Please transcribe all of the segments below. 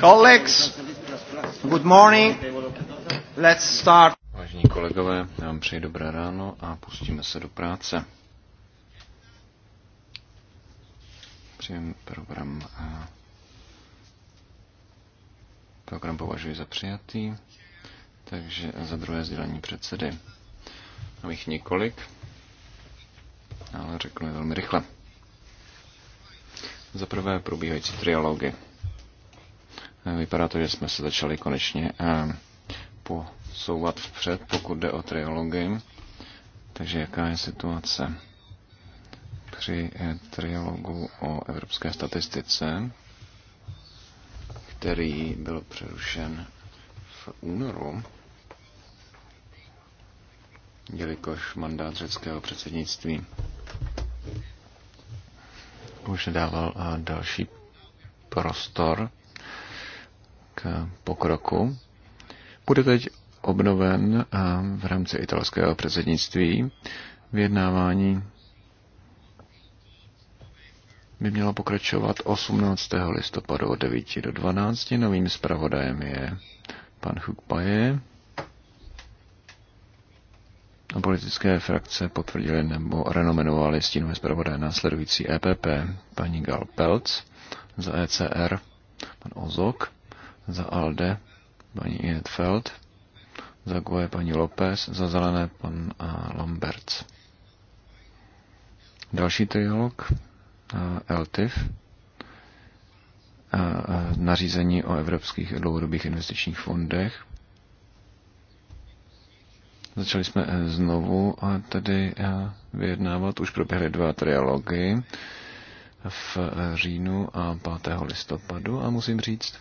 colleagues, good morning. Let's start. Vážení kolegové, já vám přeji dobré ráno a pustíme se do práce. Přijím program eh, program považuji za přijatý, takže za druhé sdělení předsedy. Mám jich několik, ale řeknu je velmi rychle. Za prvé probíhající trialogy. Vypadá to, že jsme se začali konečně eh, posouvat vpřed, pokud jde o triology. Takže jaká je situace při eh, triologu o evropské statistice, který byl přerušen v únoru, jelikož mandát řeckého předsednictví už dával eh, další prostor k pokroku. Bude teď obnoven eh, v rámci italského předsednictví. Vyjednávání by mělo pokračovat 18. listopadu od 9 do 12. Novým zpravodajem je pan Hukpaje. A politické frakce potvrdili nebo renomenovali stínové zpravodaje následující EPP, paní Gal Pelc za ECR, pan Ozok, za ALDE paní Inetfeld, za GUE paní López, za Zelené pan Lamberts. Další trialog, LTIF, nařízení o evropských dlouhodobých investičních fondech. Začali jsme e, znovu a tady e, vyjednávat. Už proběhly dva trialogy v e, říjnu a 5. listopadu a musím říct,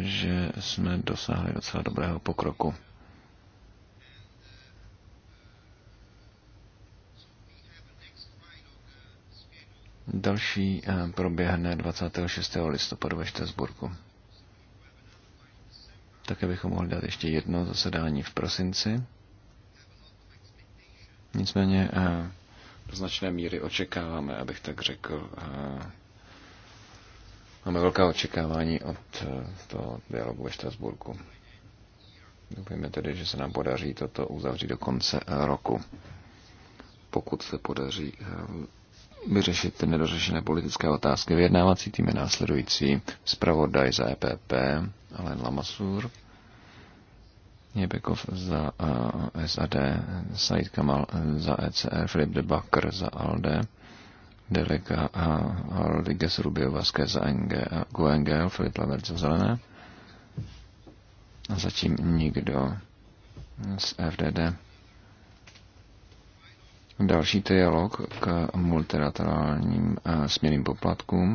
že jsme dosáhli docela dobrého pokroku. Další eh, proběhne 26. listopadu ve Štrasburku. Také bychom mohli dát ještě jedno zasedání v prosinci. Nicméně eh, do značné míry očekáváme, abych tak řekl, eh, Máme velká očekávání od eh, toho dialogu ve Štrasburku. Doufujeme tedy, že se nám podaří toto uzavřít do konce eh, roku. Pokud se podaří eh, vyřešit nedořešené politické otázky, vyjednávací tým je následující zpravodaj za EPP, Alain Lamasur, Jebekov za SAD, Said Kamal za ECR, Filip de Bakr za ALDE, Delika a Rodriguez Rubio Vázquez za GUNGL, Filip Lavert za zelené. A zatím nikdo z FDD. Další dialog k multilaterálním směrným poplatkům.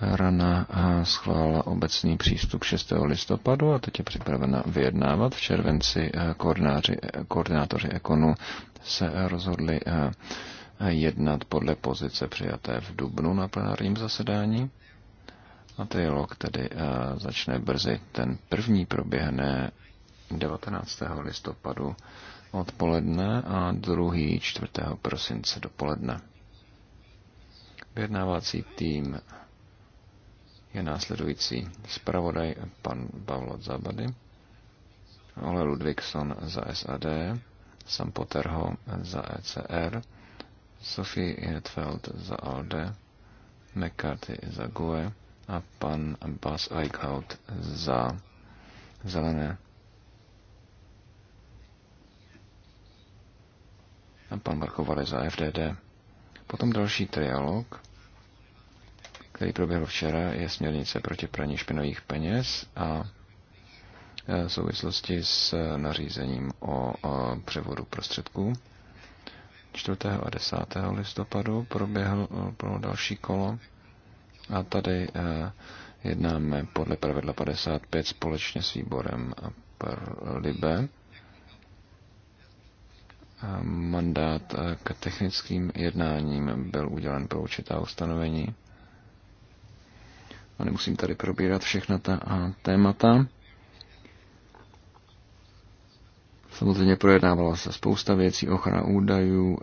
Rana schválila obecný přístup 6. listopadu a teď je připravena vyjednávat. V červenci koordinátoři, koordinátoři Ekonu se rozhodli jednat podle pozice přijaté v Dubnu na plenárním zasedání. A trilog tedy eh, začne brzy. Ten první proběhne 19. listopadu odpoledne a druhý 4. prosince dopoledne. Vyjednávací tým je následující zpravodaj pan Pavlo Zabady, Ole Ludvigson za SAD, Sam Poterho za ECR, Sophie Hirtfeld za ALDE, McCarthy za GUE a pan Bas Eichhout za Zelené. A pan Barkovale za FDD. Potom další trialog, který proběhl včera, je směrnice proti praní špinových peněz a e, v souvislosti s nařízením o převodu prostředků. 4. a 10. listopadu proběhl eh, pro další kolo a tady eh, jednáme podle pravidla 55 společně s výborem Libe. Mandát eh, k technickým jednáním byl udělen pro určitá ustanovení. A nemusím tady probírat všechna ta témata. Samozřejmě projednávala se spousta věcí, ochrana údajů,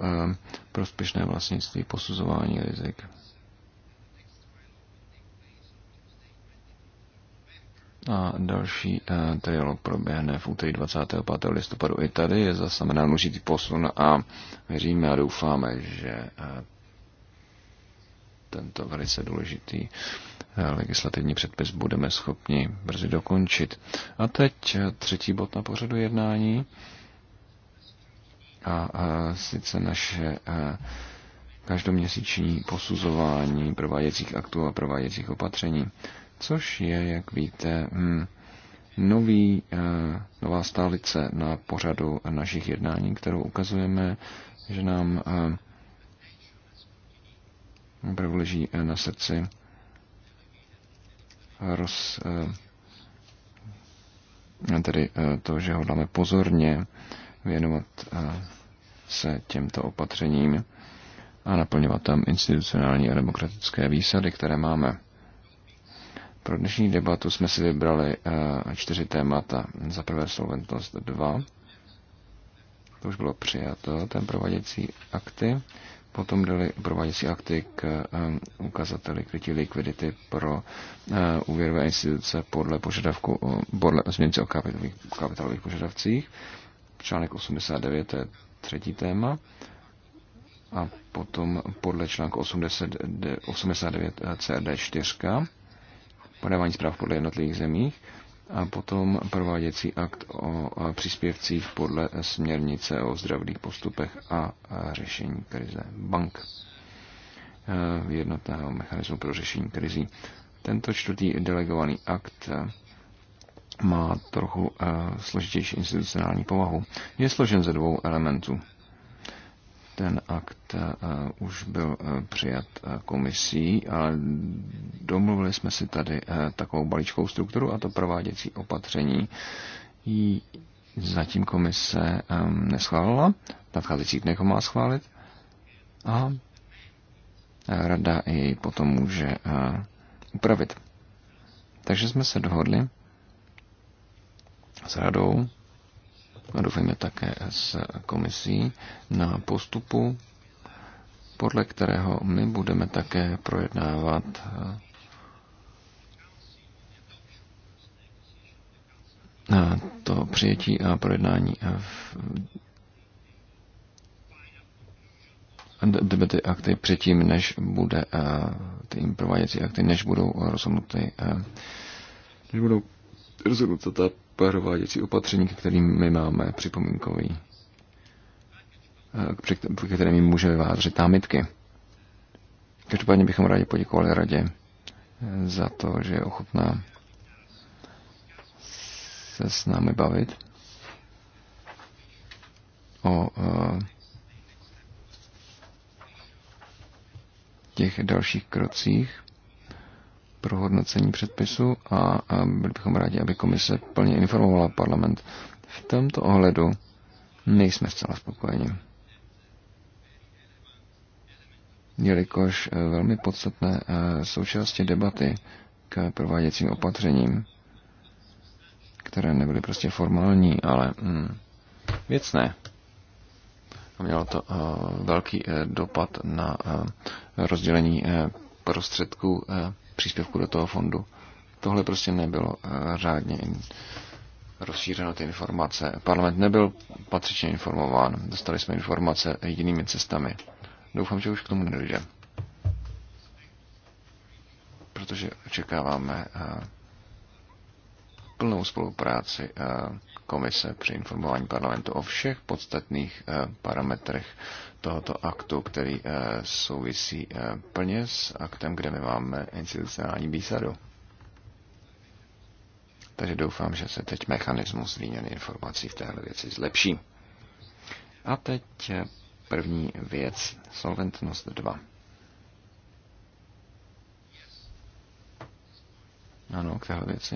prospěšné vlastnictví, posuzování rizik. A další eh, trialog proběhne v úterý 25. listopadu. I tady je zaznamenán určitý posun a věříme a doufáme, že eh, tento velice důležitý legislativní předpis budeme schopni brzy dokončit. A teď třetí bod na pořadu jednání. A, a sice naše a, každoměsíční posuzování prováděcích aktů a prováděcích opatření, což je, jak víte, hm, nový, nová stálice na pořadu našich jednání, kterou ukazujeme, že nám opravdu leží na srdci roz, eh, tedy eh, to, že ho dáme pozorně věnovat eh, se těmto opatřením a naplňovat tam institucionální a demokratické výsady, které máme. Pro dnešní debatu jsme si vybrali čtyři témata. Za prvé solventnost 2, to už bylo přijato, ten prováděcí akty potom dali prováděcí akty k um, ukazateli krytí likvidity pro uh, úvěrové instituce podle požadavku, uh, podle změnce o kapitálových, kapitalových požadavcích. Článek 89, to je třetí téma. A potom podle článku 80, 89 CRD 4 podávání zpráv podle jednotlivých zemích a potom prováděcí akt o příspěvcích podle směrnice o zdravých postupech a řešení krize bank e, jednotného mechanismu pro řešení krizí. Tento čtvrtý delegovaný akt e, má trochu e, složitější institucionální povahu. Je složen ze dvou elementů ten akt eh, už byl eh, přijat eh, komisí, ale domluvili jsme si tady takovou balíčkou strukturu a to prováděcí opatření ji zatím komise ehm, neschválila, nadcházející dnech ho má schválit a rada ji potom může upravit. Takže jsme se dohodli s radou, a doufejme také s komisí na postupu, podle kterého my budeme také projednávat eh, to přijetí a projednání eh, v debaty akty předtím, než bude eh, ty prováděcí akty, než budou rozhodnuty, než budou rozhodnuty ta prováděcí opatření, ke kterým my máme připomínkový, eh, k kterým můžeme vyvářet námitky. Každopádně bychom rádi poděkovali radě eh, za to, že je ochotná se s námi bavit o eh, těch dalších krocích pro hodnocení předpisu a, a byli bychom rádi, aby komise plně informovala parlament. V tomto ohledu nejsme zcela spokojeni. Jelikož e, velmi podstatné e, součástí debaty k prováděcím opatřením, které nebyly prostě formální, ale mm, věcné. A mělo to uh, velký uh, dopad na uh, rozdělení uh, prostředků uh, příspěvku do toho fondu. Tohle prostě nebylo eh, řádně rozšířeno ty informace. Parlament nebyl patřičně informován. Dostali jsme informace jinými cestami. Doufám, že už k tomu nedojde. Protože očekáváme eh, plnou spolupráci eh, komise při informování parlamentu o všech podstatných eh, parametrech tohoto aktu, který eh, souvisí eh, plně s aktem, kde my máme institucionální výsadu. Takže doufám, že se teď mechanismus výměny informací v téhle věci zlepší. A teď první věc, solventnost 2. Ano, k téhle věci.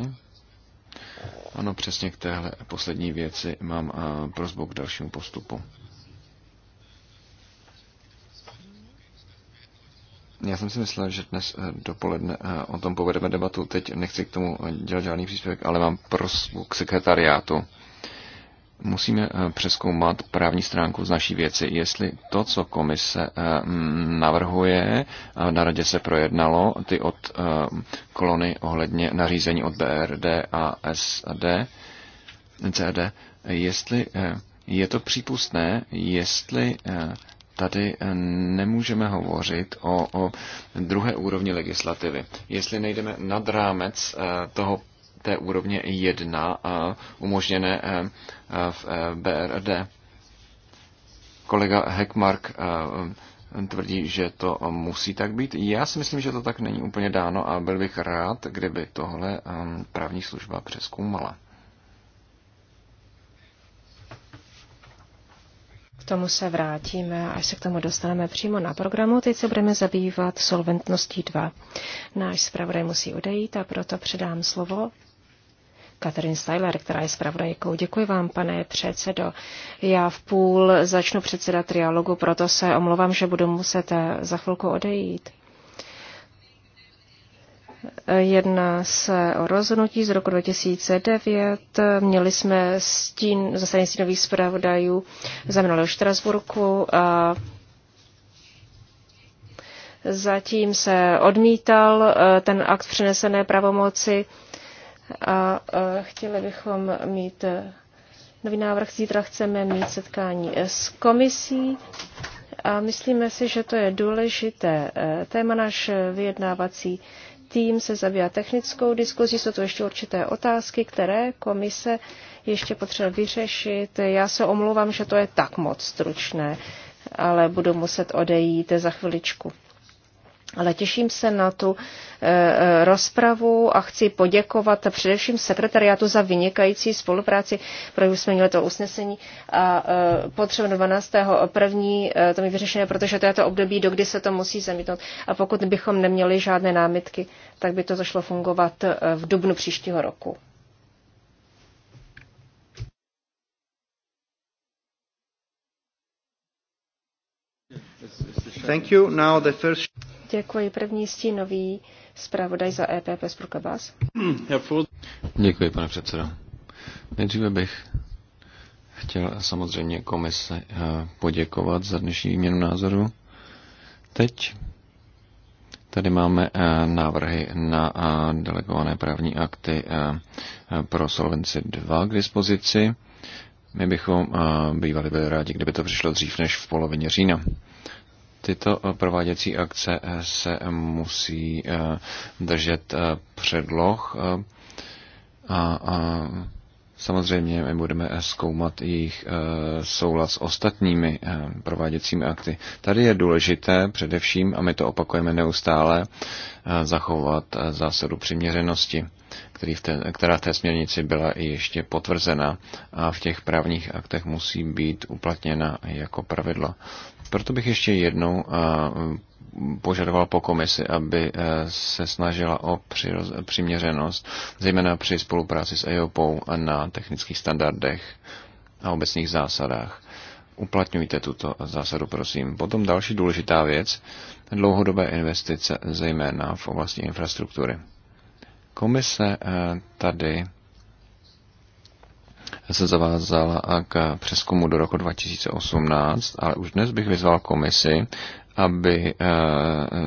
Ano, přesně k téhle poslední věci mám eh, prozbu k dalšímu postupu. Já jsem si myslel, že dnes eh, dopoledne eh, o tom povedeme debatu. Teď nechci k tomu dělat žádný příspěvek, ale mám prosbu k sekretariátu musíme eh, přeskoumat právní stránku z naší věci, jestli to, co komise eh, navrhuje, na radě se projednalo, ty od eh, kolony ohledně nařízení od BRD a SD, CD, jestli je to přípustné, jestli tady nemůžeme hovořit o, o druhé úrovni legislativy. Jestli nejdeme nad rámec toho té úrovně 1 eh, umožněné eh, eh, v BRD. Kolega Heckmark tvrdí, že to musí tak být. Já si myslím, že to tak není úplně dáno a byl bych rád, kdyby tohle ehm, právní služba přeskoumala. K tomu se vrátíme, až se k tomu dostaneme přímo na programu. Teď se budeme zabývat solventností 2. Náš zpravodaj musí odejít a proto předám slovo Katrin Styler, která je zpravodajkou. Děkuji vám, pane předsedo. Já v půl začnu předsedat trialogu, proto se omlouvám, že budu muset eh, za chvilku odejít. Jedná se o rozhodnutí z roku 2009. Měli jsme stín, zase stínových zpravodajů za minulého Štrasburku a zatím se odmítal eh, ten akt přenesené pravomoci a chtěli bychom mít e, nový návrh. Zítra chceme mít setkání e, s komisí a myslíme si, že to je důležité e, téma. Náš vyjednávací tým se zabývá technickou diskuzí. Jsou tu ještě určité otázky, které komise ještě potřebuje vyřešit. Já se omlouvám, že to je tak moc stručné, ale budu muset odejít za chviličku. Ale těším se na tu e, e, rozpravu a chci poděkovat především sekretariátu za vynikající spolupráci, protože jsme měli to usnesení a e, 12. první, e, to mi vyřešené, protože to je to období, do kdy se to musí zamítnout. A pokud bychom neměli žádné námitky, tak by to zašlo fungovat v dubnu příštího roku. Thank you. Now the first... Děkuji. První stínový zpravodaj za EPP z Prokabas. Děkuji, pane předsedo. Nejdříve bych chtěl samozřejmě komise eh, poděkovat za dnešní výměnu názoru. Teď Tady máme eh, návrhy na eh, delegované právní akty pro Solvenci 2 k dispozici. My bychom bývali byli rádi, kdyby to přišlo dřív než v polovině října. Tyto eh, prováděcí akce eh, se musí eh, držet předloh a, Samozřejmě my budeme zkoumat jejich soulad s ostatními prováděcími akty. Tady je důležité především, a my to opakujeme neustále, zachovat zásadu přiměřenosti, v té, která v té směrnici byla i ještě potvrzena a v těch právních aktech musí být uplatněna jako pravidlo. Proto bych ještě jednou eh, požadoval po komisi, aby eh, se snažila o přiměřenost, zejména při spolupráci s EOPou na technických standardech a obecných zásadách. Uplatňujte tuto zásadu, prosím. Potom další důležitá věc, dlouhodobé investice, zejména v oblasti infrastruktury. Komise eh, tady se zavázala k přeskumu do roku 2018, ale už dnes bych vyzval komisi, aby eh,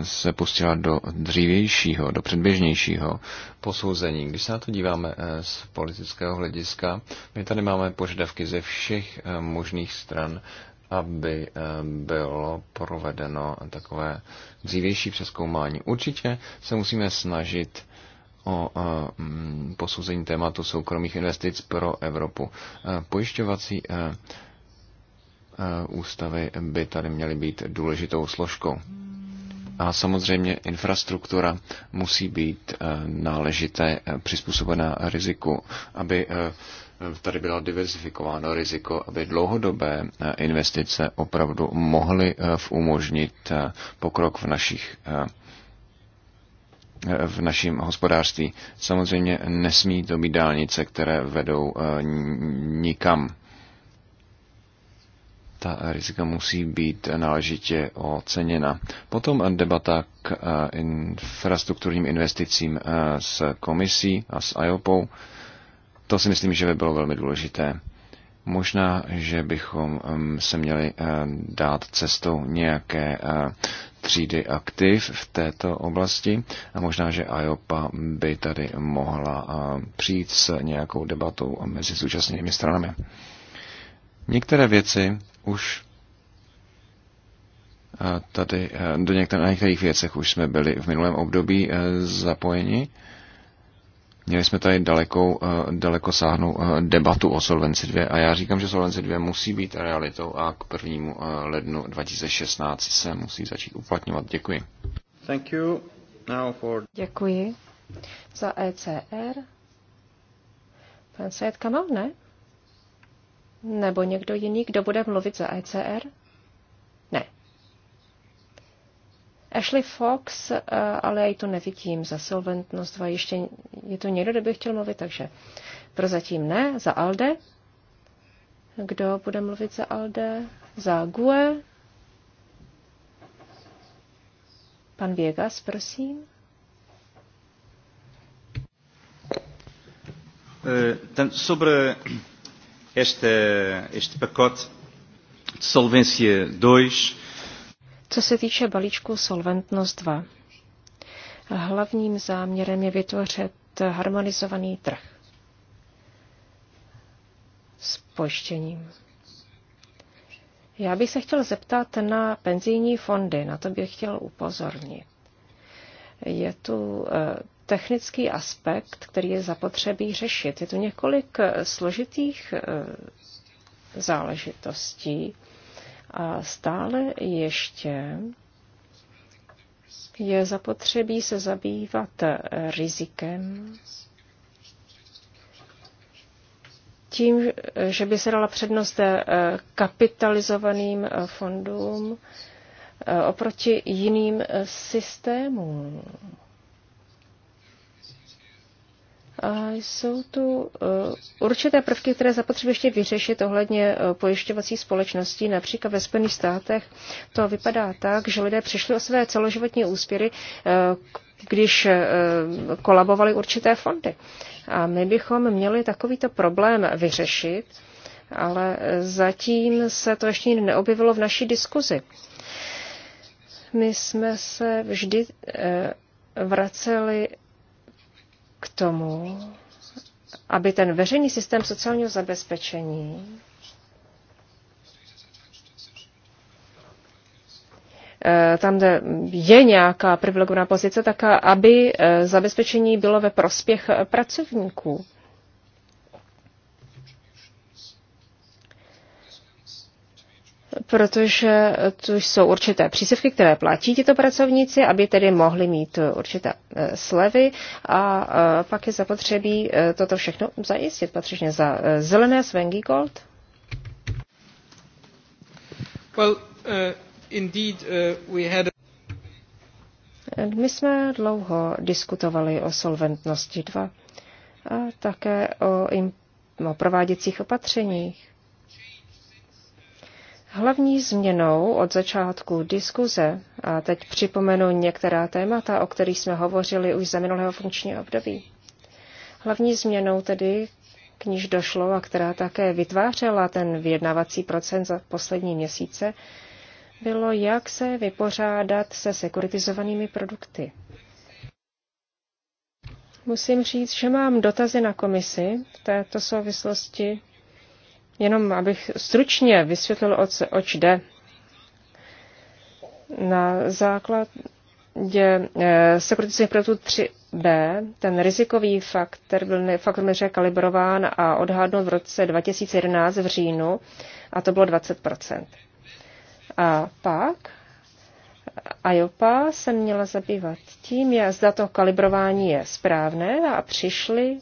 se pustila do dřívějšího, do předběžnějšího posouzení. Když se na to díváme eh, z politického hlediska, my tady máme požadavky ze všech eh, možných stran, aby bylo provedeno takové dřívější přeskoumání. Určitě se musíme snažit o mm, posouzení tématu soukromých investic pro Evropu. E, pojišťovací e, e, ústavy by tady měly být důležitou složkou. A samozřejmě infrastruktura musí být náležité přizpůsobená riziku, aby tady bylo diverzifikováno riziko, aby dlouhodobé investice opravdu mohly umožnit pokrok v našich v našem hospodářství. Samozřejmě nesmí to být dálnice, které vedou eh, nikam. Ta rizika musí být náležitě oceněna. Potom debata k eh, infrastrukturním investicím eh, s komisí a s IOPou. To si myslím, že by bylo velmi důležité. Možná, že bychom se měli dát cestou nějaké třídy aktiv v této oblasti a možná, že IOPA by tady mohla přijít s nějakou debatou mezi současnými stranami. Některé věci už tady do některých, na některých věcech už jsme byli v minulém období e, zapojeni Měli jsme tady dalekou, eh, daleko sáhnou eh, debatu o Solvenci 2 a já říkám, že Solvenci 2 musí být realitou a k prvnímu eh, lednu 2016 se musí začít uplatňovat. Děkuji. Thank you. Now for... Děkuji. Za ECR. Pan Sajetka, Kamal, ne? Nebo někdo jiný, kdo bude mluvit za ECR? Ashley Fox, eh, ale já ji tu nevidím za solventnost 2. Ještě je to někdo, kdo by chtěl mluvit, takže prozatím ne. Za Alde? Kdo bude mluvit za Alde? Za GUE? Pan Vegas, prosím. Eh, Ten sobre este, este pacote de Solvência 2, co se týče balíčku Solventnost 2, hlavním záměrem je vytvořit harmonizovaný trh s pojištěním. Já bych se chtěl zeptat na penzijní fondy, na to bych chtěl upozornit. Je tu eh, technický aspekt, který je zapotřebí řešit. Je tu několik eh, složitých eh, záležitostí, a stále ještě je zapotřebí se zabývat rizikem tím, že by se dala přednost kapitalizovaným fondům oproti jiným systémům. Jsou tu e, určité prvky, které zapotřebí ještě vyřešit ohledně e, pojišťovací společnosti. Například ve Spojených státech to vypadá tak, že lidé přišli o své celoživotní úspěry, e, když kolabovaly určité fondy. A my bychom měli takovýto problém vyřešit, ale zatím se to ještě neobjevilo v naší diskuzi. My jsme se vždy vraceli tomu, aby ten veřejný systém sociálního zabezpečení e, tam, kde je nějaká privilegovaná pozice, tak aby e, zabezpečení bylo ve prospěch e, pracovníků. protože tu jsou určité přísevky, které platí tito pracovníci, aby tedy mohli mít určité eh, slevy a eh, pak je zapotřebí eh, toto všechno zajistit patřičně za zelené svengy Gold. Well, uh, indeed, uh, we had a... My jsme dlouho diskutovali o solventnosti 2 a také o, im, o prováděcích opatřeních. Hlavní změnou od začátku diskuze, a teď připomenu některá témata, o kterých jsme hovořili už za minulého funkčního období, hlavní změnou tedy, k níž došlo a která také vytvářela ten vyjednávací proces za poslední měsíce, bylo, jak se vypořádat se sekuritizovanými produkty. Musím říct, že mám dotazy na komisi v této souvislosti Jenom abych stručně vysvětlil, o co oč jde. Na základě eh, sekuritizačních projektů 3B ten rizikový faktor byl faktor měře kalibrován a odhadnut v roce 2011 v říjnu a to bylo 20 A pak IOPA se měla zabývat tím, zda to kalibrování je správné a přišli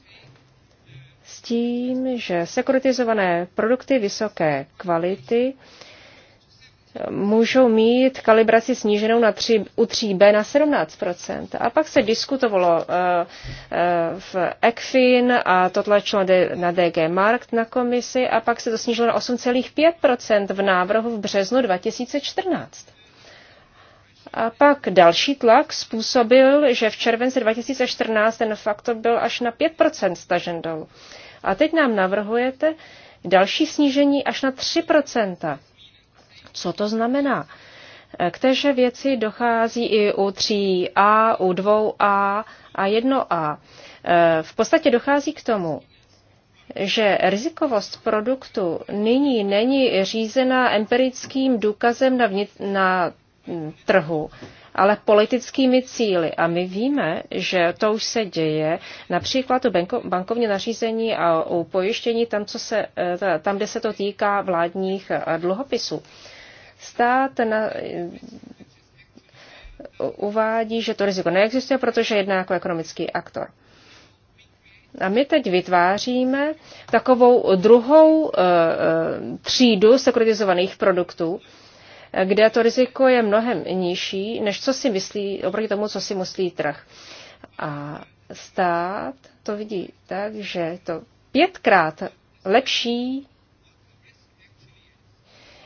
tím, že sekuritizované produkty vysoké kvality eh, můžou mít kalibraci sníženou na 3, u 3B na 17 A pak se diskutovalo eh, eh, v ECFIN a to tlačilo na DG Markt na komisi a pak se to snížilo na 8,5 v návrhu v březnu 2014. A pak další tlak způsobil, že v červenci 2014 ten faktor byl až na 5 stažen dolů. A teď nám navrhujete další snížení až na 3%. Co to znamená? K téže věci dochází i u 3A, u 2A a 1A. V podstatě dochází k tomu, že rizikovost produktu nyní není řízena empirickým důkazem na, vnit- na mm, trhu, ale politickými cíly. A my víme, že to už se děje například u bankovní nařízení a u pojištění tam, co se, eh, tam kde se to týká vládních eh, dluhopisů. Stát na, uvádí, že to riziko neexistuje, protože jedná jako ekonomický aktor. A my teď vytváříme takovou druhou e, třídu sekuritizovaných produktů, kde to riziko je mnohem nižší, než co si myslí, oproti tomu, co si myslí trh. A stát to vidí tak, že to pětkrát lepší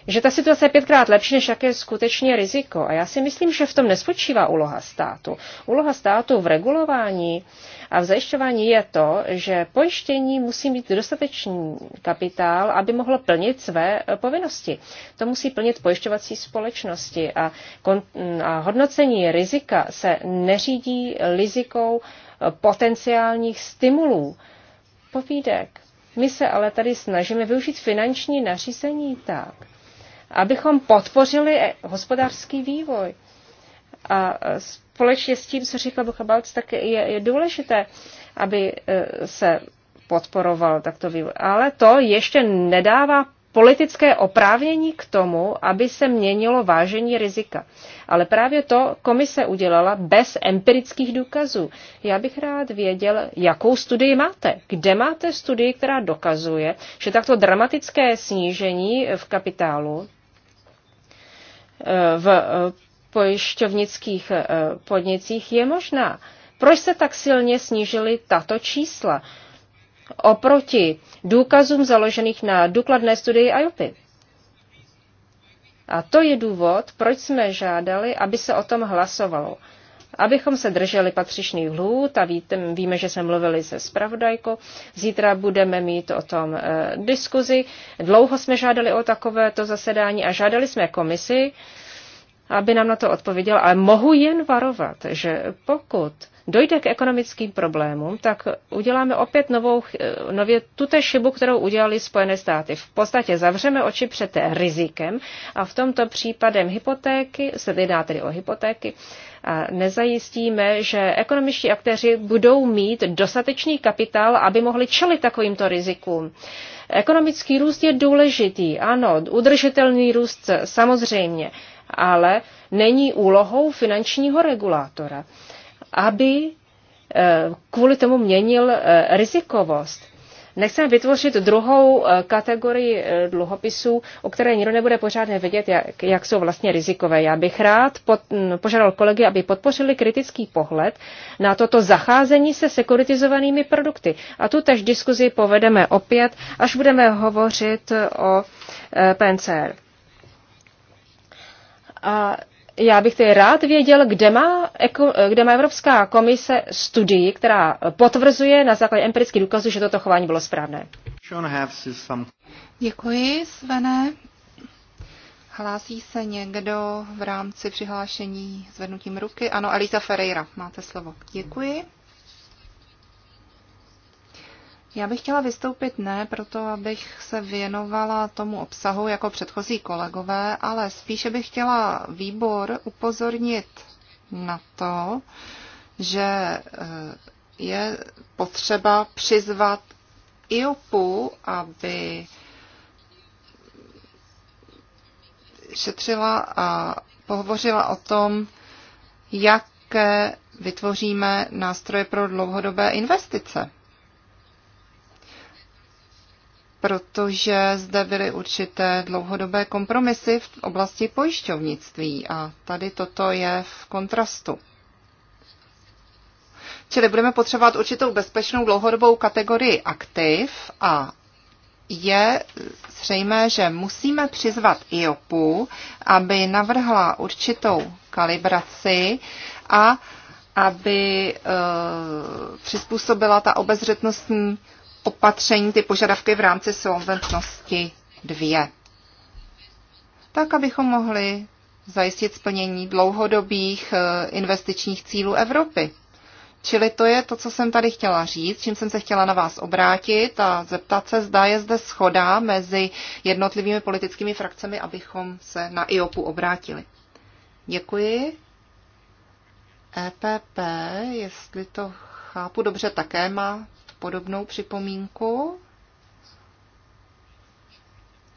že ta situace je pětkrát lepší, než jaké je skutečně riziko. A já si myslím, že v tom nespočívá úloha státu. Úloha státu v regulování a v zajišťování je to, že pojištění musí mít dostatečný kapitál, aby mohlo plnit své eh, povinnosti. To musí plnit pojišťovací společnosti a, mm, a hodnocení rizika se neřídí rizikou eh, potenciálních stimulů, povídek. My se ale tady snažíme využít finanční nařízení tak, abychom podpořili hospodářský vývoj. A společně s tím, co říkal Balc, tak je, je důležité, aby e, se podporoval takto vývoj. Ale to ještě nedává politické oprávnění k tomu, aby se měnilo vážení rizika. Ale právě to komise udělala bez empirických důkazů. Já bych rád věděl, jakou studii máte. Kde máte studii, která dokazuje, že takto dramatické snížení v kapitálu v eh, pojišťovnických eh, podnicích je možná. Proč se tak silně snížily tato čísla oproti důkazům založených na důkladné studii IOPy? A to je důvod, proč jsme žádali, aby se o tom hlasovalo. Abychom se drželi patřičných lhůt a víte, víme, že jsme mluvili se spravodajkou, zítra budeme mít o tom e, diskuzi. Dlouho jsme žádali o takovéto zasedání a žádali jsme komisi, aby nám na to odpověděla, ale mohu jen varovat, že pokud dojde k ekonomickým problémům, tak uděláme opět novou, eh, nově tuto šibu, kterou udělali Spojené státy. V podstatě zavřeme oči před rizikem a v tomto případem hypotéky, se jedná tedy o hypotéky, nezajistíme, že ekonomičtí aktéři budou mít dostatečný kapitál, aby mohli čelit takovýmto rizikům. Ekonomický růst je důležitý, ano, udržitelný růst samozřejmě, ale není úlohou finančního regulátora, aby eh, kvůli tomu měnil eh, rizikovost. Nechceme vytvořit druhou eh, kategorii eh, dluhopisů, o které nikdo nebude pořádně vědět, jak, jak jsou vlastně rizikové. Já bych rád pod, hm, požádal kolegy, aby podpořili kritický pohled na toto zacházení se sekuritizovanými produkty. A tu tež diskuzi povedeme opět, až budeme hovořit o eh, PNCR. A já bych tedy rád věděl, kde má, kde má Evropská komise studii, která potvrzuje na základě empirických důkazů, že toto chování bylo správné. Děkuji, Svené. Hlásí se někdo v rámci přihlášení zvednutím ruky? Ano, Eliza Ferreira, máte slovo. Děkuji. Já bych chtěla vystoupit ne proto, abych se věnovala tomu obsahu jako předchozí kolegové, ale spíše bych chtěla výbor upozornit na to, že eh, je potřeba přizvat IOPu, aby šetřila a pohovořila o tom, jaké vytvoříme nástroje pro dlouhodobé investice protože zde byly určité dlouhodobé kompromisy v oblasti pojišťovnictví a tady toto je v kontrastu. Čili budeme potřebovat určitou bezpečnou dlouhodobou kategorii aktiv a je zřejmé, že musíme přizvat IOPu, aby navrhla určitou kalibraci a aby e, přizpůsobila ta obezřetnostní opatření, ty požadavky v rámci solventnosti 2. Tak, abychom mohli zajistit splnění dlouhodobých eh, investičních cílů Evropy. Čili to je to, co jsem tady chtěla říct, čím jsem se chtěla na vás obrátit a zeptat se, zda je zde schoda mezi jednotlivými politickými frakcemi, abychom se na IOPu obrátili. Děkuji. EPP, jestli to chápu dobře, také má podobnou připomínku.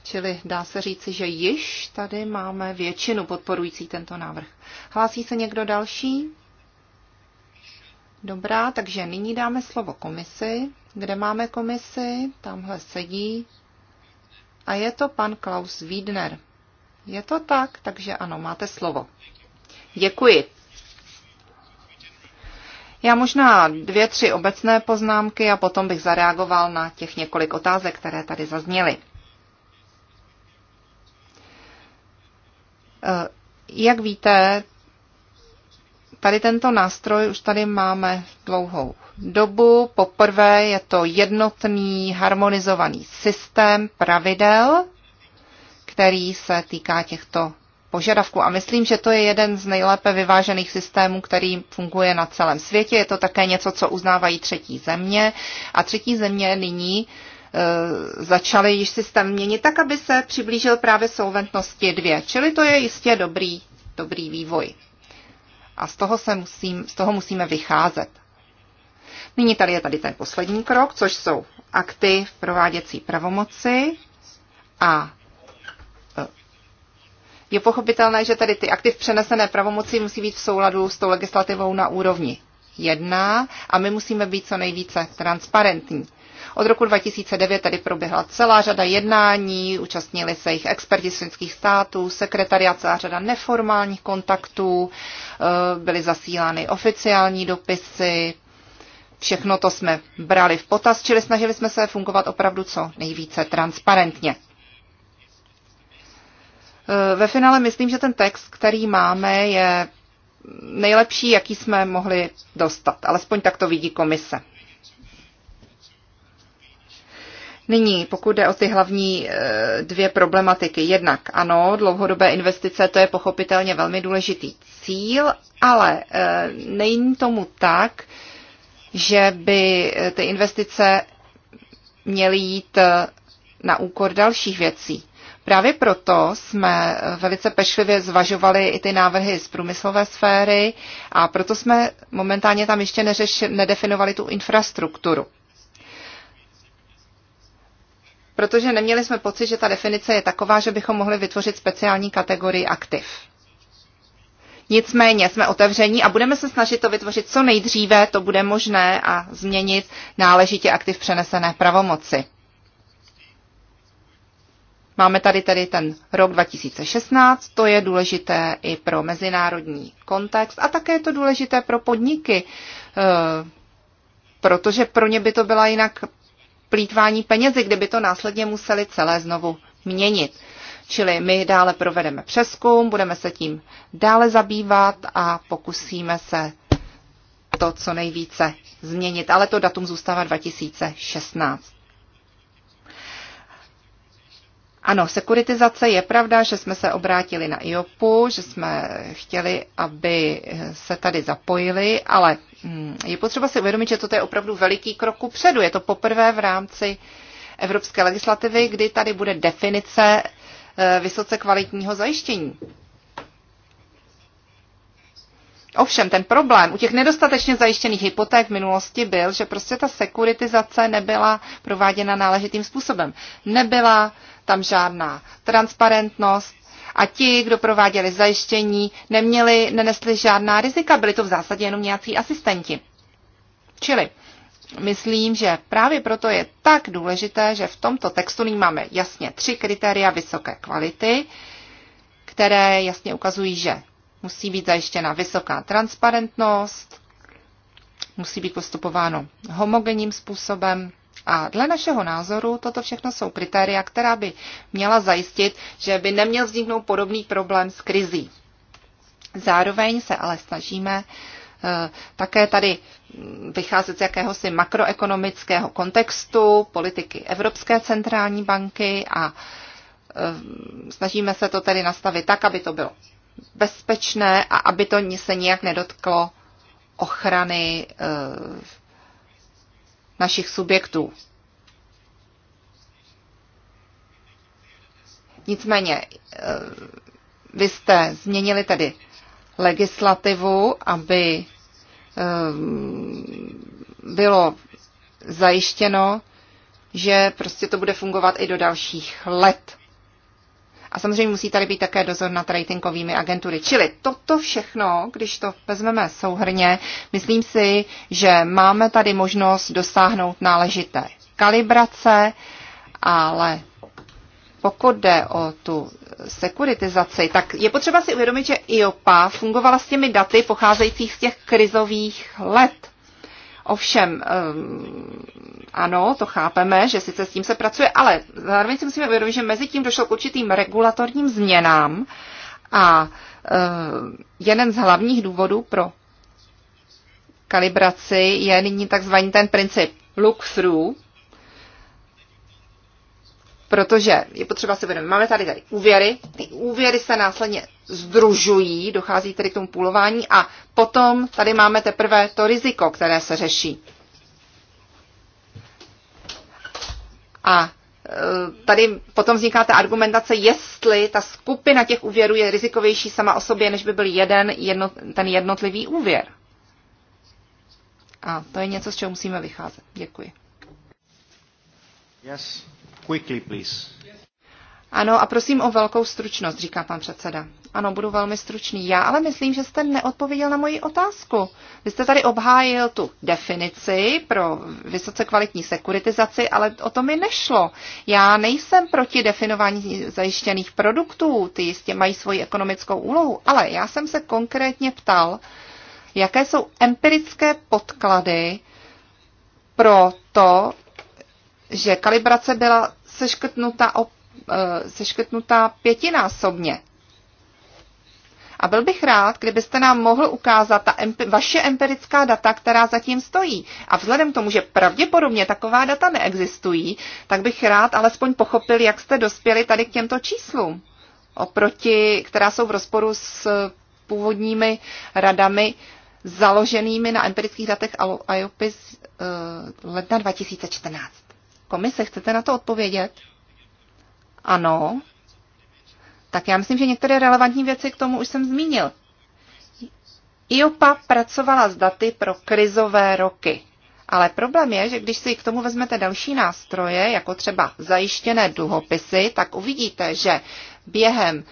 Čili dá se říci, že již tady máme většinu podporující tento návrh. Hlásí se někdo další? Dobrá, takže nyní dáme slovo komisi. Kde máme komisi? Tamhle sedí. A je to pan Klaus Wiedner. Je to tak, takže ano, máte slovo. Děkuji. Já možná dvě, tři obecné poznámky a potom bych zareagoval na těch několik otázek, které tady zazněly. Eh, jak víte, tady tento nástroj už tady máme dlouhou dobu. Poprvé je to jednotný harmonizovaný systém pravidel, který se týká těchto požadavků. A myslím, že to je jeden z nejlépe vyvážených systémů, který funguje na celém světě. Je to také něco, co uznávají třetí země. A třetí země nyní e, začaly již systém měnit tak, aby se přiblížil právě solventnosti dvě. Čili to je jistě dobrý, dobrý vývoj. A z toho, se musím, z toho musíme vycházet. Nyní tady je tady ten poslední krok, což jsou akty v prováděcí pravomoci. A je pochopitelné, že tady ty aktiv přenesené pravomoci musí být v souladu s tou legislativou na úrovni 1 a my musíme být co nejvíce transparentní. Od roku 2009 tady proběhla celá řada jednání, účastnili se jich experti členských států, sekretariat, celá řada neformálních kontaktů, eh, byly zasílány oficiální dopisy, všechno to jsme brali v potaz, čili snažili jsme se fungovat opravdu co nejvíce transparentně. Eh, ve finále myslím, že ten text, který máme, je nejlepší, jaký jsme mohli dostat. Alespoň tak to vidí komise. Nyní, pokud jde o ty hlavní eh, dvě problematiky. Jednak, ano, dlouhodobé investice, to je pochopitelně velmi důležitý cíl, ale eh, není tomu tak, že by ty investice měly jít na úkor dalších věcí. Právě proto jsme velice pešlivě zvažovali i ty návrhy z průmyslové sféry a proto jsme momentálně tam ještě neřeši, nedefinovali tu infrastrukturu. Protože neměli jsme pocit, že ta definice je taková, že bychom mohli vytvořit speciální kategorii aktiv. Nicméně jsme otevření a budeme se snažit to vytvořit co nejdříve, to bude možné a změnit náležitě aktiv přenesené pravomoci. Máme tady tedy ten rok 2016, to je důležité i pro mezinárodní kontext a také je to důležité pro podniky, eh, protože pro ně by to byla jinak plítvání penězi, kdyby to následně museli celé znovu měnit. Čili my dále provedeme přeskum, budeme se tím dále zabývat a pokusíme se to co nejvíce změnit, ale to datum zůstává 2016. Ano, sekuritizace je pravda, že jsme se obrátili na IOPu, že jsme chtěli, aby se tady zapojili, ale mm, je potřeba si uvědomit, že toto je opravdu veliký krok předu. Je to poprvé v rámci evropské legislativy, kdy tady bude definice eh, vysoce kvalitního zajištění. Ovšem ten problém u těch nedostatečně zajištěných hypoték v minulosti byl, že prostě ta sekuritizace nebyla prováděna náležitým způsobem. Nebyla tam žádná transparentnost a ti, kdo prováděli zajištění, neměli, nenesli žádná rizika, byli to v zásadě jenom nějací asistenti. Čili myslím, že právě proto je tak důležité, že v tomto textu nyní máme jasně tři kritéria vysoké kvality, které jasně ukazují, že musí být zajištěna vysoká transparentnost, musí být postupováno homogenním způsobem. A dle našeho názoru toto všechno jsou kritéria, která by měla zajistit, že by neměl vzniknout podobný problém s krizí. Zároveň se ale snažíme eh, také tady vycházet z jakéhosi makroekonomického kontextu, politiky Evropské centrální banky a eh, snažíme se to tedy nastavit tak, aby to bylo bezpečné a aby to se nijak nedotklo ochrany e, našich subjektů. Nicméně, eh, vy jste změnili tedy legislativu, aby eh, bylo zajištěno, že prostě to bude fungovat i do dalších let. A samozřejmě musí tady být také dozor nad ratingovými agentury. Čili toto všechno, když to vezmeme souhrně, myslím si, že máme tady možnost dosáhnout náležité kalibrace, ale pokud jde o tu sekuritizaci, tak je potřeba si uvědomit, že IOPA fungovala s těmi daty pocházejících z těch krizových let. Ovšem, ehm, ano, to chápeme, že sice s tím se pracuje, ale zároveň si musíme uvědomit, že mezi tím došlo k určitým regulatorním změnám a ehm, jeden z hlavních důvodů pro kalibraci je nyní takzvaný ten princip look-through, protože je potřeba si uvědomit, máme tady tady úvěry, ty úvěry se následně združují, dochází tedy k tomu půlování a potom tady máme teprve to riziko, které se řeší. A e, tady potom vzniká ta argumentace, jestli ta skupina těch úvěrů je rizikovější sama o sobě, než by byl jeden jedno, ten jednotlivý úvěr. A to je něco, z čeho musíme vycházet. Děkuji. Yes. Quickly, please. Ano, a prosím o velkou stručnost, říká pan předseda. Ano, budu velmi stručný. Já ale myslím, že jste neodpověděl na moji otázku. Vy jste tady obhájil tu definici pro vysoce kvalitní sekuritizaci, ale o to mi nešlo. Já nejsem proti definování zajištěných produktů, ty jistě mají svoji ekonomickou úlohu, ale já jsem se konkrétně ptal, jaké jsou empirické podklady pro to, že kalibrace byla seškrtnuta, o, e, seškrtnuta pětinásobně. A byl bych rád, kdybyste nám mohl ukázat ta empi- vaše empirická data, která zatím stojí. A vzhledem k tomu, že pravděpodobně taková data neexistují, tak bych rád alespoň pochopil, jak jste dospěli tady k těmto číslům, oproti, která jsou v rozporu s původními radami založenými na empirických datech IOPIS e, ledna 2014 komise. Chcete na to odpovědět? Ano. Tak já myslím, že některé relevantní věci k tomu už jsem zmínil. IOPA pracovala s daty pro krizové roky. Ale problém je, že když si k tomu vezmete další nástroje, jako třeba zajištěné dluhopisy, tak uvidíte, že během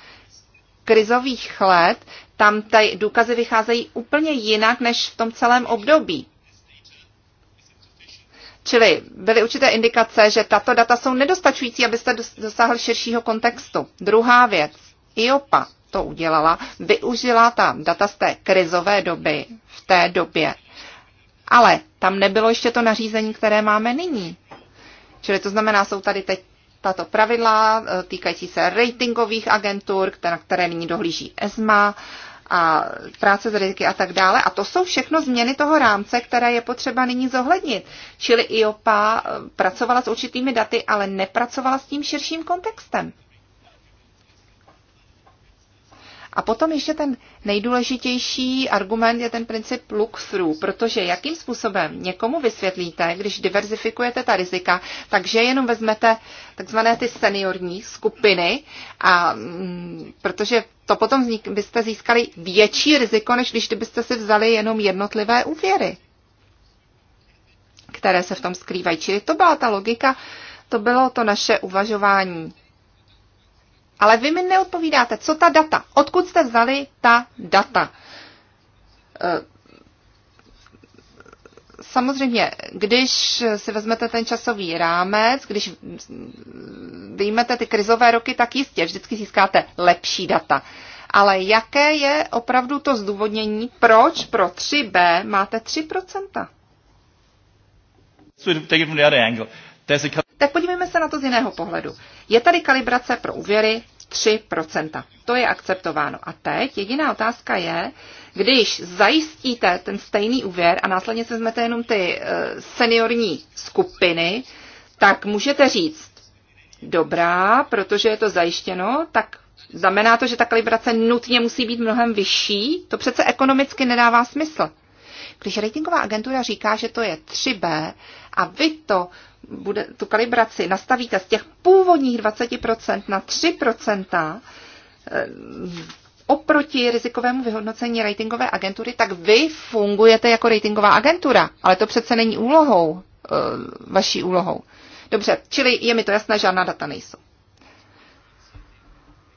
krizových let tam ty důkazy vycházejí úplně jinak než v tom celém období. Čili byly určité indikace, že tato data jsou nedostačující, abyste dosáhl širšího kontextu. Druhá věc, IOPA to udělala, využila ta data z té krizové doby v té době. Ale tam nebylo ještě to nařízení, které máme nyní. Čili to znamená, jsou tady teď tato pravidla e, týkající se ratingových agentur, které nyní dohlíží ESMA a práce s riziky a tak dále. A to jsou všechno změny toho rámce, které je potřeba nyní zohlednit. Čili IOPA eh, pracovala s určitými daty, ale nepracovala s tím širším kontextem. A potom ještě ten nejdůležitější argument je ten princip look-through, protože jakým způsobem někomu vysvětlíte, když diverzifikujete ta rizika, takže jenom vezmete takzvané ty seniorní skupiny, a, mm, protože to potom vznik, byste získali větší riziko, než když byste si vzali jenom jednotlivé úvěry, které se v tom skrývají. Čili to byla ta logika, to bylo to naše uvažování ale vy mi neodpovídáte, co ta data, odkud jste vzali ta data. Eh, samozřejmě, když si vezmete ten časový rámec, když vyjmete ty krizové roky, tak jistě vždycky získáte lepší data. Ale jaké je opravdu to zdůvodnění, proč pro 3B máte 3%? So take it from the other angle. Tak podívejme se na to z jiného pohledu. Je tady kalibrace pro úvěry 3%. To je akceptováno. A teď jediná otázka je, když zajistíte ten stejný úvěr a následně se vezmete jenom ty eh, seniorní skupiny, tak můžete říct, dobrá, protože je to zajištěno, tak znamená to, že ta kalibrace nutně musí být mnohem vyšší? To přece ekonomicky nedává smysl. Když ratingová agentura říká, že to je 3B a vy to bude, tu kalibraci nastavíte z těch původních 20% na 3%, eh, oproti rizikovému vyhodnocení ratingové agentury, tak vy fungujete jako ratingová agentura. Ale to přece není úlohou, eh, vaší úlohou. Dobře, čili je mi to jasné, žádná data nejsou.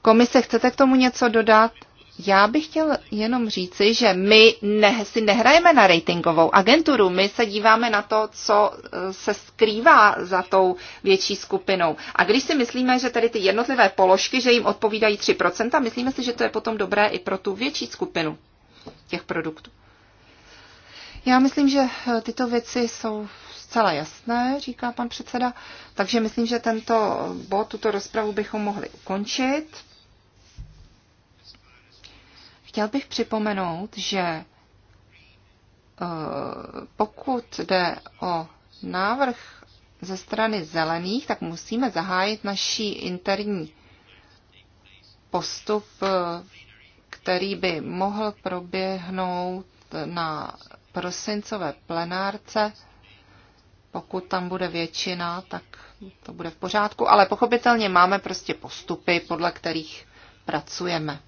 Komise, chcete k tomu něco dodat? Já bych chtěl jenom říci, že my ne, si nehrajeme na ratingovou agenturu, my se díváme na to, co eh, se skrývá za tou větší skupinou. A když si myslíme, že tady ty jednotlivé položky, že jim odpovídají 3%, myslíme si, že to je potom dobré i pro tu větší skupinu těch produktů. Já myslím, že eh, tyto věci jsou zcela jasné, říká pan předseda, takže myslím, že tento bod, tuto rozpravu bychom mohli ukončit. Chtěl bych připomenout, že eh, pokud jde o návrh ze strany zelených, tak musíme zahájit naší interní postup, eh, který by mohl proběhnout na prosincové plenárce. Pokud tam bude většina, tak to bude v pořádku, ale pochopitelně máme prostě postupy, podle kterých pracujeme.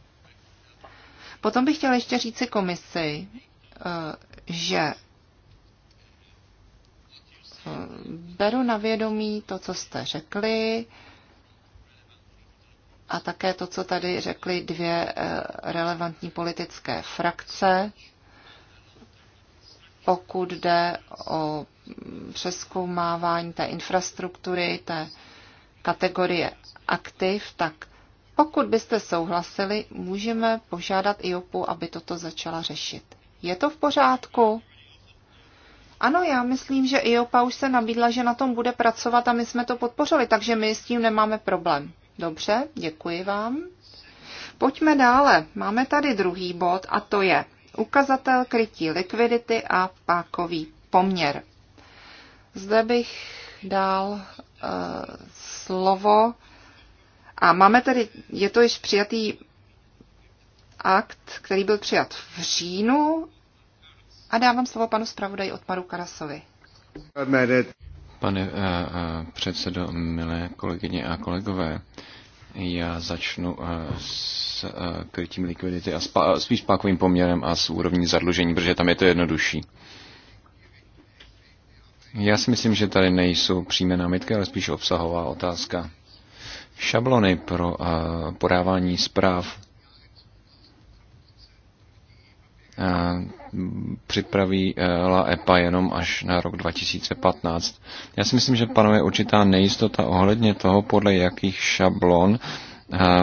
Potom bych chtěla ještě říci komisi, eh, že eh, beru na vědomí to, co jste řekli a také to, co tady řekly dvě eh, relevantní politické frakce, pokud jde o přeskoumávání té infrastruktury, té kategorie aktiv, tak pokud byste souhlasili, můžeme požádat IOPu, aby toto začala řešit. Je to v pořádku? Ano, já myslím, že IOPA už se nabídla, že na tom bude pracovat a my jsme to podpořili, takže my s tím nemáme problém. Dobře, děkuji vám. Pojďme dále. Máme tady druhý bod a to je ukazatel krytí likvidity a pákový poměr. Zde bych dal uh, slovo a máme tedy, je to již přijatý akt, který byl přijat v říjnu a dávám slovo panu zpravodaji Otmaru Karasovi. Pane eh, eh, předsedo, milé kolegyně a kolegové, já začnu eh, s krytím likvidity a spa, spíš pákovým poměrem a s úrovní zadlužení, protože tam je to jednodušší. Já si myslím, že tady nejsou přímé námitky, ale spíš obsahová otázka šablony pro podávání zpráv připraví La EPA jenom až na rok 2015. Já si myslím, že panuje určitá nejistota ohledně toho, podle jakých šablon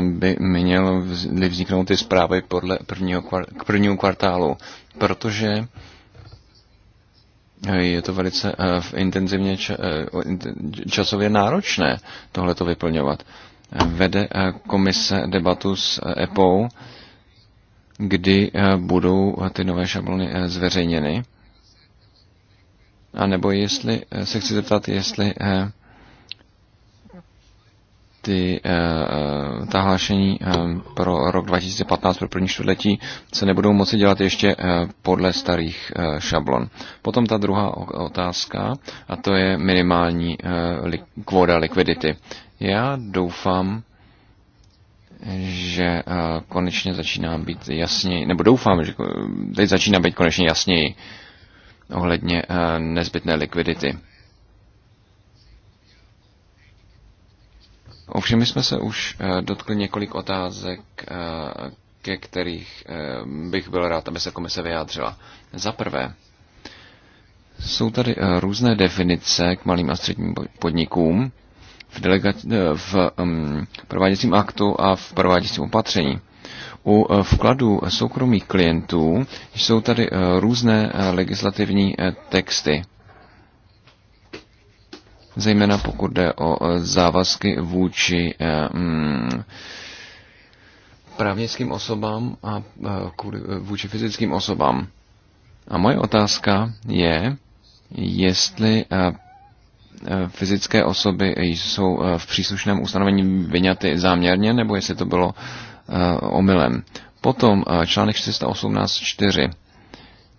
by měly vzniknout ty zprávy podle prvního, k prvního kvartálu, protože je to velice eh, intenzivně eh, časově náročné tohle to vyplňovat. Vede eh, komise debatu s EPOU, e kdy budou ty nové šablony zveřejněny. A nebo jestli se chci zeptat, jestli ty, eh, eh, ta hlášení eh, pro rok 2015, pro první čtvrtletí, se nebudou moci dělat ještě podle starých šablon. Potom ta druhá otázka, a to je minimální kvóda likvidity. Já doufám, že konečně začíná být jasněji, nebo doufám, že teď začíná být konečně jasněji ohledně nezbytné likvidity. Ovšem my jsme se už eh, dotkli několik otázek, eh, ke kterých eh, bych byl rád, aby se komise vyjádřila. Za prvé, jsou tady různé definice k malým a středním podnikům v, delega- v um, prováděcím aktu a v prováděcím opatření. U vkladů soukromých klientů jsou tady různé legislativní texty zejména pokud jde o e, závazky vůči e, mm, právnickým osobám a e, vůči fyzickým osobám. A moje otázka je, jestli fyzické osoby jsou v příslušném ustanovení vyňaty záměrně, nebo jestli to bylo omylem. Potom článek 418.4.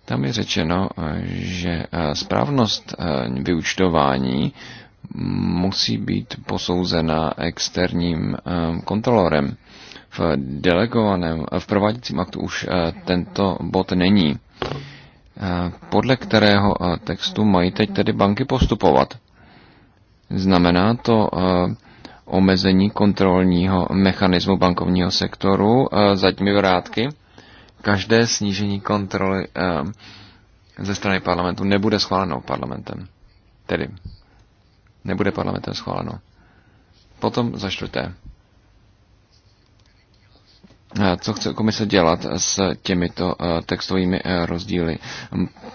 Tam je řečeno, že správnost vyučtování musí být posouzena externím eh, kontrolorem. V delegovaném, eh, v prováděcím aktu už eh, tento bod není, podle kterého textu mají teď tedy banky postupovat. Znamená to omezení kontrolního mechanismu bankovního sektoru zadními vrátky. Každé snížení kontroly ze strany parlamentu nebude schváleno parlamentem. Tedy nebude parlamentem schváleno. Potom za čtvrté. Co chce komise dělat s těmito e, textovými e, rozdíly?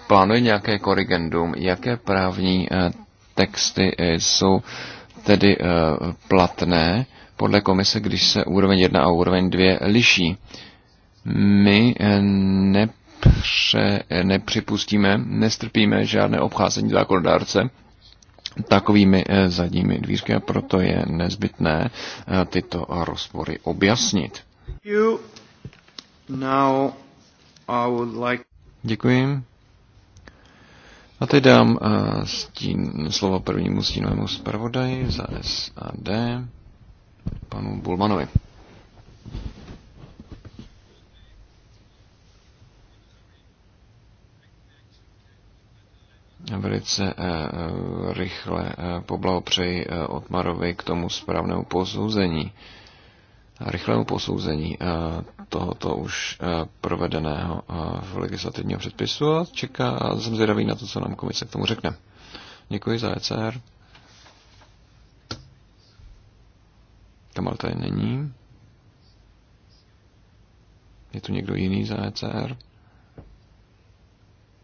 Plánuje nějaké korigendum, Jaké právní e, texty jsou tedy platné podle komise, když se úroveň 1 a úroveň 2 liší? My nepře, nepřipustíme, nestrpíme žádné obcházení zákonodárce, takovými eh, zadními dvířky a proto je nezbytné eh, tyto rozpory objasnit. Děkuji. A teď dám eh, stín, slovo prvnímu stínovému zpravodaji za SAD, panu Bulmanovi. velice eh, eh, rychle eh, poblahopřeji Otmarovi k tomu správnému posouzení, rychlému posouzení tohoto už provedeného v legislativního předpisu a čeká, a jsem zvědavý na to, co nám komise k tomu řekne. Děkuji za ECR. Kamal tady není. Je tu někdo jiný za ECR?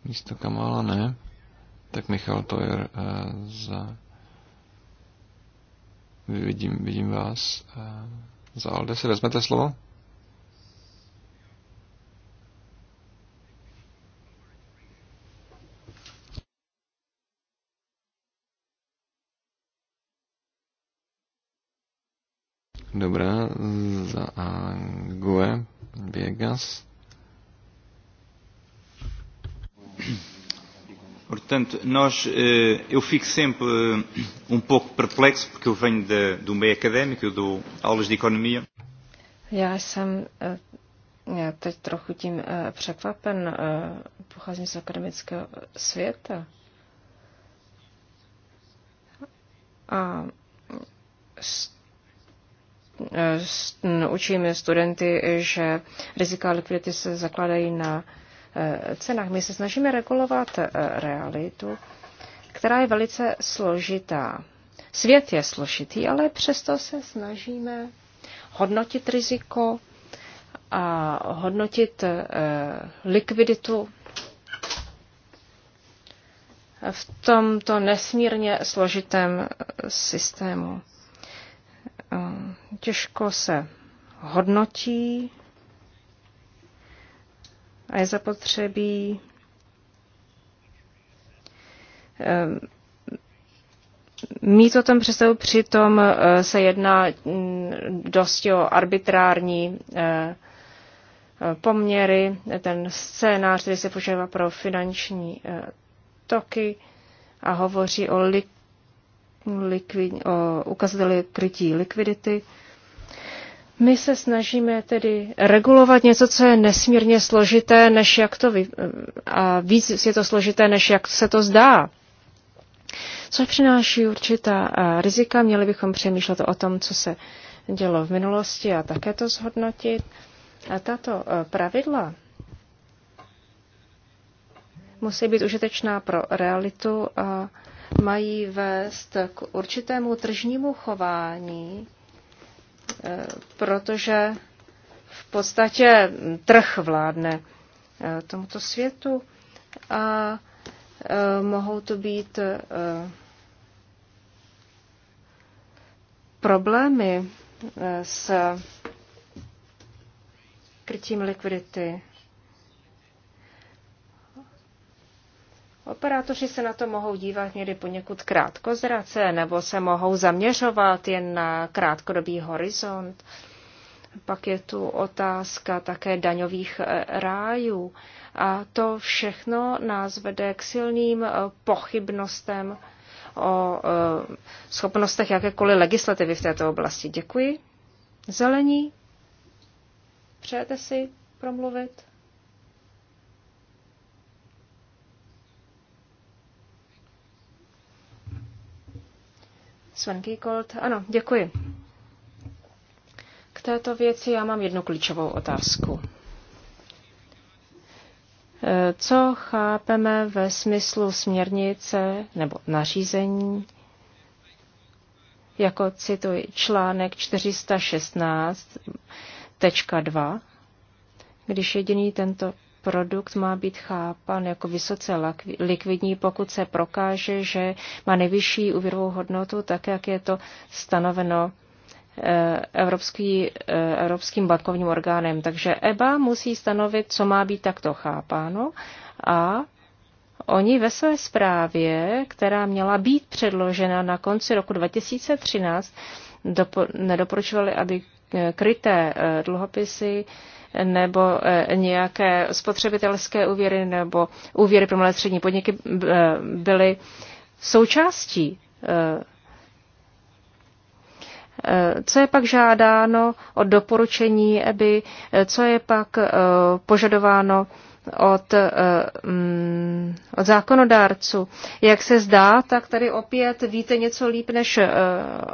Místo Kamala ne tak Michal Tojer eh, za... Vidím, vidím vás. Eh, za Alde si vezmete slovo? Dobrá, za Angue Vegas. Portanto, nós, eh, eu fico sempre eh, um pouco perplexo, porque eu venho de, do meio académico, eu dou aulas de economia. Já jsem eh, já teď trochu tím překvapen, pocházím z akademického světa. A učíme studenty, že rizika likvidity se zakládají na Eh, cenách. My se snažíme regulovat eh, realitu, která je velice složitá. Svět je složitý, ale přesto se snažíme hodnotit riziko a hodnotit eh, likviditu v tomto nesmírně složitém systému. Těžko se hodnotí a je zapotřebí ehm, mít o tom představu, přitom eh, se jedná mm, dosti o arbitrární eh, eh, poměry, ten scénář, který se používá pro finanční toky a hovoří o, li, likvid, o ukazateli krytí likvidity. My se snažíme tedy regulovat něco, co je nesmírně složité, než jak to vy... a víc je to složité, než jak se to zdá. Co přináší určitá eh, rizika, měli bychom přemýšlet o tom, co se dělo v minulosti a také to zhodnotit. A tato eh, pravidla musí být užitečná pro realitu a mají vést k určitému tržnímu chování, Eh, protože v podstatě trh vládne eh, tomuto světu a eh, mohou to být problémy s krytím likvidity Operátoři se na to mohou dívat někdy poněkud krátkozrace nebo se mohou zaměřovat jen na krátkodobý horizont. Pak je tu otázka také daňových eh, rájů. A to všechno nás vede k silným eh, pochybnostem o eh, schopnostech jakékoliv legislativy v této oblasti. Děkuji. Zelení, přejete si promluvit? Sven Giegold. Ano, děkuji. K této věci já mám jednu klíčovou otázku. Eh, co chápeme ve smyslu směrnice nebo nařízení jako cituji článek 416.2, když jediný tento produkt má být chápan jako vysoce likvidní, pokud se prokáže, že má nejvyšší úvěrovou hodnotu, tak jak je to stanoveno eh, Evropský, eh, Evropským bankovním orgánem. Takže EBA musí stanovit, co má být takto chápáno a Oni ve své zprávě, která měla být předložena na konci roku 2013, dopo- nedoporučovali, aby kryté eh, dluhopisy nebo eh, nějaké spotřebitelské úvěry nebo úvěry pro malé střední podniky eh, byly součástí. Co je pak žádáno od doporučení EBY, co je pak požadováno od, eh, mm, od zákonodárců. Jak se zdá, tak tady opět víte něco líp než eh,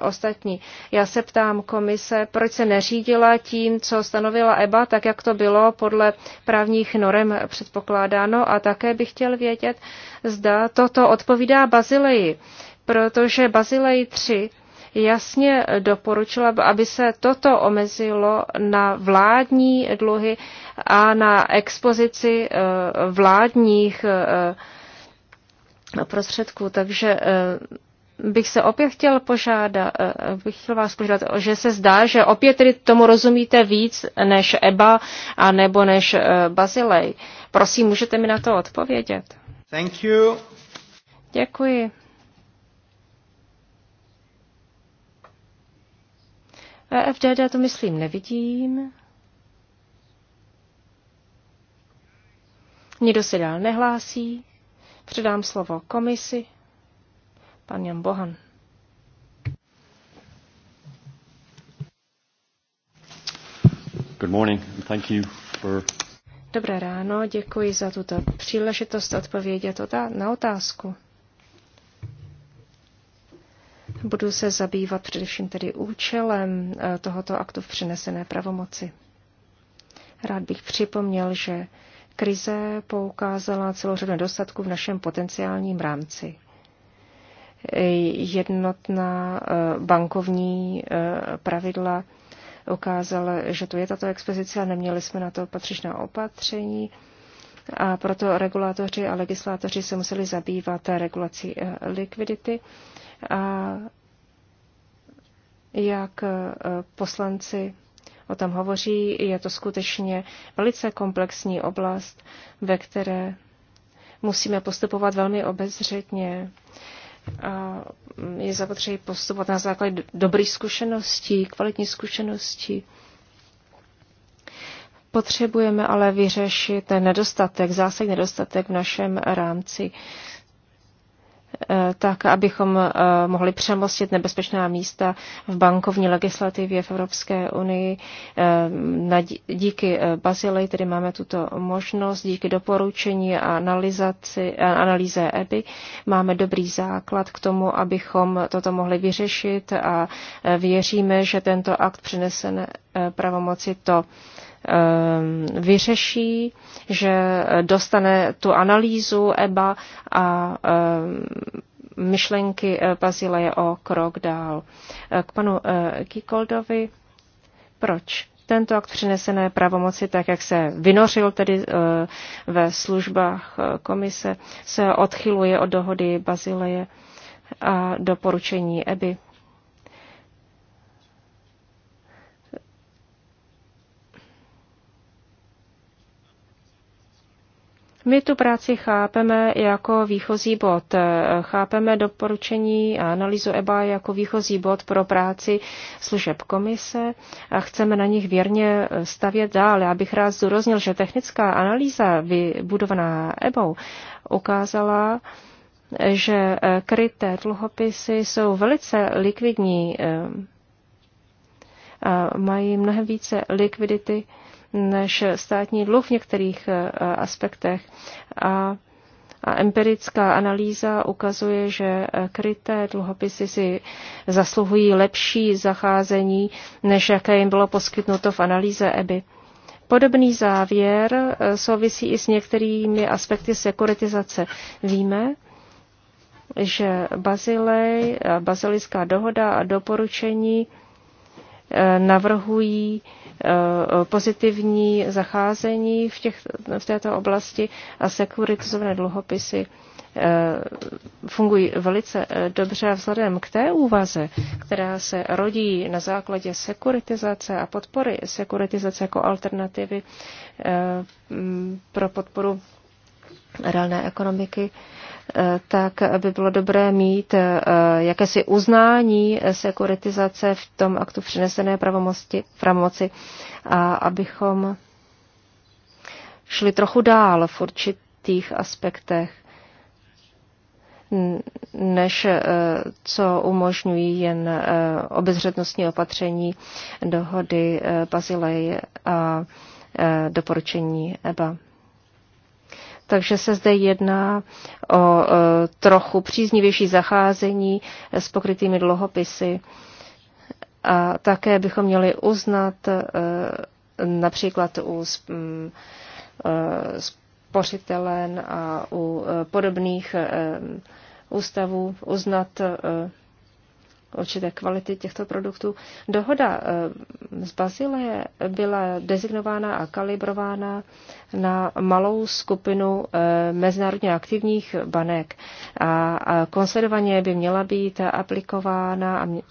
ostatní. Já se ptám komise, proč se neřídila tím, co stanovila EBA, tak jak to bylo podle právních norem předpokládáno a také bych chtěl vědět, zda toto odpovídá Bazileji, protože Bazilej 3 jasně doporučila, aby se toto omezilo na vládní dluhy a na expozici eh, vládních eh, prostředků. Takže eh, bych se opět chtěl požádat, bych chtěl vás požádat, že se zdá, že opět tedy tomu rozumíte víc než Eba a nebo než Bazilej. Prosím, můžete mi na to odpovědět? Thank you. Děkuji. EFDD to myslím nevidím. Nikdo se dál nehlásí. Předám slovo komisi. Pan Jan Bohan. Good morning. Thank you for... Dobré ráno, děkuji za tuto příležitost odpovědět na otázku. Budu se zabývat především tedy účelem eh, tohoto aktu v přenesené pravomoci. Rád bych připomněl, že krize poukázala celou řadu nedostatků v našem potenciálním rámci. Jednotná eh, bankovní eh, pravidla ukázala, že tu je tato expozice a neměli jsme na to patřičná opatření. A proto regulátoři a legislátoři se museli zabývat regulací likvidity a jak e, poslanci o tom hovoří, je to skutečně velice komplexní oblast, ve které musíme postupovat velmi obezřetně. A je zapotřebí postupovat na základě dobrých zkušeností, kvalitní zkušeností. Potřebujeme ale vyřešit ten nedostatek, zásadní nedostatek v našem rámci Eh, tak abychom eh, mohli přemostit nebezpečná místa v bankovní legislativě v Evropské unii. Eh, díky Bazilej tedy máme tuto možnost, díky doporučení a analýze EBI máme dobrý základ k tomu, abychom toto mohli vyřešit a věříme, že tento akt přinesen pravomoci to Ehm, vyřeší, že dostane tu analýzu EBA a ehm, myšlenky eh, Bazileje o krok dál. Eh, k panu Kikoldovi, eh, proč? Tento akt přinesené pravomoci, tak jak se vynořil tedy ve službách komise, se odchyluje od dohody Bazileje a doporučení EBY. My tu práci chápeme jako výchozí bod. Chápeme doporučení a analýzu EBA jako výchozí bod pro práci služeb komise a chceme na nich věrně stavět dále. Abych rád zdůraznil, že technická analýza vybudovaná EBou ukázala, že kryté dluhopisy jsou velice likvidní eh, a mají mnohem více likvidity než státní dluh v některých eh, aspektech. A a empirická analýza ukazuje, že eh, kryté dluhopisy si zasluhují lepší zacházení, než jaké jim bylo poskytnuto v analýze EBI. Podobný závěr eh, souvisí i s některými aspekty sekuritizace. Víme, že Bazilej, bazilická dohoda a doporučení navrhují Eh, pozitivní zacházení v, těch, v této oblasti a sekuritizované dluhopisy eh, fungují velice eh, dobře a vzhledem k té úvaze, která se rodí na základě sekuritizace a podpory sekuritizace jako alternativy pro podporu reálné ekonomiky, Eh, tak by bylo dobré mít eh, jakési uznání sekuritizace v tom aktu přinesené pravomoci, pravomoci a abychom šli trochu dál v určitých aspektech, než eh, co umožňují jen obezřetnostní opatření dohody Bazilej a doporučení EBA. Takže se zde jedná o trochu příznivější zacházení s pokrytými dluhopisy. A také bychom měli uznat e, například u e, spořitelen a u e, podobných ústavů, uznat určité kvality těchto produktů. Dohoda eh, z Bazileje byla dezignována a kalibrována na malou skupinu eh, mezinárodně aktivních banek a konsolidovaně by měla být aplikována mm,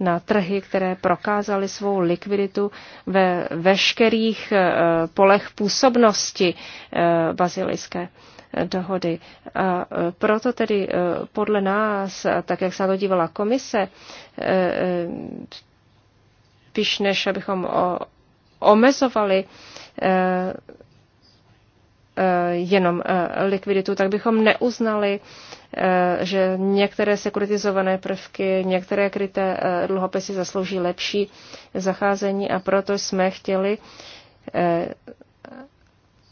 na trhy, které prokázaly svou likviditu ve veškerých eh, polech působnosti bazilejské dohody. A e, proto tedy e, podle nás, tak jak se na to dívala komise, e, spíš než abychom omezovali jenom likviditu, tak bychom neuznali, že některé sekuritizované prvky, některé kryté dluhopisy zaslouží lepší zacházení a proto jsme chtěli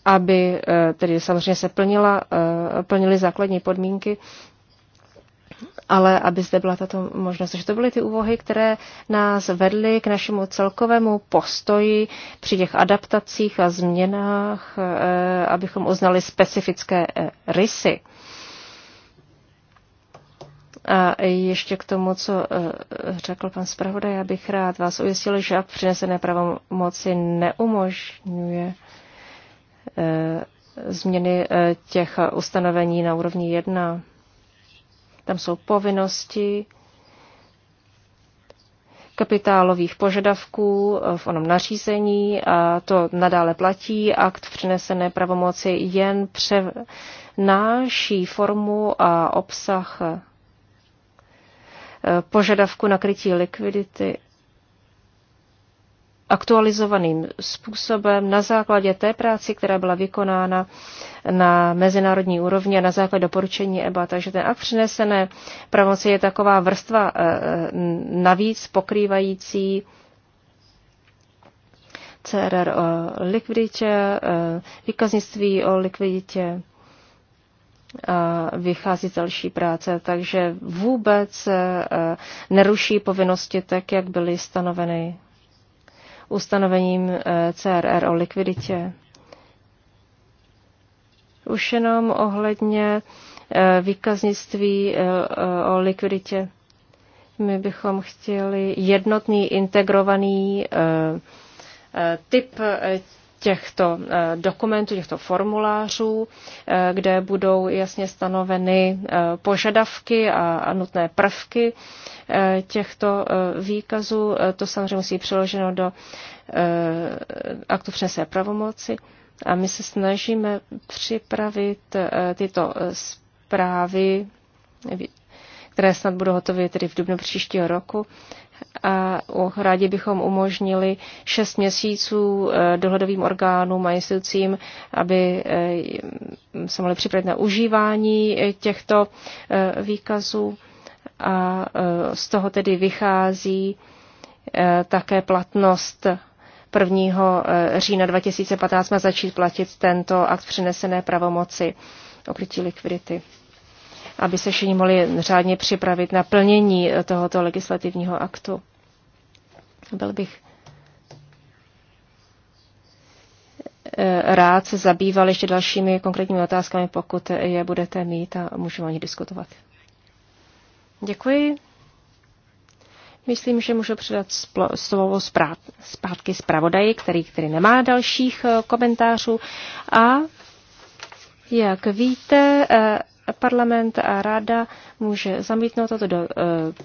aby eh, tedy samozřejmě se plnila, eh, plnily základní podmínky, ale aby zde byla tato možnost. Takže to byly ty úvahy, které nás vedly k našemu celkovému postoji při těch adaptacích a změnách, eh, abychom uznali specifické rysy. A ještě k tomu, co řekl pan zpravodaj, já bych rád vás ujistil, že přinesené pravomoci neumožňuje Eh, změny eh, těch ustanovení na úrovni 1. Tam jsou povinnosti kapitálových požadavků eh, v onom nařízení a to nadále platí. Akt přenesené pravomoci jen přenáší formu a obsah požadavku na krytí likvidity aktualizovaným způsobem na základě té práce, která byla vykonána na mezinárodní úrovni a na základě doporučení EBA. Takže ten akt přinesené pravomoci je taková vrstva eh, eh, navíc pokrývající CRR o likviditě, eh, výkaznictví o likviditě, a vychází další práce, takže vůbec neruší povinnosti tak, jak byly stanoveny ustanovením eh, CRR o likviditě. Už jenom ohledně eh, výkaznictví eh, o likviditě. My bychom chtěli jednotný integrovaný typ těchto eh, dokumentů, těchto formulářů, eh, kde budou jasně stanoveny eh, požadavky a nutné prvky těchto výkazů. To samozřejmě musí být přiloženo do aktu přenesené pravomoci. A my se snažíme připravit tyto zprávy, které snad budou hotové tedy v dubnu příštího roku, a rádi bychom umožnili šest měsíců e, dohledovým orgánům a institucím, aby e, se mohli připravit na užívání e, těchto výkazů a z toho tedy vychází také platnost 1. října 2015 má začít platit tento akt přenesené pravomoci okrytí likvidity aby se všichni mohli řádně připravit na plnění tohoto legislativního aktu. Byl bych eh, rád se zabýval ještě dalšími konkrétními otázkami, pokud je budete mít a můžeme o ní diskutovat. Děkuji. Myslím, že můžu předat slovo zpátky zpravodaji, který, který nemá dalších eh, komentářů. A jak víte, eh, parlament a ráda může zamítnout toto do e,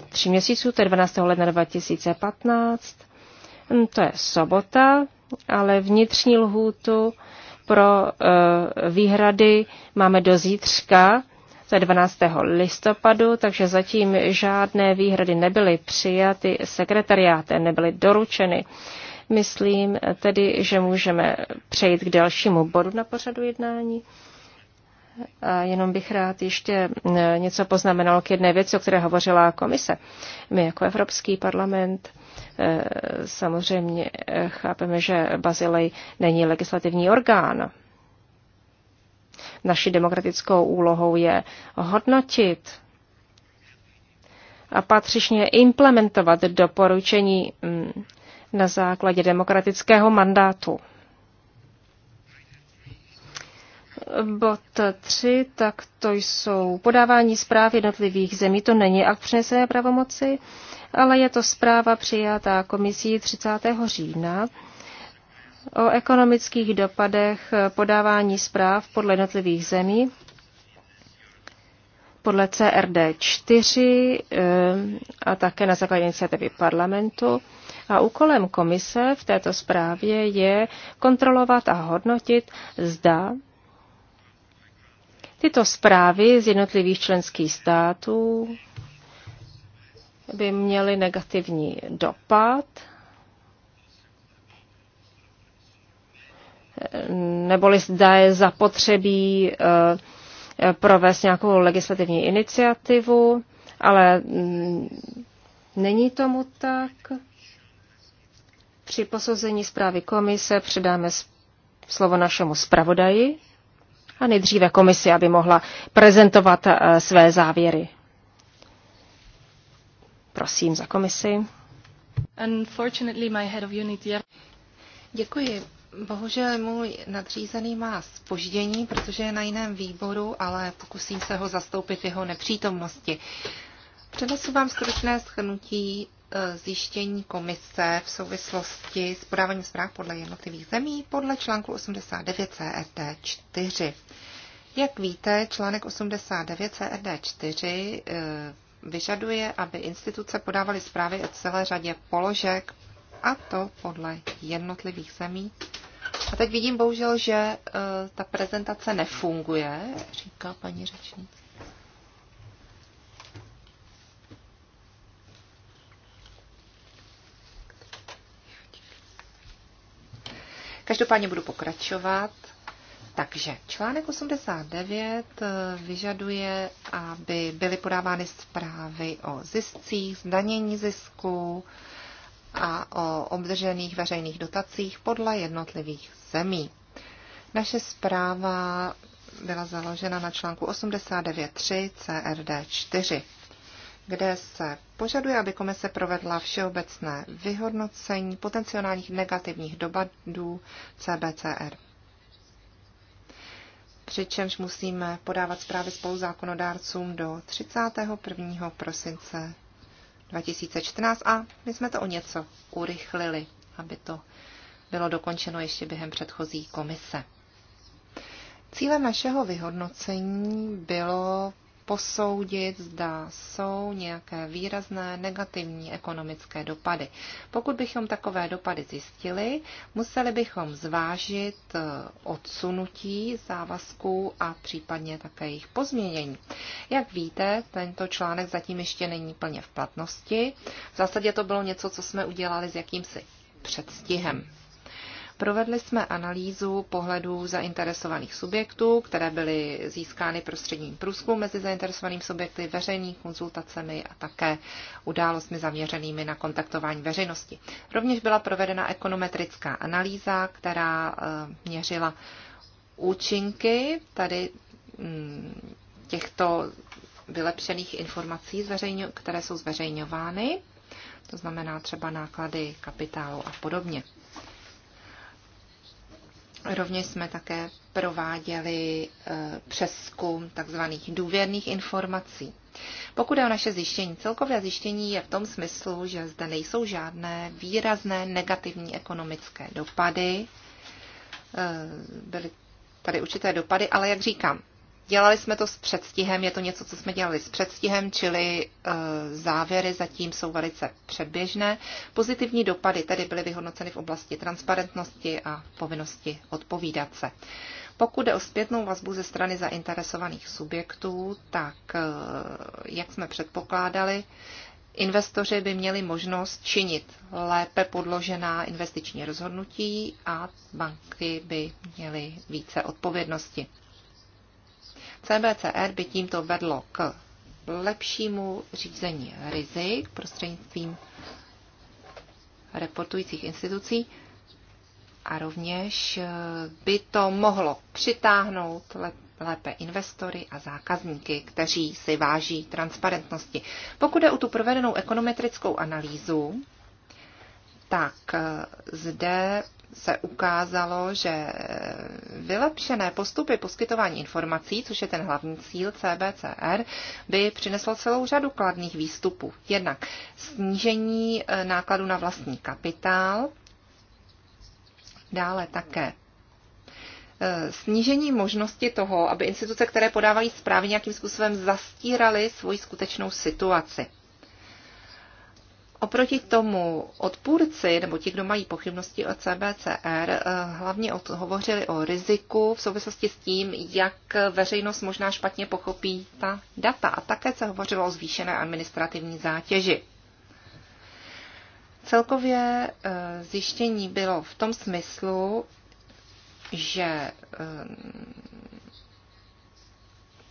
tří měsíců, to je 12. ledna 2015. Mm, to je sobota, ale vnitřní lhůtu pro e, výhrady máme do zítřka, to je 12. listopadu, takže zatím žádné výhrady nebyly přijaty sekretariátem, nebyly doručeny. Myslím tedy, že můžeme přejít k dalšímu bodu na pořadu jednání. A jenom bych rád ještě eh, něco poznamenal k jedné věci, o které hovořila komise. My jako Evropský parlament eh, samozřejmě eh, chápeme, že Bazilej není legislativní orgán. Naší demokratickou úlohou je hodnotit a patřičně implementovat doporučení mm, na základě demokratického mandátu. Bod 3, tak to jsou podávání zpráv jednotlivých zemí. To není akt přenesené pravomoci, ale je to zpráva přijatá komisí 30. října o ekonomických dopadech podávání zpráv podle jednotlivých zemí. Podle CRD 4 eh, a také na základě iniciativy parlamentu. A úkolem komise v této zprávě je kontrolovat a hodnotit, zda Tyto zprávy z jednotlivých členských států by měly negativní dopad, neboli zda je zapotřebí eh, provést nějakou legislativní iniciativu, ale mm, není tomu tak. Při posouzení zprávy komise předáme slovo našemu zpravodaji a nejdříve komisi, aby mohla prezentovat eh, své závěry. Prosím za komisi. Děkuji. Bohužel můj nadřízený má spoždění, protože je na jiném výboru, ale pokusím se ho zastoupit v jeho nepřítomnosti. Přenesu vám stručné shrnutí Eh, zjištění komise v souvislosti s podáváním zpráv podle jednotlivých zemí podle článku 89 CRD 4. Jak víte, článek 89 CRD 4 vyžaduje, aby instituce podávaly zprávy o celé řadě položek, a to podle jednotlivých zemí. A teď vidím bohužel, že eh, ta prezentace nefunguje, říká paní řečnice. Každopádně budu pokračovat. Takže článek 89 eh, vyžaduje, aby byly podávány zprávy o ziscích, zdanění zisku a o obdržených veřejných dotacích podle jednotlivých zemí. Naše zpráva byla založena na článku 89.3 CRD 4 kde se požaduje, aby komise provedla všeobecné vyhodnocení potenciálních negativních dopadů CBCR. Přičemž musíme podávat zprávy spoluzákonodárcům do 31. prosince 2014 a my jsme to o něco urychlili, aby to bylo dokončeno ještě během předchozí komise. Cílem našeho vyhodnocení bylo posoudit, zda jsou nějaké výrazné negativní ekonomické dopady. Pokud bychom takové dopady zjistili, museli bychom zvážit eh, odsunutí závazků a případně také jejich pozměnění. Jak víte, tento článek zatím ještě není plně v platnosti. V zásadě to bylo něco, co jsme udělali s jakýmsi předstihem. Provedli jsme analýzu pohledů zainteresovaných subjektů, které byly získány prostředním průzkumu mezi zainteresovanými subjekty, veřejnými konzultacemi a také událostmi zaměřenými na kontaktování veřejnosti. Rovněž byla provedena ekonometrická analýza, která eh, měřila účinky tady mm, těchto vylepšených informací, které jsou zveřejňovány, to znamená třeba náklady kapitálu a podobně. Rovněž jsme také prováděli eh, přeskum tzv. důvěrných informací. Pokud je o naše zjištění, celkové zjištění je v tom smyslu, že zde nejsou žádné výrazné negativní ekonomické dopady. Eh, byly tady určité dopady, ale jak říkám, Dělali jsme to s předstihem, je to něco, co jsme dělali s předstihem, čili e, závěry zatím jsou velice předběžné. Pozitivní dopady tedy byly vyhodnoceny v oblasti transparentnosti a povinnosti odpovídat se. Pokud jde o zpětnou vazbu ze strany zainteresovaných subjektů, tak e, jak jsme předpokládali, Investoři by měli možnost činit lépe podložená investiční rozhodnutí a banky by měly více odpovědnosti. CBCR by tímto vedlo k lepšímu řízení rizik prostřednictvím reportujících institucí a rovněž eh, by to mohlo přitáhnout lépe investory a zákazníky, kteří si váží transparentnosti. Pokud je o tu provedenou ekonometrickou analýzu, tak eh, zde se ukázalo, že vylepšené postupy poskytování informací, což je ten hlavní cíl CBCR, by přineslo celou řadu kladných výstupů. Jednak snížení eh, nákladu na vlastní kapitál, dále také eh, snížení možnosti toho, aby instituce, které podávají zprávy, nějakým způsobem zastíraly svoji skutečnou situaci. Oproti tomu odpůrci nebo ti, kdo mají pochybnosti o CBCR, eh, hlavně hovořili o riziku v souvislosti s tím, jak veřejnost možná špatně pochopí ta data. A také se hovořilo o zvýšené administrativní zátěži. Celkově eh, zjištění bylo v tom smyslu, že eh,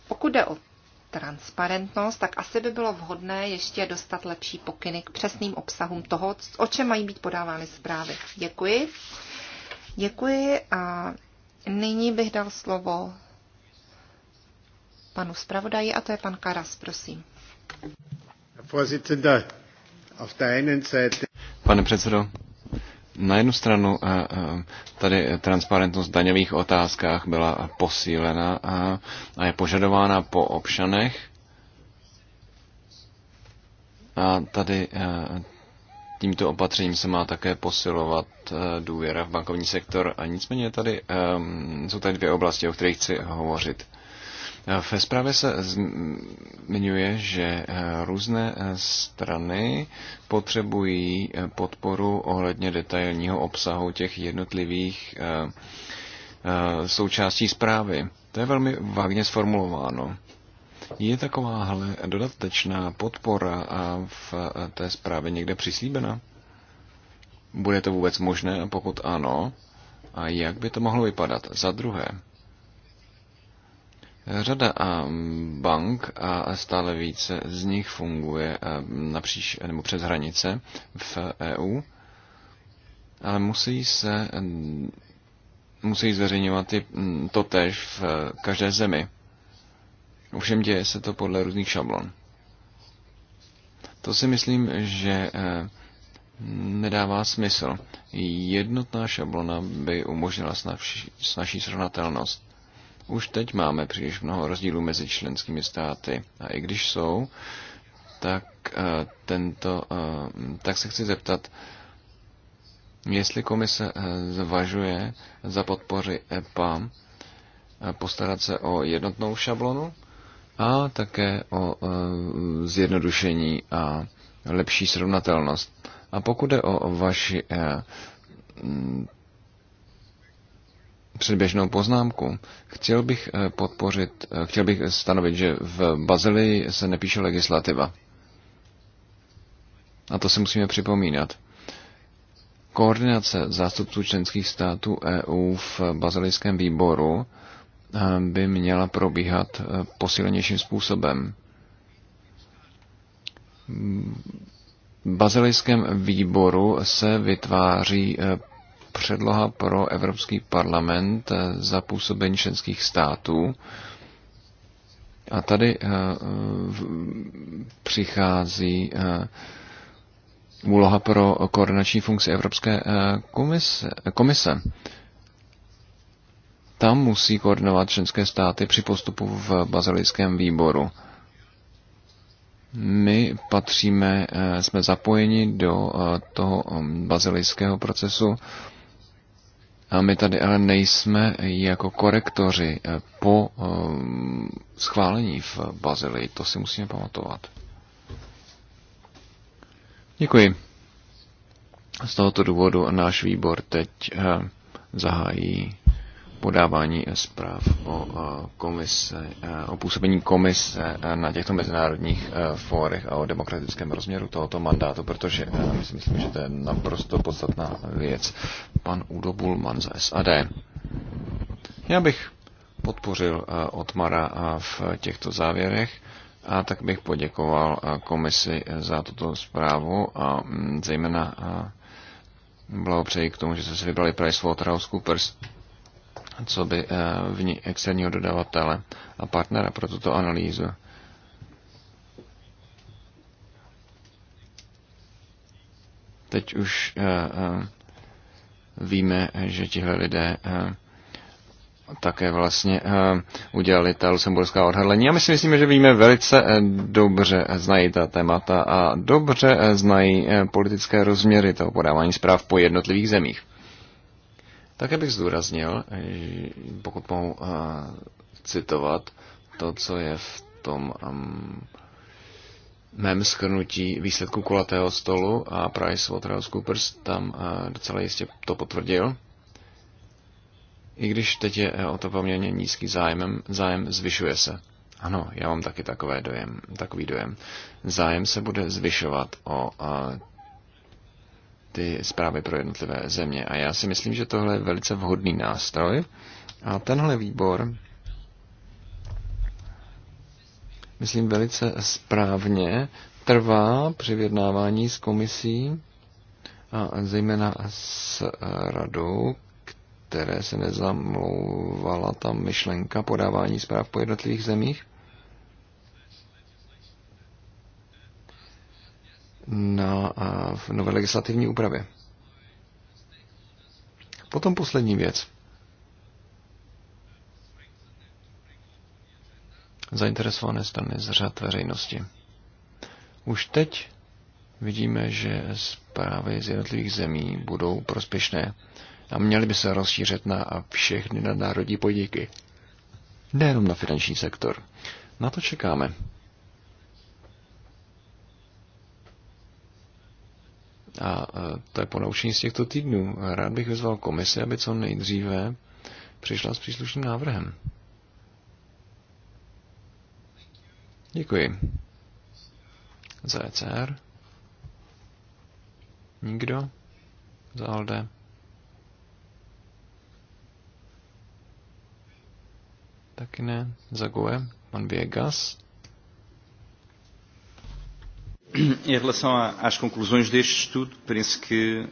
pokud jde o transparentnost, tak asi by bylo vhodné ještě dostat lepší pokyny k přesným obsahům toho, o čem mají být podávány zprávy. Děkuji. Děkuji a nyní bych dal slovo panu zpravodaji a to je pan Karas, prosím. Pane předsedo, na jednu stranu eh, eh, tady transparentnost v daňových otázkách byla posílena eh, a je požadována po občanech. A tady tímto opatřením se má také posilovat důvěra v bankovní sektor. A nicméně tady jsou tady dvě oblasti, o kterých chci hovořit. Ve zprávě se zmiňuje, že eh, různé eh, strany potřebují eh, podporu ohledně detailního obsahu těch jednotlivých součástí zprávy. To je velmi vágně sformulováno. Je takováhle dodatečná podpora a v té zprávě někde přislíbena? Bude to vůbec možné pokud ano, a jak by to mohlo vypadat? Za druhé, Řada bank a stále více z nich funguje napříč nebo přes hranice v EU, ale musí se musí zveřejňovat i to tež v e, každé zemi. Ovšem děje se to podle různých šablon. To si myslím, že e, nedává smysl. Jednotná šablona by umožnila snažší srovnatelnost. Už teď máme příliš mnoho rozdílů mezi členskými státy a i když jsou, tak, eh, tento, eh, tak se chci zeptat, jestli komise eh, zvažuje za podpory EPA postarat se o jednotnou šablonu a také o zjednodušení a lepší srovnatelnost. A pokud je o vaši předběžnou poznámku. Chtěl bych eh, podpořit, eh, chtěl bych stanovit, že v Bazilii se nepíše legislativa. A to se musíme připomínat. Koordinace zástupců členských států EU v bazilijském výboru eh, by měla probíhat posilnějším způsobem. V bazilijském výboru se vytváří předloha pro Evropský parlament eh, za působení členských států. A tady eh, přichází eh, úloha pro koordinační funkci Evropské komise. komise. Tam musí koordinovat členské státy při postupu v bazilickém výboru. My patříme, jsme zapojeni do toho bazilického procesu a my tady ale nejsme jako korektoři eh, po eh, schválení v Bazilii. To si musíme pamatovat. Děkuji. Z tohoto důvodu náš výbor teď eh, zahájí podávání zpráv o, komise, o působení komise na těchto mezinárodních fórech a o demokratickém rozměru tohoto mandátu, protože my si myslím, že to je naprosto podstatná věc. Pan Udo Bulman za SAD. Já bych podpořil Otmara v těchto závěrech. A tak bych poděkoval komisi za tuto zprávu a zejména blahopřeji k tomu, že jste si vybrali PricewaterhouseCoopers co by eh, v ní externího dodavatele a partnera pro tuto analýzu. Teď už eh, eh, víme, že tihle lidé také vlastně udělali ta lusemburská odhadlení. A my si myslíme, že víme velice dobře, znají ta témata a dobře znají politické rozměry toho podávání zpráv po jednotlivých zemích. Také bych zdůraznil, eh, pokud mohu eh, citovat to, co je v tom mm, mém schrnutí výsledku kulatého stolu a Price Coopers tam eh, docela jistě to potvrdil. I když teď je o to poměrně nízký zájem, zájem zvyšuje se. Ano, já mám taky takové dojem, takový dojem. Zájem se bude zvyšovat o ty zprávy pro jednotlivé země. A já si myslím, že tohle je velice vhodný nástroj. A tenhle výbor, myslím, velice správně trvá při vyjednávání s komisí a zejména s eh, radou, které se nezamlouvala ta myšlenka podávání zpráv po jednotlivých zemích. na v nové legislativní úpravě. Potom poslední věc. Zainteresované strany z řad veřejnosti. Už teď vidíme, že zprávy z jednotlivých zemí budou prospěšné a měly by se rozšířit na všechny nadnárodní podniky. Nejenom na finanční sektor. Na to čekáme. A e, to je ponaučení z těchto týdnů. Rád bych vyzval komisi, aby co nejdříve přišla s příslušným návrhem. Děkuji. Za ECR? Nikdo? Za ALDE? Taky ne. Za GUE? Pan Viegas? Em relação às conclusões deste estudo, penso que...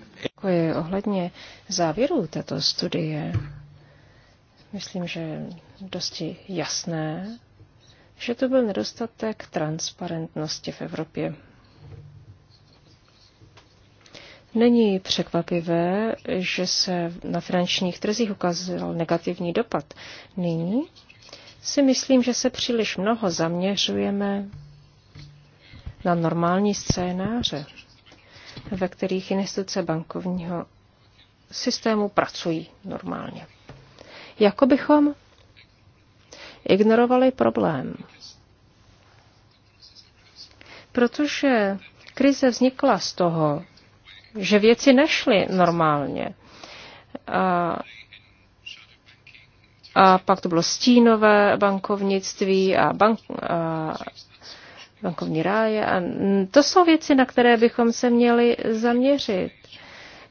ohledně závěrů této studie. Myslím, že dosti jasné, že to byl nedostatek transparentnosti v Evropě. Není překvapivé, že se na finančních trzích ukázal negativní dopad. Nyní si myslím, že se příliš mnoho zaměřujeme na normální scénáře, ve kterých instituce bankovního systému pracují normálně. Jako bychom ignorovali problém. Protože krize vznikla z toho, že věci nešly normálně. A, a pak to bylo stínové bankovnictví a, bank, a, bankovní ráje. A to jsou věci, na které bychom se měli zaměřit.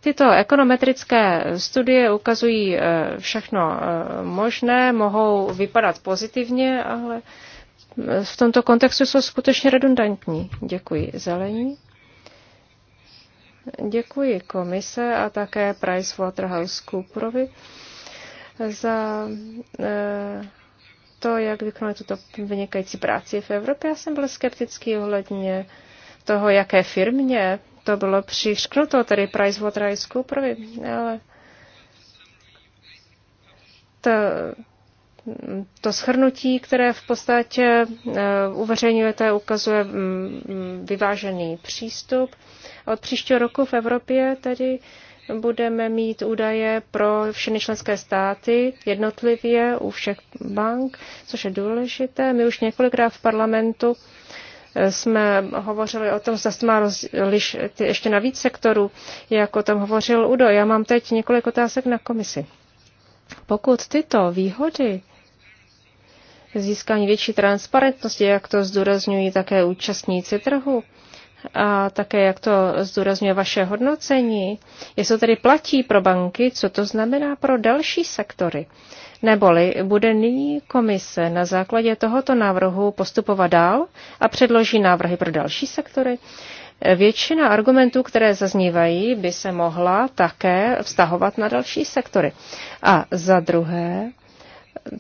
Tyto ekonometrické studie ukazují e, všechno e, možné, mohou vypadat pozitivně, ale v tomto kontextu jsou skutečně redundantní. Děkuji. Zelení. Děkuji komise a také PricewaterhouseCooperovi za e, to, jak vykonali tuto vynikající práci v Evropě. Já jsem byl skeptický ohledně toho, jaké firmě to bylo přišknuto, tedy PricewaterhouseCoopers, ale to, to schrnutí, které v podstatě eh, uveřejňujete, ukazuje mm, mm, vyvážený přístup. Od příštího roku v Evropě tedy budeme mít údaje pro všechny členské státy jednotlivě u všech bank, což je důležité. My už několikrát v parlamentu eh, jsme hovořili o tom, zase má rozliš, ještě na víc sektorů, jak o tom hovořil Udo. Já mám teď několik otázek na komisi. Pokud tyto výhody získání větší transparentnosti, jak to zdůrazňují také účastníci trhu, a také jak to zdůrazňuje vaše hodnocení, jestli to tedy platí pro banky, co to znamená pro další sektory. Neboli bude nyní komise na základě tohoto návrhu postupovat dál a předloží návrhy pro další sektory. Většina argumentů, které zaznívají, by se mohla také vztahovat na další sektory. A za druhé,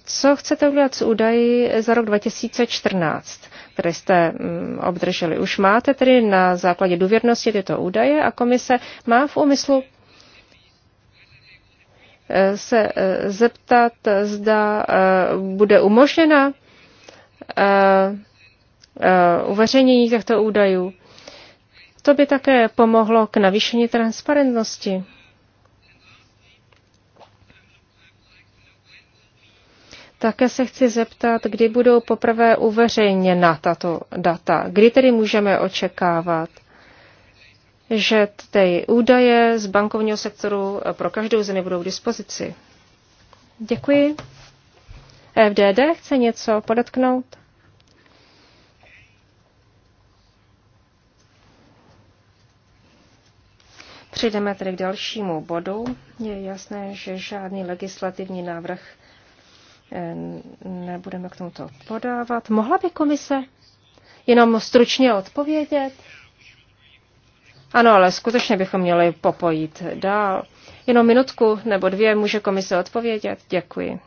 co chcete udělat s údají za rok 2014? které jste mm, obdrželi. Už máte tedy na základě důvěrnosti tyto údaje a komise má v úmyslu eh, se eh, zeptat, zda eh, bude umožněna uveřejnění těchto údajů. To by také pomohlo k navýšení transparentnosti. Také se chci zeptat, kdy budou poprvé uveřejněna tato data. Kdy tedy můžeme očekávat, že ty údaje z bankovního sektoru pro každou zemi budou k dispozici? Děkuji. FDD chce něco podotknout? Přijdeme tedy k dalšímu bodu. Je jasné, že žádný legislativní návrh Eh, nebudeme k tomuto podávat. Mohla by komise jenom stručně odpovědět? Ano, ale skutečně bychom měli popojit dál. Jenom minutku nebo dvě může komise odpovědět. Děkuji.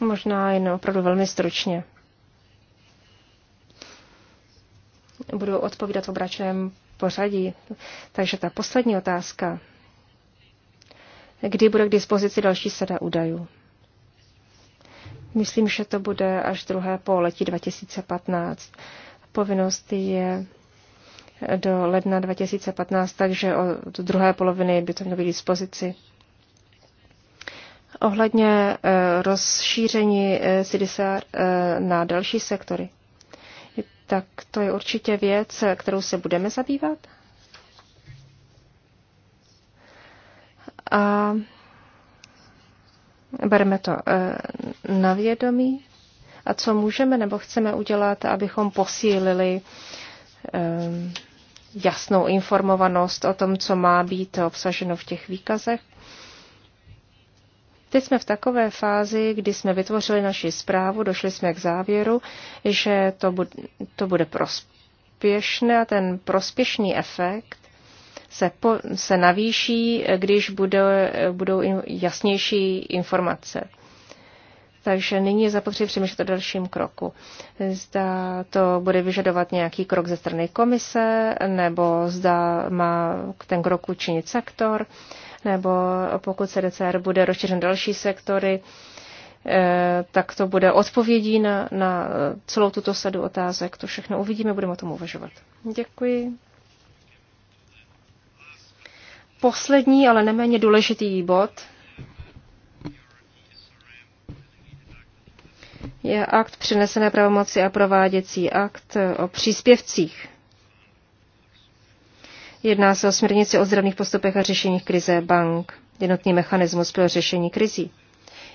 Možná jen opravdu velmi stručně. Budu odpovídat v obračném pořadí. Takže ta poslední otázka kdy bude k dispozici další sada údajů. Myslím, že to bude až druhé pololetí 2015. Povinnost je do ledna 2015, takže od druhé poloviny by to mělo být dispozici. Ohledně eh, rozšíření eh, CDSR eh, na další sektory, tak to je určitě věc, kterou se budeme zabývat. a bereme to eh, na vědomí. A co můžeme nebo chceme udělat, abychom posílili eh, jasnou informovanost o tom, co má být obsaženo v těch výkazech. Teď jsme v takové fázi, kdy jsme vytvořili naši zprávu, došli jsme k závěru, že to bude, to bude prospěšné a ten prospěšný efekt se, po, se navýší, když bude, budou jasnější informace. Takže nyní je zapotřebí přemýšlet o dalším kroku. Zda to bude vyžadovat nějaký krok ze strany komise, nebo zda má ten krok učinit sektor, nebo pokud CDCR bude rozšířen další sektory, eh, tak to bude odpovědí na, na celou tuto sadu otázek. To všechno uvidíme, budeme o tom uvažovat. Děkuji poslední, ale neméně důležitý bod je akt přinesené pravomoci a prováděcí akt o příspěvcích. Jedná se o směrnici o zdravných postupech a řešení krize bank, jednotný mechanismus pro řešení krizí.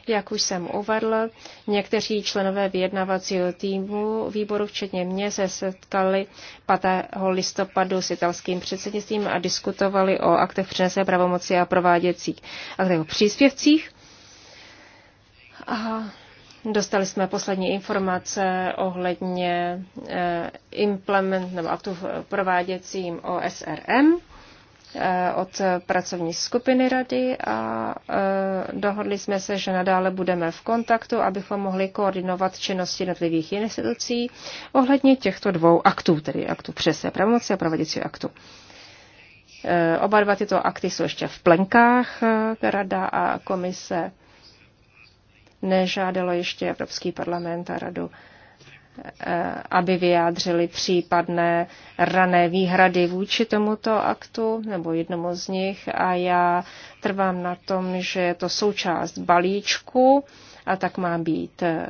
Jak už jsem uvedl, někteří členové vyjednavacího týmu výboru, včetně mě, se setkali 5. listopadu s italským předsednictvím a diskutovali o aktech přenesené pravomoci a prováděcích aktech o příspěvcích. A Dostali jsme poslední informace ohledně eh, implement nebo aktu prováděcím OSRM. Eh, od pracovní skupiny rady a eh, dohodli jsme se, že nadále budeme v kontaktu, abychom mohli koordinovat činnosti jednotlivých institucí ohledně těchto dvou aktů, tedy aktu přesné pravomoci a prováděcího aktu. Eh, oba dva tyto akty jsou ještě v plenkách. Rada a komise nežádalo ještě Evropský parlament a radu Eh, aby vyjádřili případné rané výhrady vůči tomuto aktu nebo jednomu z nich a já trvám na tom, že je to součást balíčku a tak má být eh,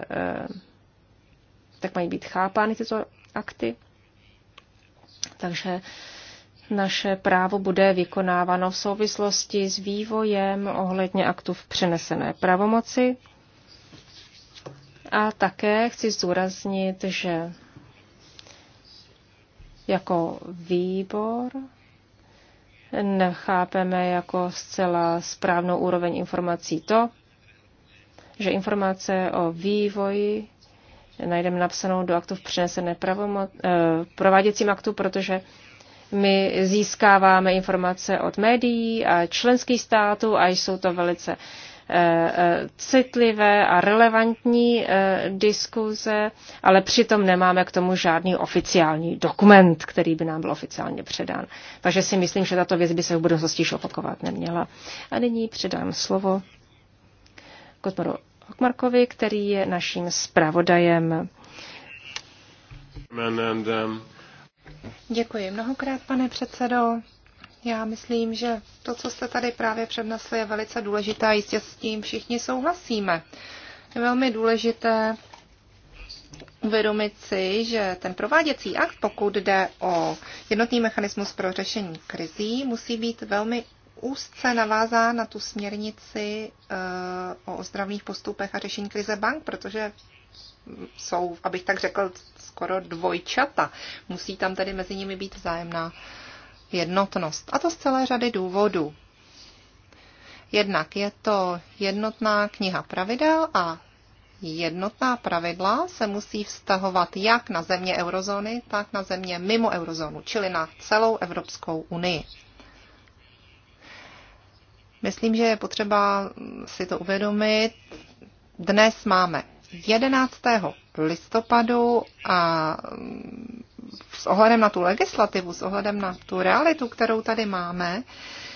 tak mají být chápány tyto akty. Takže naše právo bude vykonáváno v souvislosti s vývojem ohledně aktů v přenesené pravomoci a také chci zdůraznit, že jako výbor nechápeme jako zcela správnou úroveň informací to, že informace o vývoji najdeme napsanou do aktu v přenesené pravomoc, eh, prováděcím aktu, protože my získáváme informace od médií a členských států a jsou to velice Eh, eh, citlivé a relevantní eh, diskuze, ale přitom nemáme k tomu žádný oficiální dokument, který by nám byl oficiálně předán. Takže si myslím, že tato věc by se v budoucnosti již opakovat neměla. A nyní předám slovo Kotmaru Okmarkovi, který je naším zpravodajem. Um, Děkuji mnohokrát, pane předsedo. Já myslím, že to, co jste tady právě přednesli, je velice důležité a jistě s tím všichni souhlasíme. Je velmi důležité uvědomit si, že ten prováděcí akt, pokud jde o jednotný mechanismus pro řešení krizí, musí být velmi úzce navázá na tu směrnici eh, o ozdravných postupech a řešení krize bank, protože jsou, abych tak řekl, skoro dvojčata. Musí tam tedy mezi nimi být vzájemná jednotnost. A to z celé řady důvodů. Jednak je to jednotná kniha pravidel a jednotná pravidla se musí vztahovat jak na země eurozóny, tak na země mimo eurozónu, čili na celou Evropskou unii. Myslím, že je potřeba si to uvědomit. Dnes máme 11. listopadu a s ohledem na tu legislativu, s ohledem na tu realitu, kterou tady máme,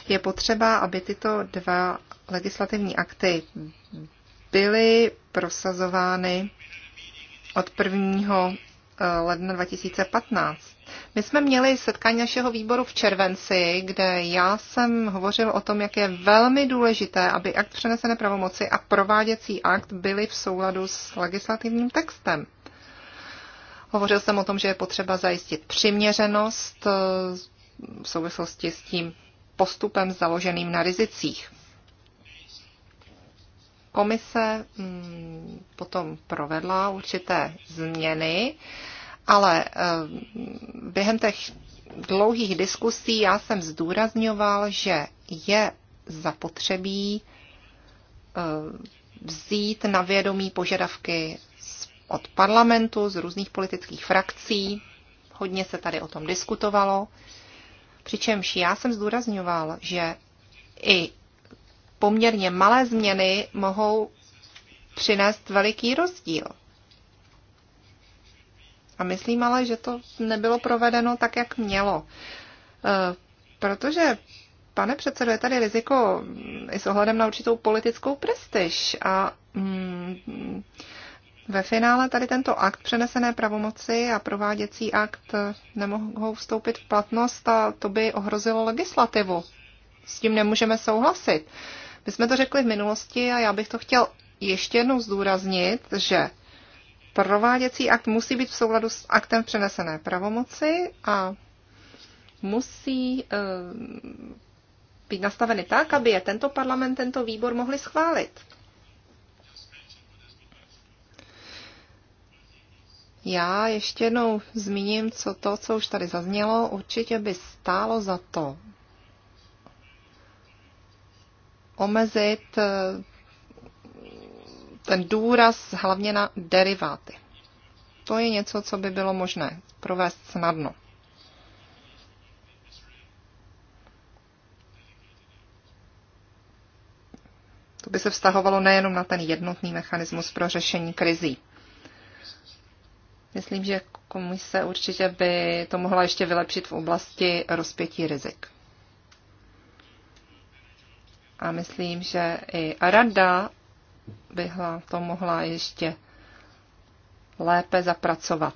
je potřeba, aby tyto dva legislativní akty byly prosazovány od 1. Eh, ledna 2015. My jsme měli setkání našeho výboru v červenci, kde já jsem hovořil o tom, jak je velmi důležité, aby akt přenesené pravomoci a prováděcí akt byly v souladu s legislativním textem. Hovořil jsem o tom, že je potřeba zajistit přiměřenost eh, v souvislosti s tím postupem založeným na rizicích. Komise mm, potom provedla určité změny, ale eh, během těch dlouhých diskusí já jsem zdůrazňoval, že je zapotřebí eh, vzít na vědomí požadavky od parlamentu, z různých politických frakcí. Hodně se tady o tom diskutovalo. Přičemž já jsem zdůrazňoval, že i poměrně malé změny mohou přinést veliký rozdíl. A myslím ale, že to nebylo provedeno tak, jak mělo. E, protože, pane předsedo, je tady riziko i s ohledem na určitou politickou prestiž a mm, ve finále tady tento akt přenesené pravomoci a prováděcí akt nemohou vstoupit v platnost a to by ohrozilo legislativu. S tím nemůžeme souhlasit. My jsme to řekli v minulosti a já bych to chtěl ještě jednou zdůraznit, že prováděcí akt musí být v souladu s aktem přenesené pravomoci a musí eh, být nastaveny tak, aby je tento parlament, tento výbor mohli schválit. Já ještě jednou zmíním, co to, co už tady zaznělo, určitě by stálo za to omezit eh, ten důraz hlavně na deriváty. To je něco, co by bylo možné provést snadno. To by se vztahovalo nejenom na ten jednotný mechanismus pro řešení krizí. Myslím, že komise určitě by to mohla ještě vylepšit v oblasti rozpětí rizik. A myslím, že i Rada bych to mohla ještě lépe zapracovat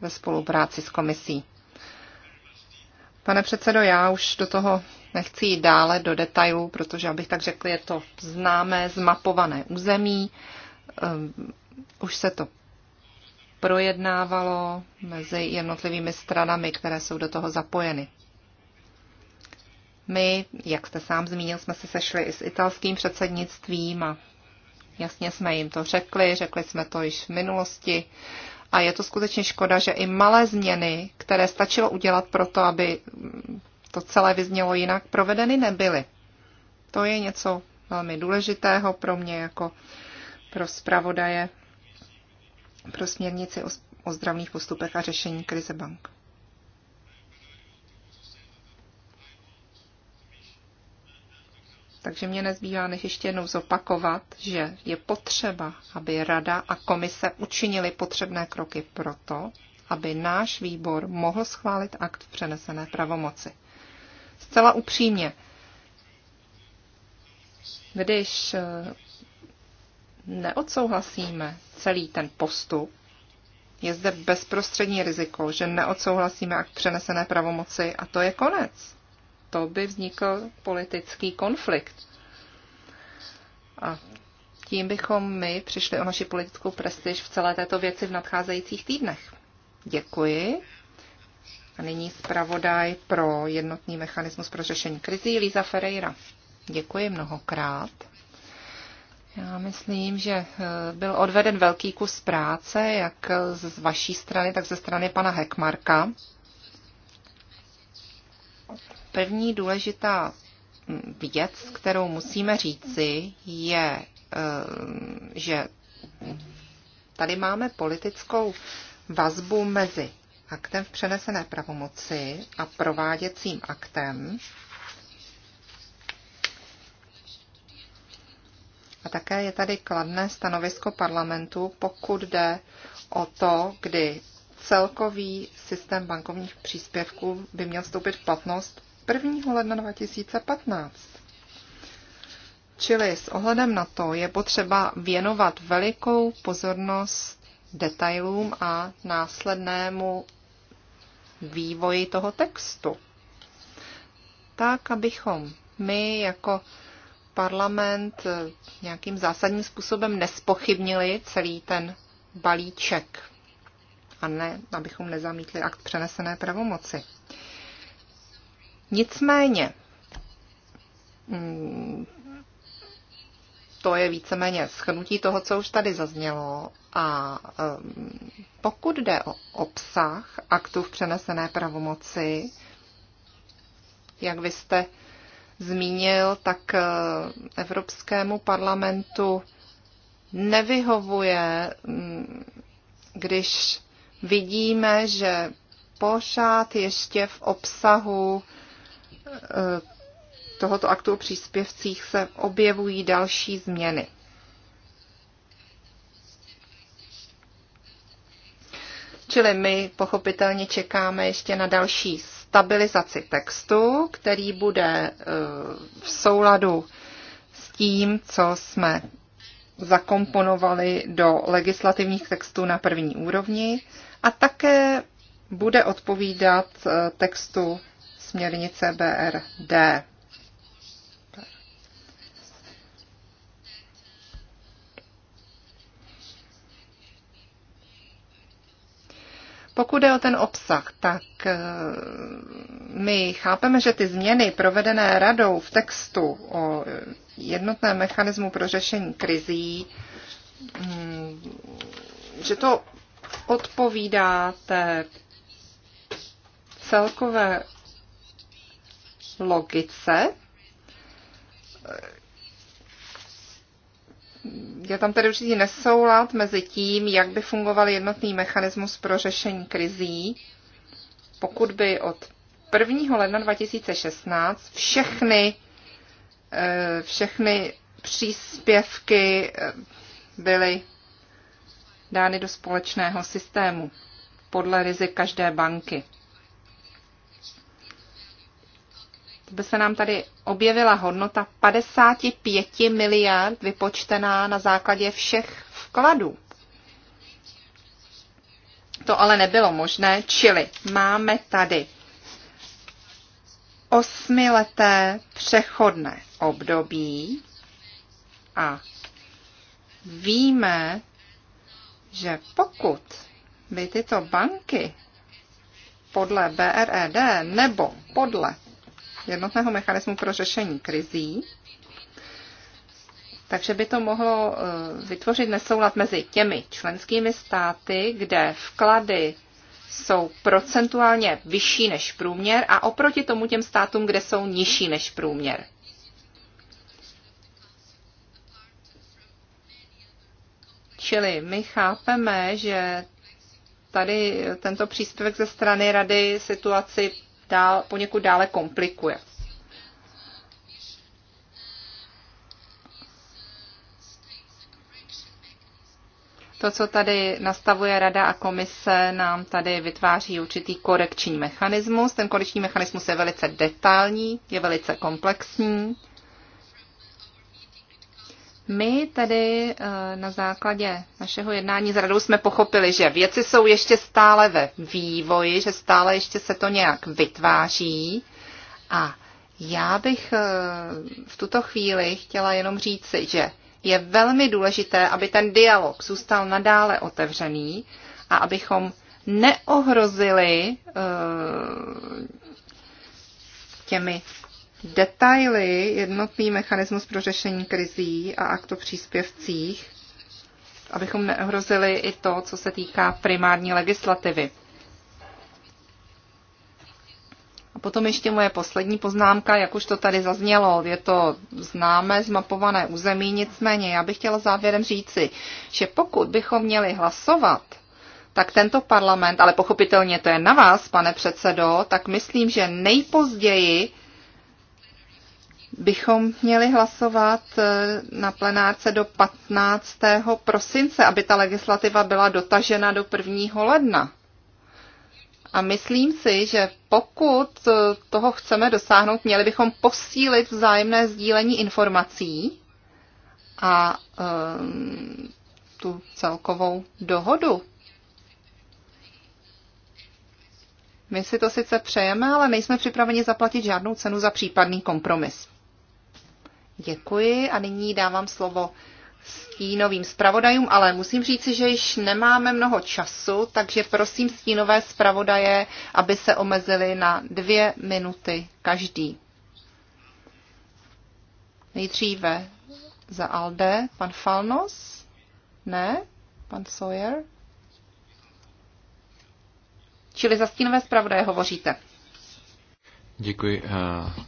ve spolupráci s komisí. Pane předsedo, já už do toho nechci jít dále do detailů, protože, abych tak řekl, je to známé, zmapované území. Ehm, už se to projednávalo mezi jednotlivými stranami, které jsou do toho zapojeny. My, jak jste sám zmínil, jsme se sešli i s italským předsednictvím a jasně jsme jim to řekli, řekli jsme to již v minulosti. A je to skutečně škoda, že i malé změny, které stačilo udělat pro to, aby to celé vyznělo jinak, provedeny nebyly. To je něco velmi důležitého pro mě jako pro zpravodaje pro směrnici o, zdravných postupech a řešení krize bank. Takže mě nezbývá, než ještě jednou zopakovat, že je potřeba, aby Rada a Komise učinili potřebné kroky proto, aby náš výbor mohl schválit akt v přenesené pravomoci. Zcela upřímně, když eh, neodsouhlasíme celý ten postup, je zde bezprostřední riziko, že neodsouhlasíme akt přenesené pravomoci a to je konec to by vznikl politický konflikt. A tím bychom my přišli o naši politickou prestiž v celé této věci v nadcházejících týdnech. Děkuji. A nyní zpravodaj pro jednotný mechanismus pro řešení krizí Líza Ferreira. Děkuji mnohokrát. Já myslím, že eh, byl odveden velký kus práce, jak z vaší strany, tak ze strany pana Hekmarka. První důležitá věc, kterou musíme říci, je, eh, že tady máme politickou vazbu mezi aktem v přenesené pravomoci a prováděcím aktem. A také je tady kladné stanovisko parlamentu, pokud jde o to, kdy celkový systém bankovních příspěvků by měl vstoupit v platnost 1. ledna 2015. Čili s ohledem na to je potřeba věnovat velikou pozornost detailům a následnému vývoji toho textu. Tak, abychom my jako parlament nějakým zásadním způsobem nespochybnili celý ten balíček a ne, abychom nezamítli akt přenesené pravomoci. Nicméně, mm, to je víceméně schnutí toho, co už tady zaznělo. A mm, pokud jde o obsah aktu v přenesené pravomoci, jak vy jste zmínil, tak e, Evropskému parlamentu nevyhovuje, mm, když vidíme, že pořád ještě v obsahu Eh, tohoto aktu o příspěvcích se objevují další změny. Čili my pochopitelně čekáme ještě na další stabilizaci textu, který bude eh, v souladu s tím, co jsme zakomponovali do legislativních textů na první úrovni a také bude odpovídat eh, textu směrnice BRD. Pokud je o ten obsah, tak eh, my chápeme, že ty změny provedené radou v textu o jednotném mechanismu pro řešení krizí, mm, že to odpovídá té celkové logice. Je tam tedy určitý nesoulad mezi tím, jak by fungoval jednotný mechanismus pro řešení krizí, pokud by od 1. ledna 2016 všechny, eh, všechny příspěvky eh, byly dány do společného systému podle rizik každé banky. by se nám tady objevila hodnota 55 miliard vypočtená na základě všech vkladů. To ale nebylo možné, čili máme tady osmileté přechodné období a víme, že pokud by tyto banky podle BRED nebo podle jednotného mechanismu pro řešení krizí. Takže by to mohlo eh, vytvořit nesoulad mezi těmi členskými státy, kde vklady jsou procentuálně vyšší než průměr a oproti tomu těm státům, kde jsou nižší než průměr. Čili my chápeme, že tady tento příspěvek ze strany rady situaci dál, poněkud dále komplikuje. To, co tady nastavuje Rada a komise, nám tady vytváří určitý korekční mechanismus. Ten korekční mechanismus je velice detailní, je velice komplexní my tedy eh, na základě našeho jednání s radou jsme pochopili, že věci jsou ještě stále ve vývoji, že stále ještě se to nějak vytváří. A já bych eh, v tuto chvíli chtěla jenom říci, že je velmi důležité, aby ten dialog zůstal nadále otevřený a abychom neohrozili eh, těmi detaily, jednotný mechanismus pro řešení krizí a akt o příspěvcích, abychom neohrozili i to, co se týká primární legislativy. A potom ještě moje poslední poznámka, jak už to tady zaznělo, je to známé zmapované území, nicméně já bych chtěla závěrem říci, že pokud bychom měli hlasovat, tak tento parlament, ale pochopitelně to je na vás, pane předsedo, tak myslím, že nejpozději bychom měli hlasovat eh, na plenárce do 15. prosince, aby ta legislativa byla dotažena do 1. ledna. A myslím si, že pokud eh, toho chceme dosáhnout, měli bychom posílit vzájemné sdílení informací a um, tu celkovou dohodu. My si to sice přejeme, ale nejsme připraveni zaplatit žádnou cenu za případný kompromis. Děkuji a nyní dávám slovo stínovým zpravodajům, ale musím říci, že již nemáme mnoho času, takže prosím stínové zpravodaje, aby se omezili na dvě minuty každý. Nejdříve za Alde, pan Falnos? Ne? Pan Sawyer? Čili za stínové zpravodaje hovoříte. Děkuji, eh,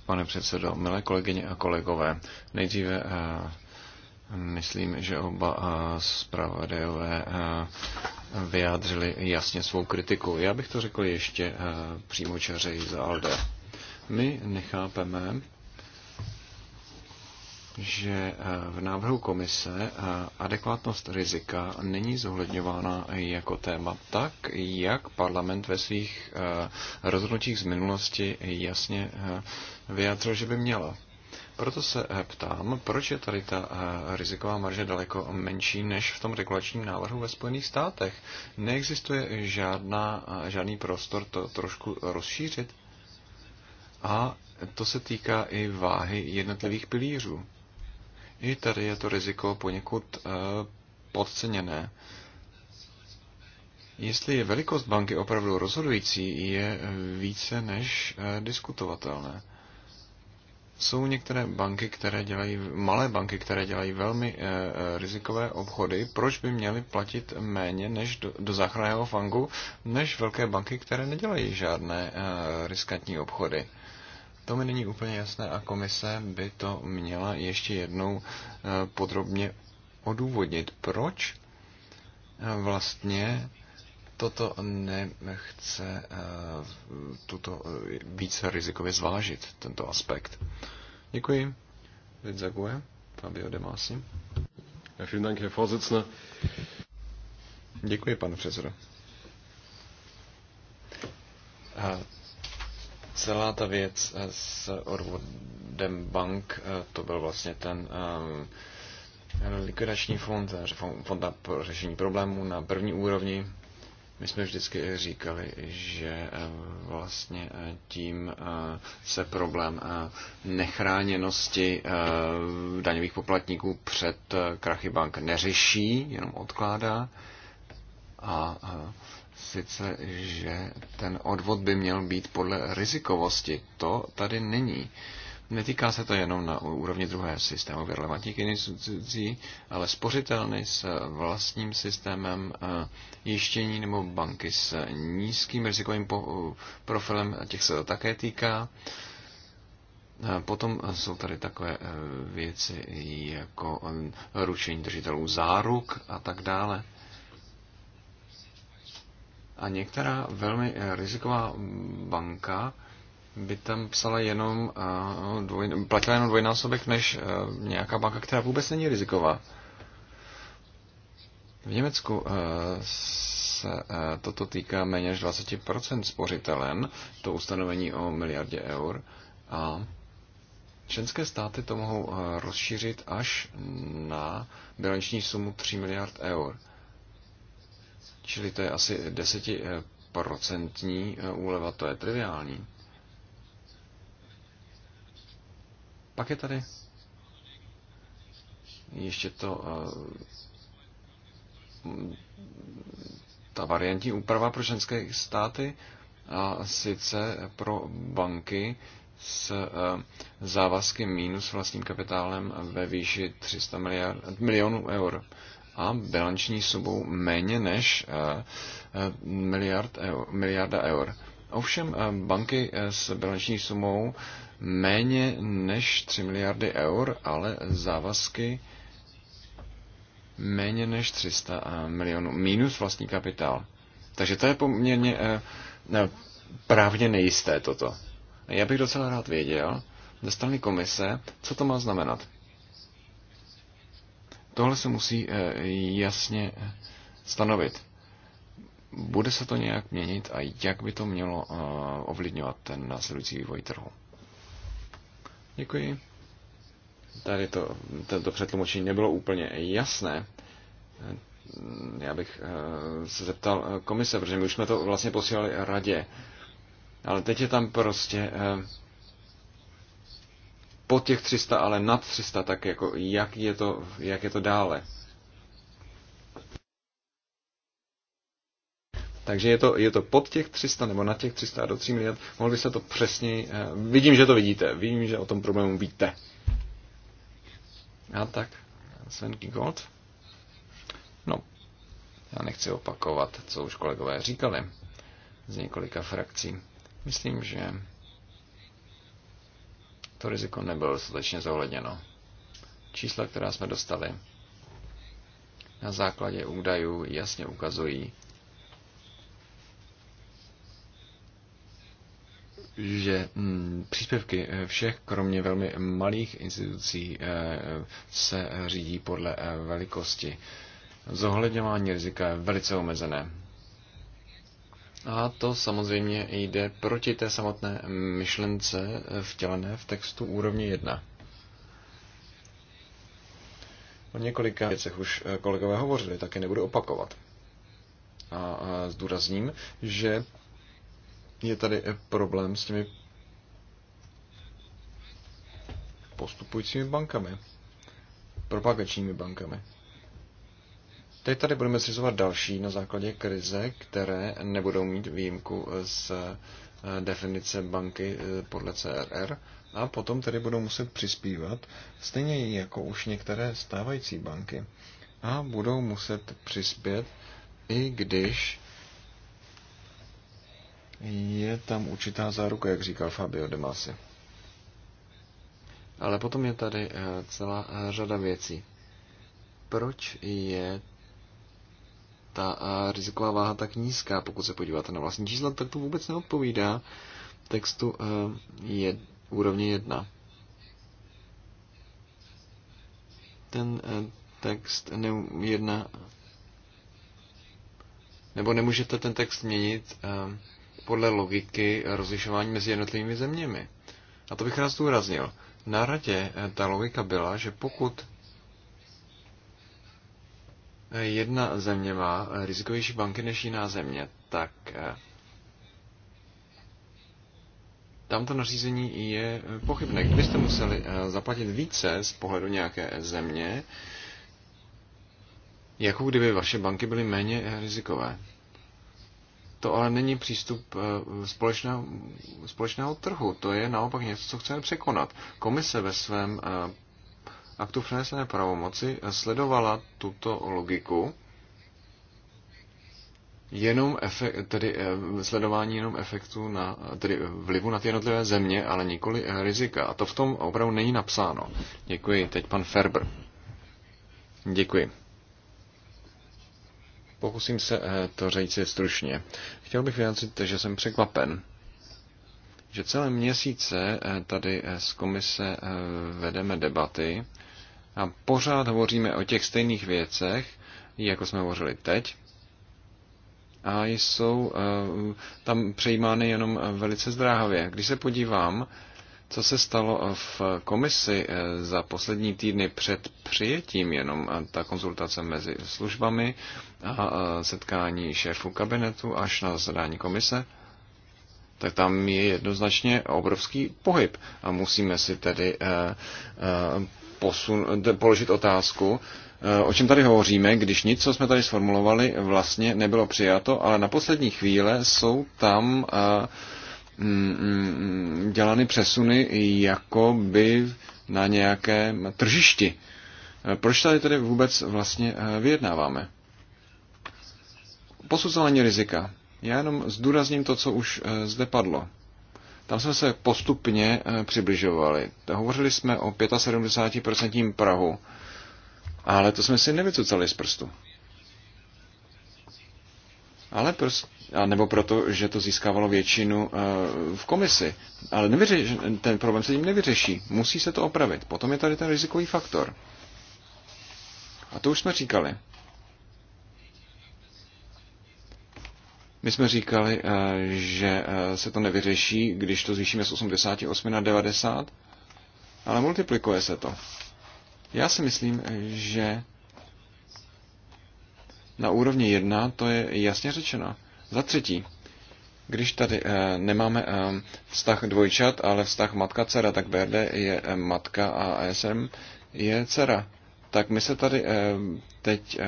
pane předsedo. Milé kolegyně a kolegové, nejdříve eh, myslím, že oba eh, zpravodajové vyjádřili jasně svou kritiku. Já bych to řekl ještě přímo za Alde. My nechápeme, že eh, v návrhu komise eh, adekvátnost rizika není zohledňována jako téma tak, jak parlament ve svých eh, rozhodnutích z minulosti jasně vyjádřil, že by měla. Proto se ptám, proč je tady ta riziková marže daleko menší než v tom regulačním návrhu ve Spojených státech? Neexistuje žádná, žádný prostor to trošku rozšířit? A to se týká i váhy jednotlivých pilířů. I tady je to riziko poněkud eh, podceněné. Jestli je velikost banky opravdu rozhodující, je eh, více než eh, diskutovatelné. Jsou některé banky, které dělají, malé banky, které dělají velmi e, rizikové obchody, proč by měly platit méně než do, do záchranného fangu, než velké banky, které nedělají žádné e, riskantní obchody. E, to mi není úplně jasné a komise by to měla ještě jednou eh, podrobně odůvodnit. Proč eh, vlastně toto nechce eh, tuto více rizikově zvážit, tento aspekt. Děkuji. Lidzague, Fabio De Masi. Děkuji, pane předsedo celá ta věc eh, s odvodem bank, eh, to byl vlastně ten ehm, likvidační eh, fond, fond na řešení problémů na první úrovni. My jsme vždycky říkali, že vlastně tím se problém nechráněnosti daňových poplatníků před krachy bank neřeší, jenom odkládá. A sice, že ten odvod by měl být podle rizikovosti. To tady není. Netýká se to jenom na úrovni druhé systému relevantních institucí, ale spořitelny s vlastním systémem eh, jištění nebo banky s nízkým rizikovým profilem, těch se to také týká. Potom jsou tady takové eh, věci jako eh, ručení držitelů záruk a tak dále. A některá velmi eh, riziková banka by tam psala jenom, eh, dvoj, platila jenom dvojnásobek než eh, nějaká banka, která vůbec není riziková. V Německu se toto týká méně než 20% spořitelen, to ustanovení o miliardě eur. A členské státy to mohou rozšířit až na bilanční sumu 3 miliard eur. Čili to je asi desetiprocentní eh, úleva, to je triviální. Pak je tady ještě to eh, ta variantní úprava pro ženské státy a sice pro banky s eh, závazky mínus vlastním kapitálem ve výši 300 miliard, milionů eur a bilanční sumou méně než eh, eh, miliard eur, miliarda eur. Ovšem eh, banky s bilanční sumou méně než 3 miliardy eur, ale závazky méně než 300 milionů, minus vlastní kapitál. Takže to je poměrně ne, právně nejisté toto. Já bych docela rád věděl ze strany komise, co to má znamenat. Tohle se musí eh, jasně eh, stanovit. Bude se to nějak měnit a jak by to mělo eh, ovlivňovat ten následující vývoj trhu? Děkuji. Tady to, tento přetlumočení nebylo úplně jasné. Já bych se zeptal komise, protože my už jsme to vlastně posílali radě. Ale teď je tam prostě pod těch 300, ale nad 300, tak jako jak je to, jak je to dále. Takže je to, je to pod těch 300 nebo na těch 300 a do 3 miliard. Mohl byste to přesněji... Eh, vidím, že to vidíte. Vidím, že o tom problému víte. A tak. Sven Gold. No, já nechci opakovat, co už kolegové říkali z několika frakcí. Myslím, že to riziko nebylo dostatečně zohledněno. Čísla, která jsme dostali na základě údajů, jasně ukazují, že mm, příspěvky všech, kromě velmi malých institucí, eh, se řídí podle eh, velikosti. Zohledňování rizika je velice omezené. A to samozřejmě jde proti té samotné myšlence vtělené v textu úrovně 1. O několika věcech už eh, kolegové hovořili, taky nebudu opakovat. A zdůrazním, že je tady eh, problém s těmi postupujícími bankami, propagačními bankami. Teď tady budeme zřizovat další na základě krize, které nebudou mít výjimku z eh, definice banky eh, podle CRR a potom tedy budou muset přispívat, stejně jako už některé stávající banky. A budou muset přispět, i když je tam určitá záruka, jak říkal Fabio De Masi. Ale potom je tady eh, celá řada věcí. Proč je ta riziková váha tak nízká. Pokud se podíváte na vlastní čísla, tak to vůbec neodpovídá textu eh, je, úrovně 1. Ten eh, text ne, jedna, nebo nemůžete ten text měnit eh, podle logiky rozlišování mezi jednotlivými zeměmi. A to bych rád zdůraznil. Na radě ta logika byla, že pokud jedna země má rizikovější banky než jiná země, tak eh, tamto nařízení je pochybné. Kdybyste museli eh, zaplatit více z pohledu nějaké země, jako kdyby vaše banky byly méně eh, rizikové. To ale není přístup společného, společného trhu, to je naopak něco, co chceme překonat. Komise ve svém aktu přenesené pravomoci sledovala tuto logiku, jenom efekt, tedy eh, sledování jenom efektu na, tedy vlivu na ty jednotlivé země, ale nikoli eh, rizika. A to v tom opravdu není napsáno. Děkuji. Teď pan Ferber. Děkuji. Pokusím se eh, to říct stručně. Chtěl bych vyjádřit, že jsem překvapen, že celé měsíce tady z komise vedeme debaty a pořád hovoříme o těch stejných věcech, jako jsme hovořili teď. A jsou eh, tam přejímány jenom eh, velice zdráhavě. Když se podívám, co se stalo eh, v komisi za poslední týdny před přijetím, jenom ta konzultace mezi službami a setkání šéfů kabinetu až na zasedání komise, tak tam je jednoznačně obrovský pohyb. A musíme si tedy posun, položit otázku, eh, o čem tady hovoříme, když nic, co jsme tady sformulovali, vlastně nebylo přijato, ale na poslední chvíle jsou tam eh, mm, mm, dělány přesuny jako by na nějakém tržišti. Eh, proč tady tedy vůbec vlastně vyjednáváme? Posuzování rizika. Já jenom zdůrazním to, co už zde padlo. Tam jsme se postupně eh, přibližovali. Hovořili jsme o 75% Prahu, ale to jsme si nevycucali z prstu. Ale prst, a nebo proto, že to získávalo většinu eh, v komisi. Ale nevyřeš, ten problém se tím nevyřeší. Musí se to opravit. Potom je tady ten rizikový faktor. A to už jsme říkali. My jsme říkali, eh, že eh, se to nevyřeší, když to zvýšíme z 88 na 90, ale multiplikuje se to. Já si myslím, že na úrovni 1 to je jasně řečeno. Za třetí, když tady eh, nemáme vztah dvojčat, ale vztah matka-dcera, tak BRD je matka a sm je dcera. Tak my se tady teď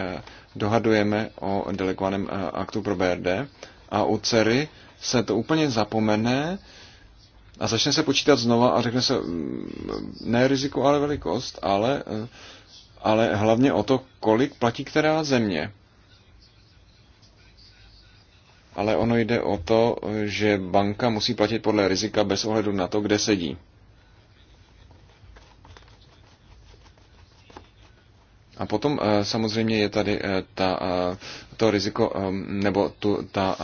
dohadujeme o delegovaném eh, aktu pro BRD a u CERy se to úplně zapomene a začne se počítat znova a řekne se mm, ne riziko, ale velikost, ale, eh, ale hlavně o to, kolik platí která země. Ale ono jde o to, že banka musí platit podle rizika bez ohledu na to, kde sedí. A potom eh, samozřejmě je tady eh, ta, eh, to riziko nebo tu, ta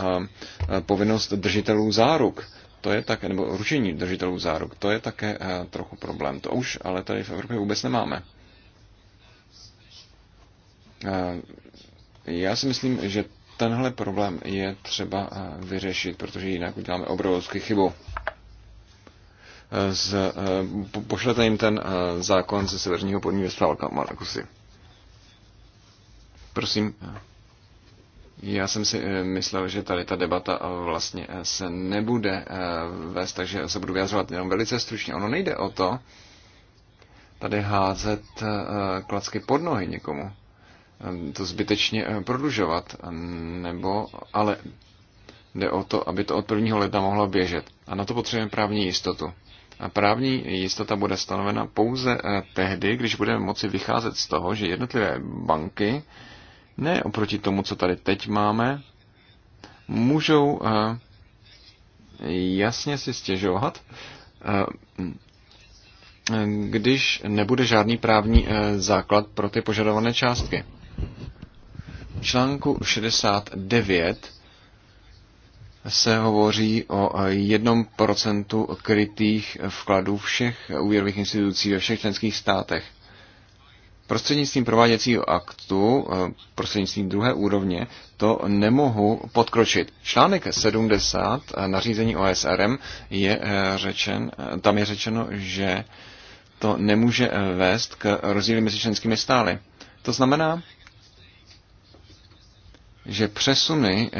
povinnost držitelů záruk. To je také, nebo ručení držitelů záruk, to je také trochu problém. To už ale tady v Evropě vůbec nemáme. Já si myslím, že tenhle problém je třeba vyřešit, protože jinak uděláme obrovskou chybu. Z, pošlete jim ten zákon ze severního podní Westfálka, Markusy. Prosím, já jsem si eh, myslel, že tady ta debata eh, vlastně eh, se nebude vést, takže se budu vyjadřovat jenom velice stručně. Ono nejde o to tady házet klacky pod nohy někomu, to zbytečně prodlužovat, nebo, ale jde o to, aby to od 1. ledna mohlo běžet. A na to potřebujeme právní jistotu. A právní jistota bude stanovena pouze tehdy, když budeme moci vycházet z toho, že jednotlivé banky, ne oproti tomu, co tady teď máme, můžou eh, jasně si stěžovat, eh, když nebude žádný právní eh, základ pro ty požadované částky. V článku 69 se hovoří o jednom procentu krytých vkladů všech úvěrových institucí ve všech členských státech. Prostřednictvím prováděcího aktu, eh, prostřednictvím druhé úrovně, to nemohu podkročit. Článek 70 eh, nařízení OSRM je eh, řečen, tam je řečeno, že to nemůže vést k rozdíly mezi členskými stály. To znamená, že přesuny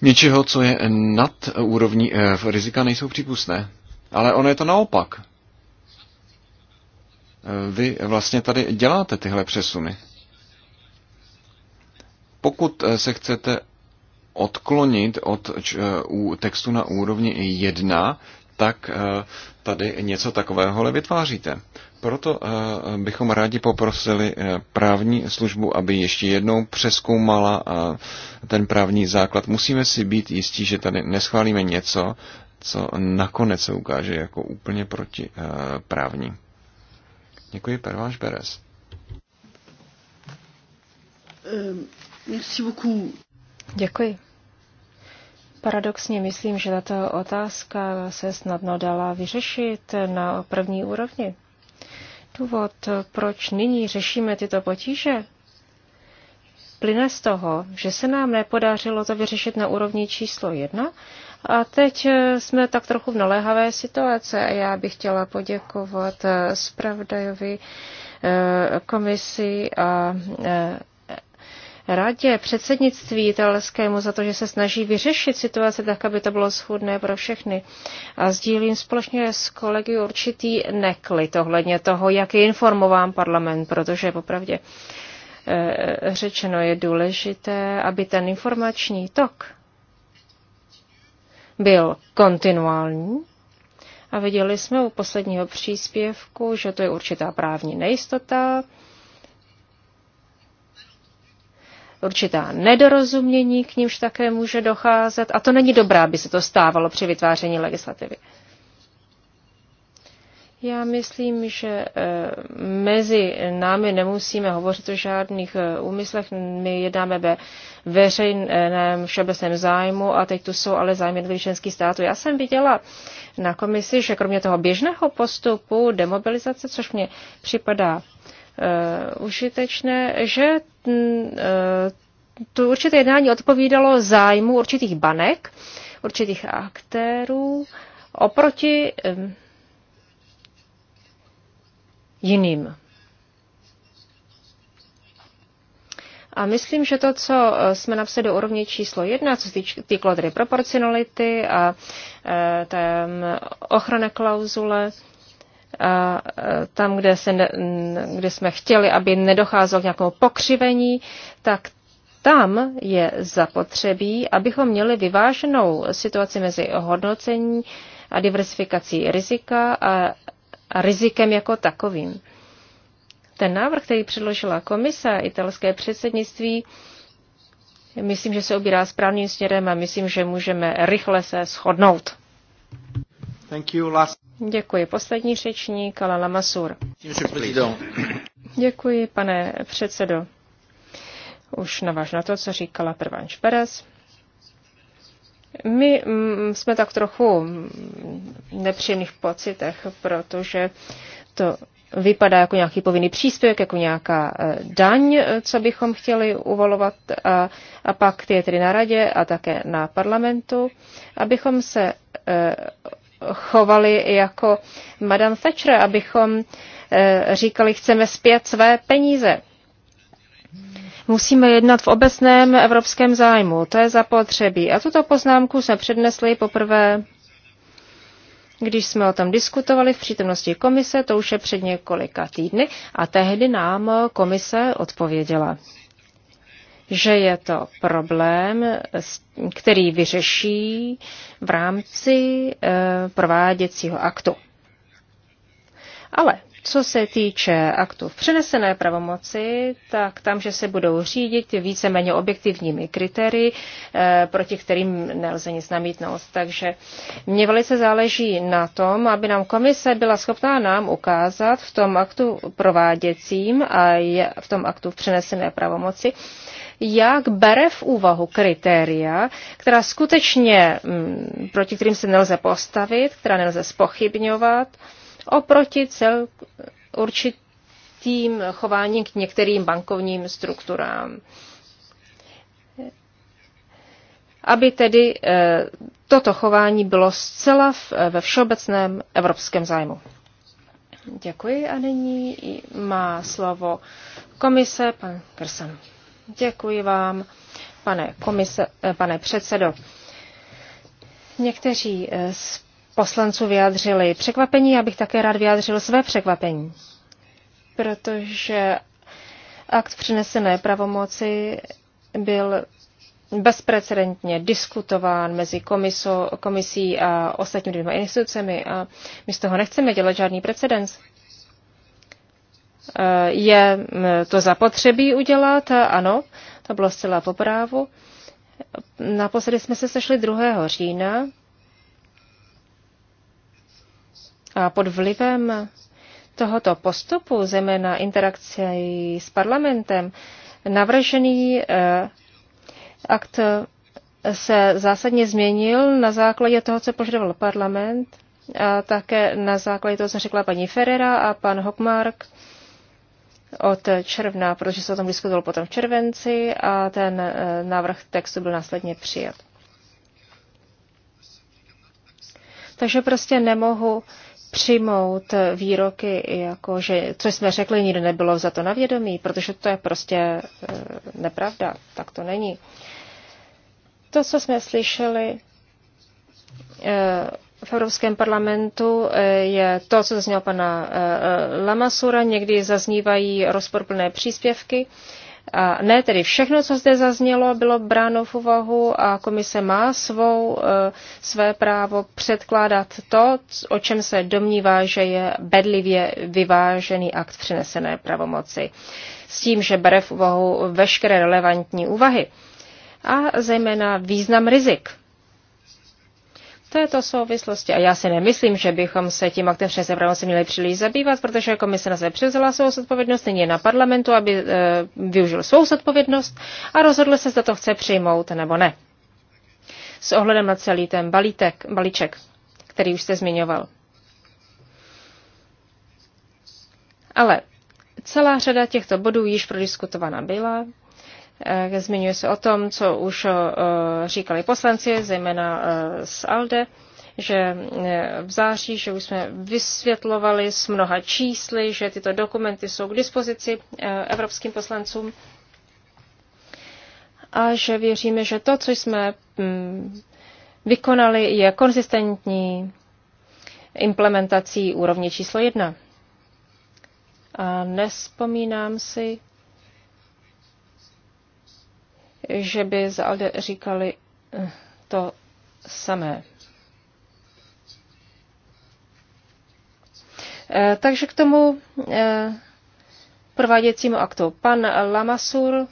něčeho, co je nad úrovní rizika, nejsou přípustné. Ale ono je to naopak. Eh, vy vlastně tady děláte tyhle přesuny. Pokud eh, se chcete odklonit od eh, textu na úrovni 1, tak tady něco takového vytváříte. Proto bychom rádi poprosili právní službu, aby ještě jednou přeskoumala ten právní základ. Musíme si být jistí, že tady neschválíme něco, co nakonec se ukáže jako úplně protiprávní. Děkuji, Perváš Beres. Ehm, Děkuji. Paradoxně myslím, že tato otázka se snadno dala vyřešit na první úrovni. Důvod, proč nyní řešíme tyto potíže, plyne z toho, že se nám nepodařilo to vyřešit na úrovni číslo jedna a teď eh, jsme tak trochu v naléhavé situace a já bych chtěla poděkovat eh, zpravdajovi eh, komisi a radě, předsednictví italskému za to, že se snaží vyřešit situaci tak, aby to bylo schůdné pro všechny. A sdílím společně s kolegy určitý neklid ohledně toho, jak je informován parlament, protože popravdě řečeno je důležité, aby ten informační tok byl kontinuální a viděli jsme u posledního příspěvku, že to je určitá právní nejistota, určitá nedorozumění, k nímž také může docházet a to není dobré, aby se to stávalo při vytváření legislativy. Já myslím, že eh, mezi námi nemusíme hovořit o žádných eh, úmyslech. My jednáme ve veřejném všeobecném zájmu a teď tu jsou ale zájmy jednotlivých členských států. Já jsem viděla na komisi, že kromě toho běžného postupu demobilizace, což mě připadá uh, užitečné, že uh, tu určité jednání odpovídalo zájmu určitých banek, určitých aktérů oproti uh, jiným. A myslím, že to, co eh, jsme napsali do úrovně číslo jedna, co se týkalo tedy proporcionality a e, eh, ochrany ochrana klauzule, a eh, tam, kde, se ne, kde jsme chtěli, aby nedocházelo k nějakému pokřivení, tak tam je zapotřebí, abychom měli vyváženou situaci mezi hodnocení a diversifikací rizika a a rizikem jako takovým. Ten návrh, který předložila komise a italské předsednictví, myslím, že se obírá správným směrem a myslím, že můžeme rychle se shodnout. Thank you, last... Děkuji. Poslední řečník, Alala Masur. Děkuji, pane předsedo. Už navážu na to, co říkala Prvanč Perez. My mm, jsme tak trochu nepříjemných pocitech, protože to vypadá jako nějaký povinný příspěvek, jako nějaká e, daň, e, co bychom chtěli uvalovat a, a pak ty je tedy na radě a také na parlamentu, abychom se e, chovali jako Madame Thatcher, abychom říkali, chceme zpět své peníze musíme jednat v obecném evropském zájmu. To je zapotřebí. A tuto poznámku jsme přednesli poprvé, když jsme o tom diskutovali v přítomnosti komise, to už je před několika týdny, a tehdy nám komise odpověděla že je to problém, který vyřeší v rámci eh, prováděcího aktu. Ale co se týče aktu v přenesené pravomoci, tak tam, že se budou řídit víceméně objektivními kritérii, eh, proti kterým nelze nic namítnout. Takže mě velice záleží na tom, aby nám komise byla schopná nám ukázat v tom aktu prováděcím a v tom aktu v přenesené pravomoci, jak bere v úvahu kritéria, která skutečně, mm, proti kterým se nelze postavit, která nelze spochybňovat, oproti cel určitým chováním k některým bankovním strukturám. Aby tedy eh, toto chování bylo zcela eh, ve všeobecném evropském zájmu. Děkuji a nyní má slovo komise pan Krsan. Děkuji vám, pane, komise, eh, pane předsedo. Někteří z poslanců vyjádřili překvapení, já bych také rád vyjádřil své překvapení, protože akt přinesené pravomoci byl bezprecedentně diskutován mezi komiso, komisí a ostatními dvěma institucemi a my z toho nechceme dělat žádný precedens. Je to zapotřebí udělat, ano, to bylo zcela poprávu. Naposledy jsme se sešli 2. října A pod vlivem tohoto postupu, zejména interakce s parlamentem, navržený eh, akt se zásadně změnil na základě toho, co požadoval parlament a také na základě toho, co řekla paní Ferrera a pan Hockmark od června, protože se o tom diskutovalo potom v červenci a ten eh, návrh textu byl následně přijat. Takže prostě nemohu přijmout výroky, jako že co jsme řekli, nikdy nebylo za to na vědomí, protože to je prostě e, nepravda, tak to není. To, co jsme slyšeli e, v Evropském parlamentu, e, je to, co zaznělo pana Lamasura. Někdy zaznívají rozporplné příspěvky a ne tedy všechno, co zde zaznělo, bylo bráno v úvahu a komise má svou, eh, své právo předkládat to, o čem se domnívá, že je bedlivě vyvážený akt přinesené pravomoci. S tím, že bere v úvahu veškeré relevantní úvahy a zejména význam rizik této souvislosti, a já si nemyslím, že bychom se tím aktem přes se měli příliš zabývat, protože komise na sebe převzala svou zodpovědnost, není na parlamentu, aby e, využil svou zodpovědnost a rozhodl se, zda to chce přijmout nebo ne. S ohledem na celý ten balítek, balíček, který už jste zmiňoval. Ale celá řada těchto bodů již prodiskutovaná byla, Eh, zmiňuje se o tom, co už eh, říkali poslanci, zejména eh, z ALDE, že v září, že už jsme vysvětlovali s mnoha čísly, že tyto dokumenty jsou k dispozici evropským poslancům a že věříme, že to, co jsme mm, vykonali, je konzistentní implementací úrovně číslo jedna. A nespomínám si, že by za Alde říkali eh, to samé. Eh, takže k tomu eh, prováděcímu aktu. Pan Lamasur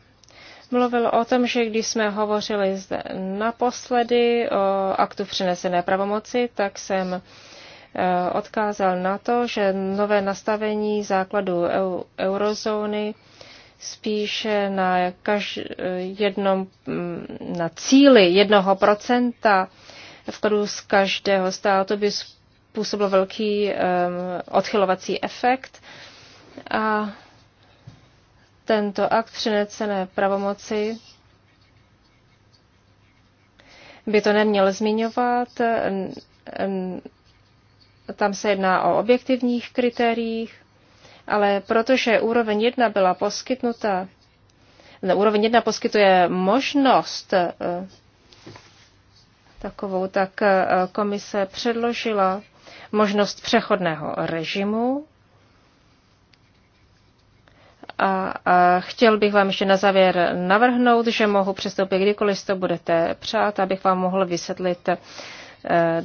mluvil o tom, že když jsme hovořili zde naposledy o aktu přenesené pravomoci, tak jsem odkázal na to, že nové nastavení základu eurozóny spíše na kaž- jednom, mm, na cíli jednoho procenta vkladu z každého státu by způsobil velký um, odchylovací efekt a tento akt přenecené pravomoci by to neměl zmiňovat. Tam se jedná o objektivních kritériích ale protože úroveň 1 byla poskytnuta, ne, no, úroveň 1 poskytuje možnost eh, takovou, tak eh, komise předložila možnost přechodného režimu. A, a chtěl bych vám ještě na závěr navrhnout, že mohu přestoupit, kdykoliv to budete přát, abych vám mohl vysvětlit eh,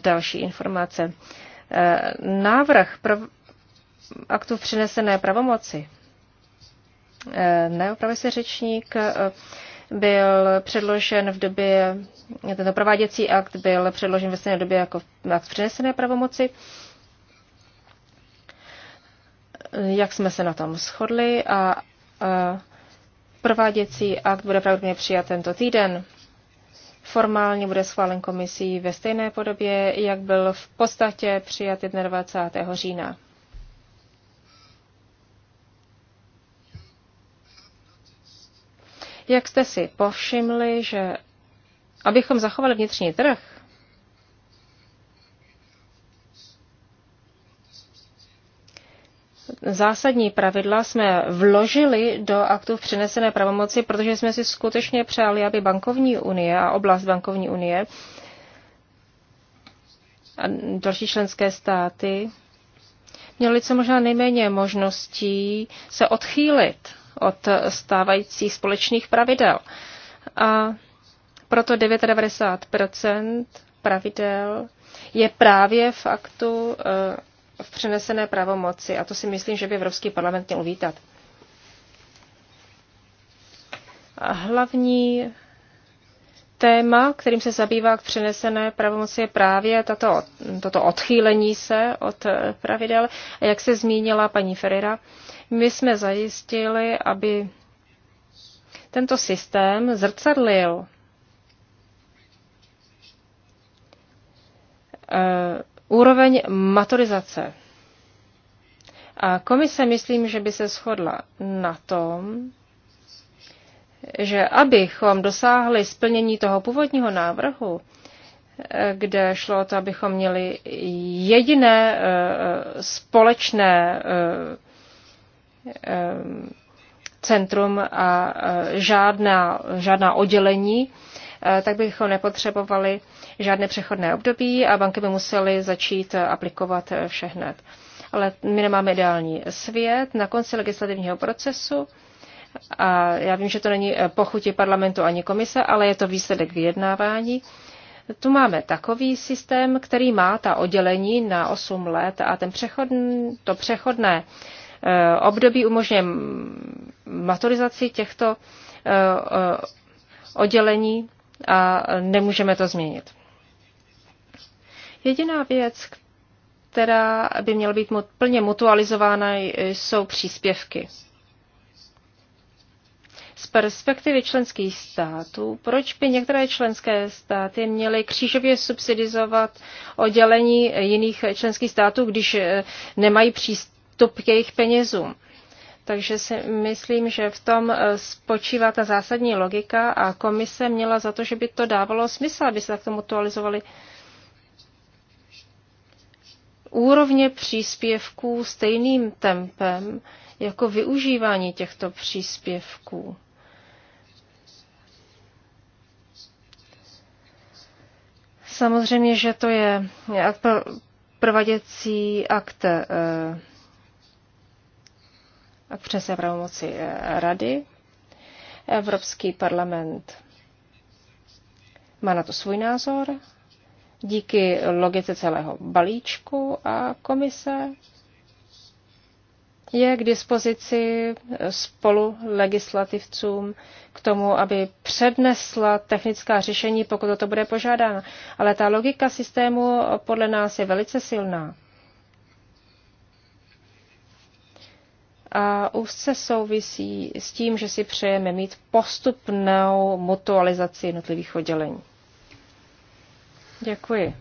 další informace. Návrh aktu přinesené přenesené pravomoci. E, opravdu se řečník e, byl předložen v době, tento prováděcí akt byl předložen ve stejné době jako akt přinesené pravomoci. Jak jsme se na tom shodli a, a prováděcí akt bude pravděpodobně přijat tento týden. Formálně bude schválen komisí ve stejné podobě, jak byl v podstatě přijat 21. října. Jak jste si povšimli, že abychom zachovali vnitřní trh, zásadní pravidla jsme vložili do aktu v přenesené pravomoci, protože jsme si skutečně přáli, aby bankovní unie a oblast bankovní unie a další členské státy měly co možná nejméně možností se odchýlit od stávajících společných pravidel. A proto 99% pravidel je právě v aktu eh, v přenesené pravomoci a to si myslím, že by Evropský parlament měl vítat. A hlavní téma, kterým se zabývá k přenesené pravomoci, je právě tato, toto odchýlení se od eh, pravidel. A jak se zmínila paní Ferreira, my jsme zajistili, aby tento systém zrcadlil eh, úroveň maturizace. A komise myslím, že by se shodla na tom, že abychom dosáhli splnění toho původního návrhu, eh, kde šlo o to, abychom měli jediné eh, společné Eh, centrum a eh, žádná, žádná oddělení, eh, tak bychom nepotřebovali žádné přechodné období a banky by musely začít aplikovat vše hned. Ale my nemáme ideální svět. Na konci legislativního procesu a já vím, že to není pochutí parlamentu ani komise, ale je to výsledek vyjednávání. Tu máme takový systém, který má ta oddělení na 8 let a ten přechodn, to přechodné Eh, období umožňuje maturizaci těchto eh, oddělení a nemůžeme to změnit. Jediná věc, která by měla být plně mutualizována, jsou příspěvky. Z perspektivy členských států, proč by některé členské státy měly křížově subsidizovat oddělení jiných členských států, když eh, nemají přístup přístup k jejich penězům. Takže si myslím, že v tom eh, spočívá ta zásadní logika a komise měla za to, že by to dávalo smysl, aby se takto mutualizovali úrovně příspěvků stejným tempem jako využívání těchto příspěvků. Samozřejmě, že to je provaděcí akt eh, a přesné pravomoci eh, rady. Evropský parlament má na to svůj názor díky logice celého balíčku a komise je k dispozici spolu legislativcům k tomu, aby přednesla technická řešení, pokud o to bude požádána. Ale ta logika systému podle nás je velice silná. a úzce souvisí s tím, že si přejeme mít postupnou mutualizaci jednotlivých oddělení. Děkuji.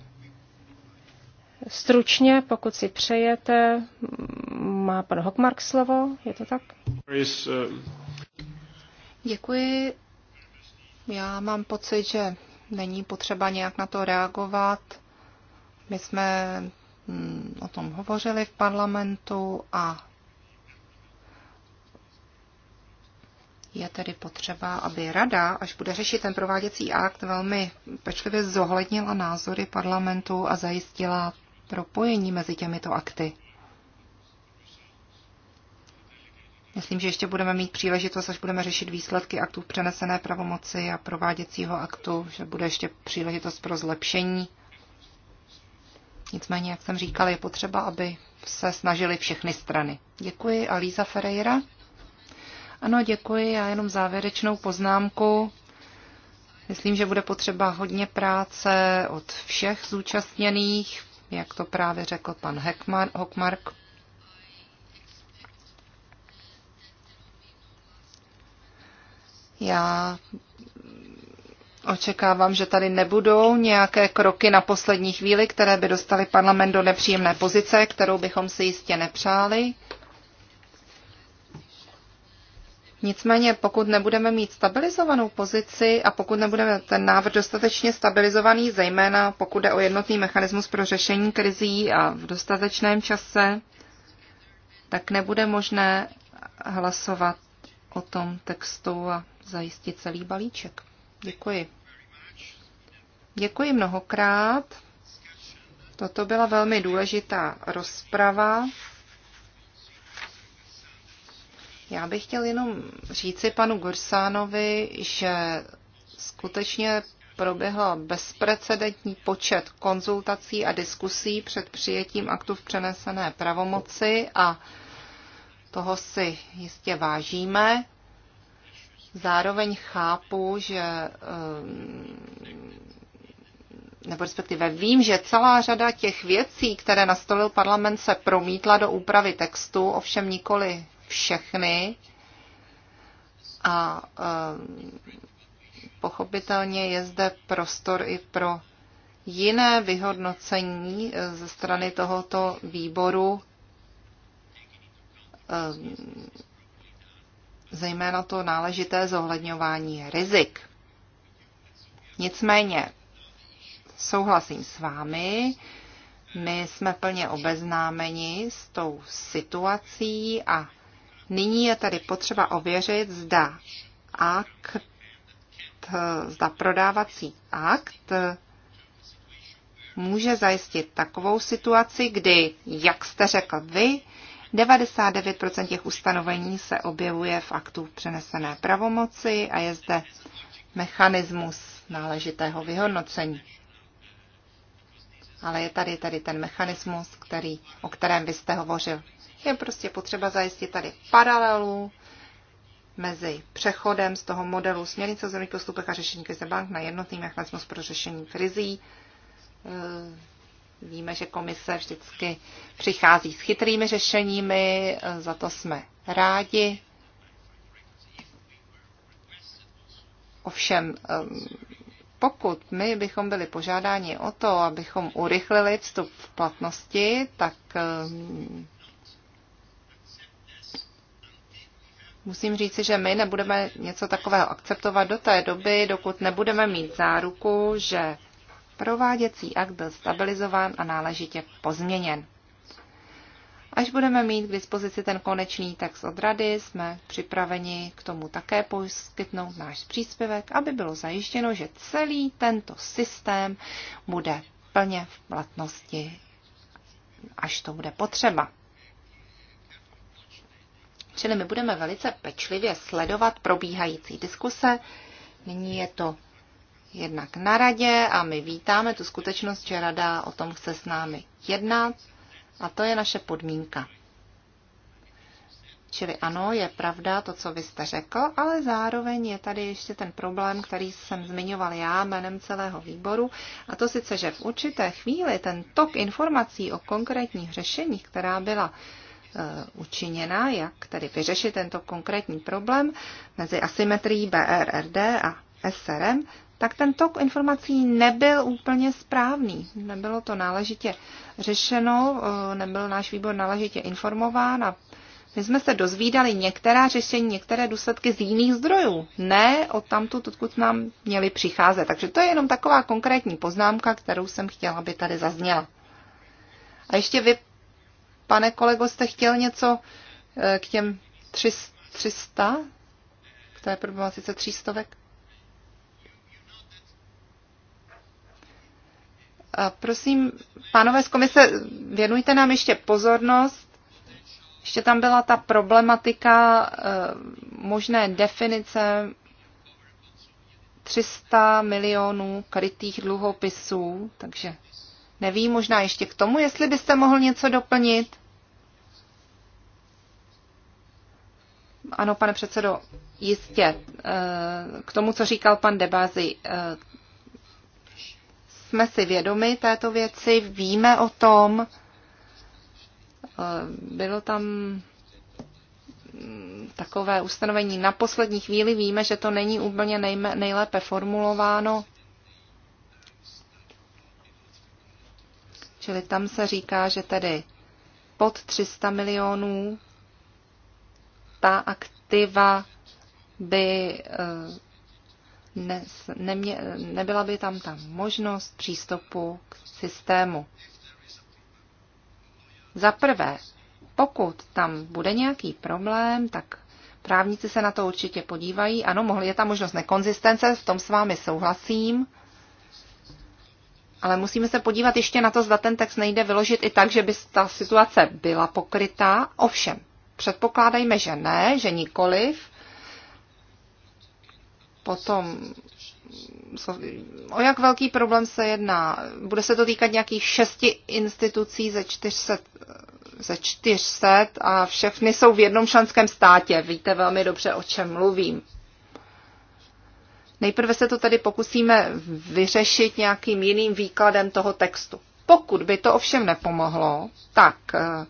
Stručně, pokud si přejete, má pan Hockmark slovo, je to tak? Děkuji. Já mám pocit, že není potřeba nějak na to reagovat. My jsme mm, o tom hovořili v parlamentu a Je tedy potřeba, aby rada, až bude řešit ten prováděcí akt, velmi pečlivě zohlednila názory parlamentu a zajistila propojení mezi těmito akty. Myslím, že ještě budeme mít příležitost, až budeme řešit výsledky aktů přenesené pravomoci a prováděcího aktu, že bude ještě příležitost pro zlepšení. Nicméně, jak jsem říkal, je potřeba, aby se snažili všechny strany. Děkuji a Líza Ferreira. Ano, děkuji. Já jenom závěrečnou poznámku. Myslím, že bude potřeba hodně práce od všech zúčastněných, jak to právě řekl pan Heckmar, Hockmark. Já očekávám, že tady nebudou nějaké kroky na poslední chvíli, které by dostaly parlament do nepříjemné pozice, kterou bychom si jistě nepřáli. Nicméně, pokud nebudeme mít stabilizovanou pozici a pokud nebudeme ten návrh dostatečně stabilizovaný, zejména pokud jde o jednotný mechanismus pro řešení krizí a v dostatečném čase, tak nebude možné hlasovat o tom textu a zajistit celý balíček. Děkuji. Děkuji mnohokrát. Toto byla velmi důležitá rozprava. Já bych chtěl jenom říci panu Gorsánovi, že skutečně proběhla bezprecedentní počet konzultací a diskusí před přijetím aktu v přenesené pravomoci a toho si jistě vážíme. Zároveň chápu, že ehm, nebo respektive vím, že celá řada těch věcí, které nastolil parlament, se promítla do úpravy textu, ovšem nikoli všechny a eh, pochopitelně je zde prostor i pro jiné vyhodnocení eh, ze strany tohoto výboru, eh, zejména to náležité zohledňování rizik. Nicméně souhlasím s vámi, my jsme plně obeznámeni s tou situací a Nyní je tedy potřeba ověřit, zda akt, zda prodávací akt může zajistit takovou situaci, kdy, jak jste řekl vy, 99% těch ustanovení se objevuje v aktu přenesené pravomoci a je zde mechanismus náležitého vyhodnocení. Ale je tady tady ten mechanismus, který, o kterém byste hovořil. Je prostě potřeba zajistit tady paralelu mezi přechodem z toho modelu směrnice o zemních postupech a řešení krize bank na jednotný mechanismus pro řešení krizí. Eh, víme, že komise vždycky přichází s chytrými řešeními, eh, za to jsme rádi. Ovšem, eh, pokud my bychom byli požádáni o to, abychom urychlili vstup v platnosti, tak musím říci, že my nebudeme něco takového akceptovat do té doby, dokud nebudeme mít záruku, že prováděcí akt byl stabilizován a náležitě pozměněn. Až budeme mít k dispozici ten konečný text od rady, jsme připraveni k tomu také poskytnout náš příspěvek, aby bylo zajištěno, že celý tento systém bude plně v platnosti, až to bude potřeba. Čili my budeme velice pečlivě sledovat probíhající diskuse. Nyní je to jednak na radě a my vítáme tu skutečnost, že rada o tom chce s námi jednat a to je naše podmínka. Čili ano, je pravda to, co vy jste řekl, ale zároveň je tady ještě ten problém, který jsem zmiňoval já jménem celého výboru, a to sice, že v určité chvíli ten tok informací o konkrétních řešeních, která byla Eh, učiněna, jak tedy vyřešit tento konkrétní problém mezi asymetrií BRRD a SRM, tak ten tok informací nebyl úplně správný. Nebylo to náležitě řešeno, eh, nebyl náš výbor náležitě informován a my jsme se dozvídali některá řešení, některé důsledky z jiných zdrojů, ne od tamtud, odkud nám měli přicházet. Takže to je jenom taková konkrétní poznámka, kterou jsem chtěla, aby tady zazněla. A ještě vy Pane kolego, jste chtěl něco eh, k těm 300? K té problematice 300? A prosím, pánové z komise, věnujte nám ještě pozornost. Ještě tam byla ta problematika eh, možné definice 300 milionů krytých dluhopisů, takže Nevím, možná ještě k tomu, jestli byste mohl něco doplnit. Ano, pane předsedo, jistě. Eh, k tomu, co říkal pan Debázy, eh, jsme si vědomi této věci, víme o tom. Eh, bylo tam mm, takové ustanovení na poslední chvíli, víme, že to není úplně nejme, nejlépe formulováno Čili tam se říká, že tedy pod 300 milionů ta aktiva by eh, ne, nemě, nebyla by tam ta možnost přístupu k systému. Za prvé, pokud tam bude nějaký problém, tak právníci se na to určitě podívají. Ano, mohli je tam možnost nekonzistence, v tom s vámi souhlasím. Ale musíme se podívat ještě na to, zda ten text nejde vyložit i tak, že by ta situace byla pokrytá. Ovšem, předpokládajme, že ne, že nikoliv. Potom, o jak velký problém se jedná? Bude se to týkat nějakých šesti institucí ze 400, ze 400 a všechny jsou v jednom členském státě. Víte velmi dobře, o čem mluvím. Nejprve se to tady pokusíme vyřešit nějakým jiným výkladem toho textu. Pokud by to ovšem nepomohlo, tak eh,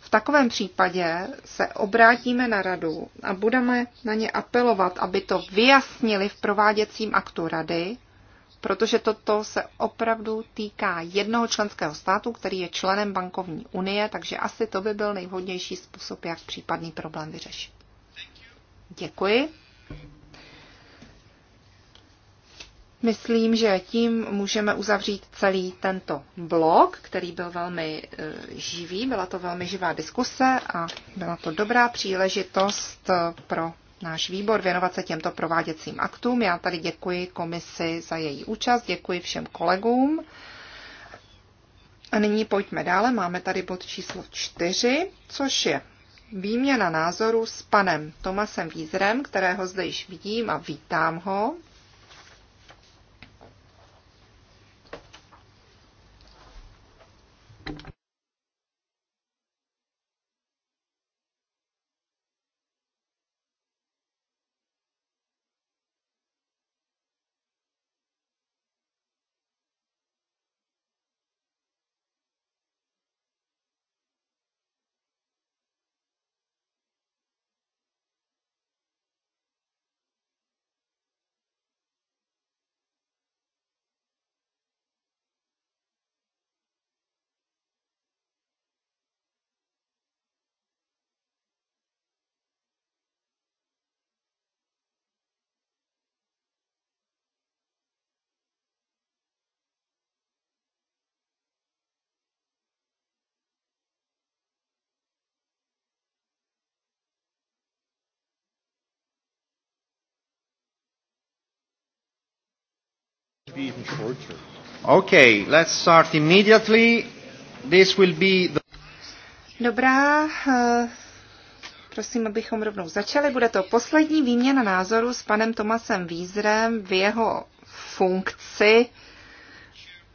v takovém případě se obrátíme na radu a budeme na ně apelovat, aby to vyjasnili v prováděcím aktu rady, protože toto se opravdu týká jednoho členského státu, který je členem bankovní unie, takže asi to by byl nejvhodnější způsob, jak případný problém vyřešit. Děkuji. Myslím, že tím můžeme uzavřít celý tento blok, který byl velmi eh, živý, byla to velmi živá diskuse a byla to dobrá příležitost eh, pro náš výbor věnovat se těmto prováděcím aktům. Já tady děkuji komisi za její účast, děkuji všem kolegům. A nyní pojďme dále. Máme tady bod číslo 4, což je výměna názorů s panem Tomasem Vízrem, kterého zde již vidím a vítám ho. Okay, let's start immediately. This will be the... Dobrá, eh, prosím, abychom rovnou začali. Bude to poslední výměna názoru s panem Tomasem Vízrem v jeho funkci,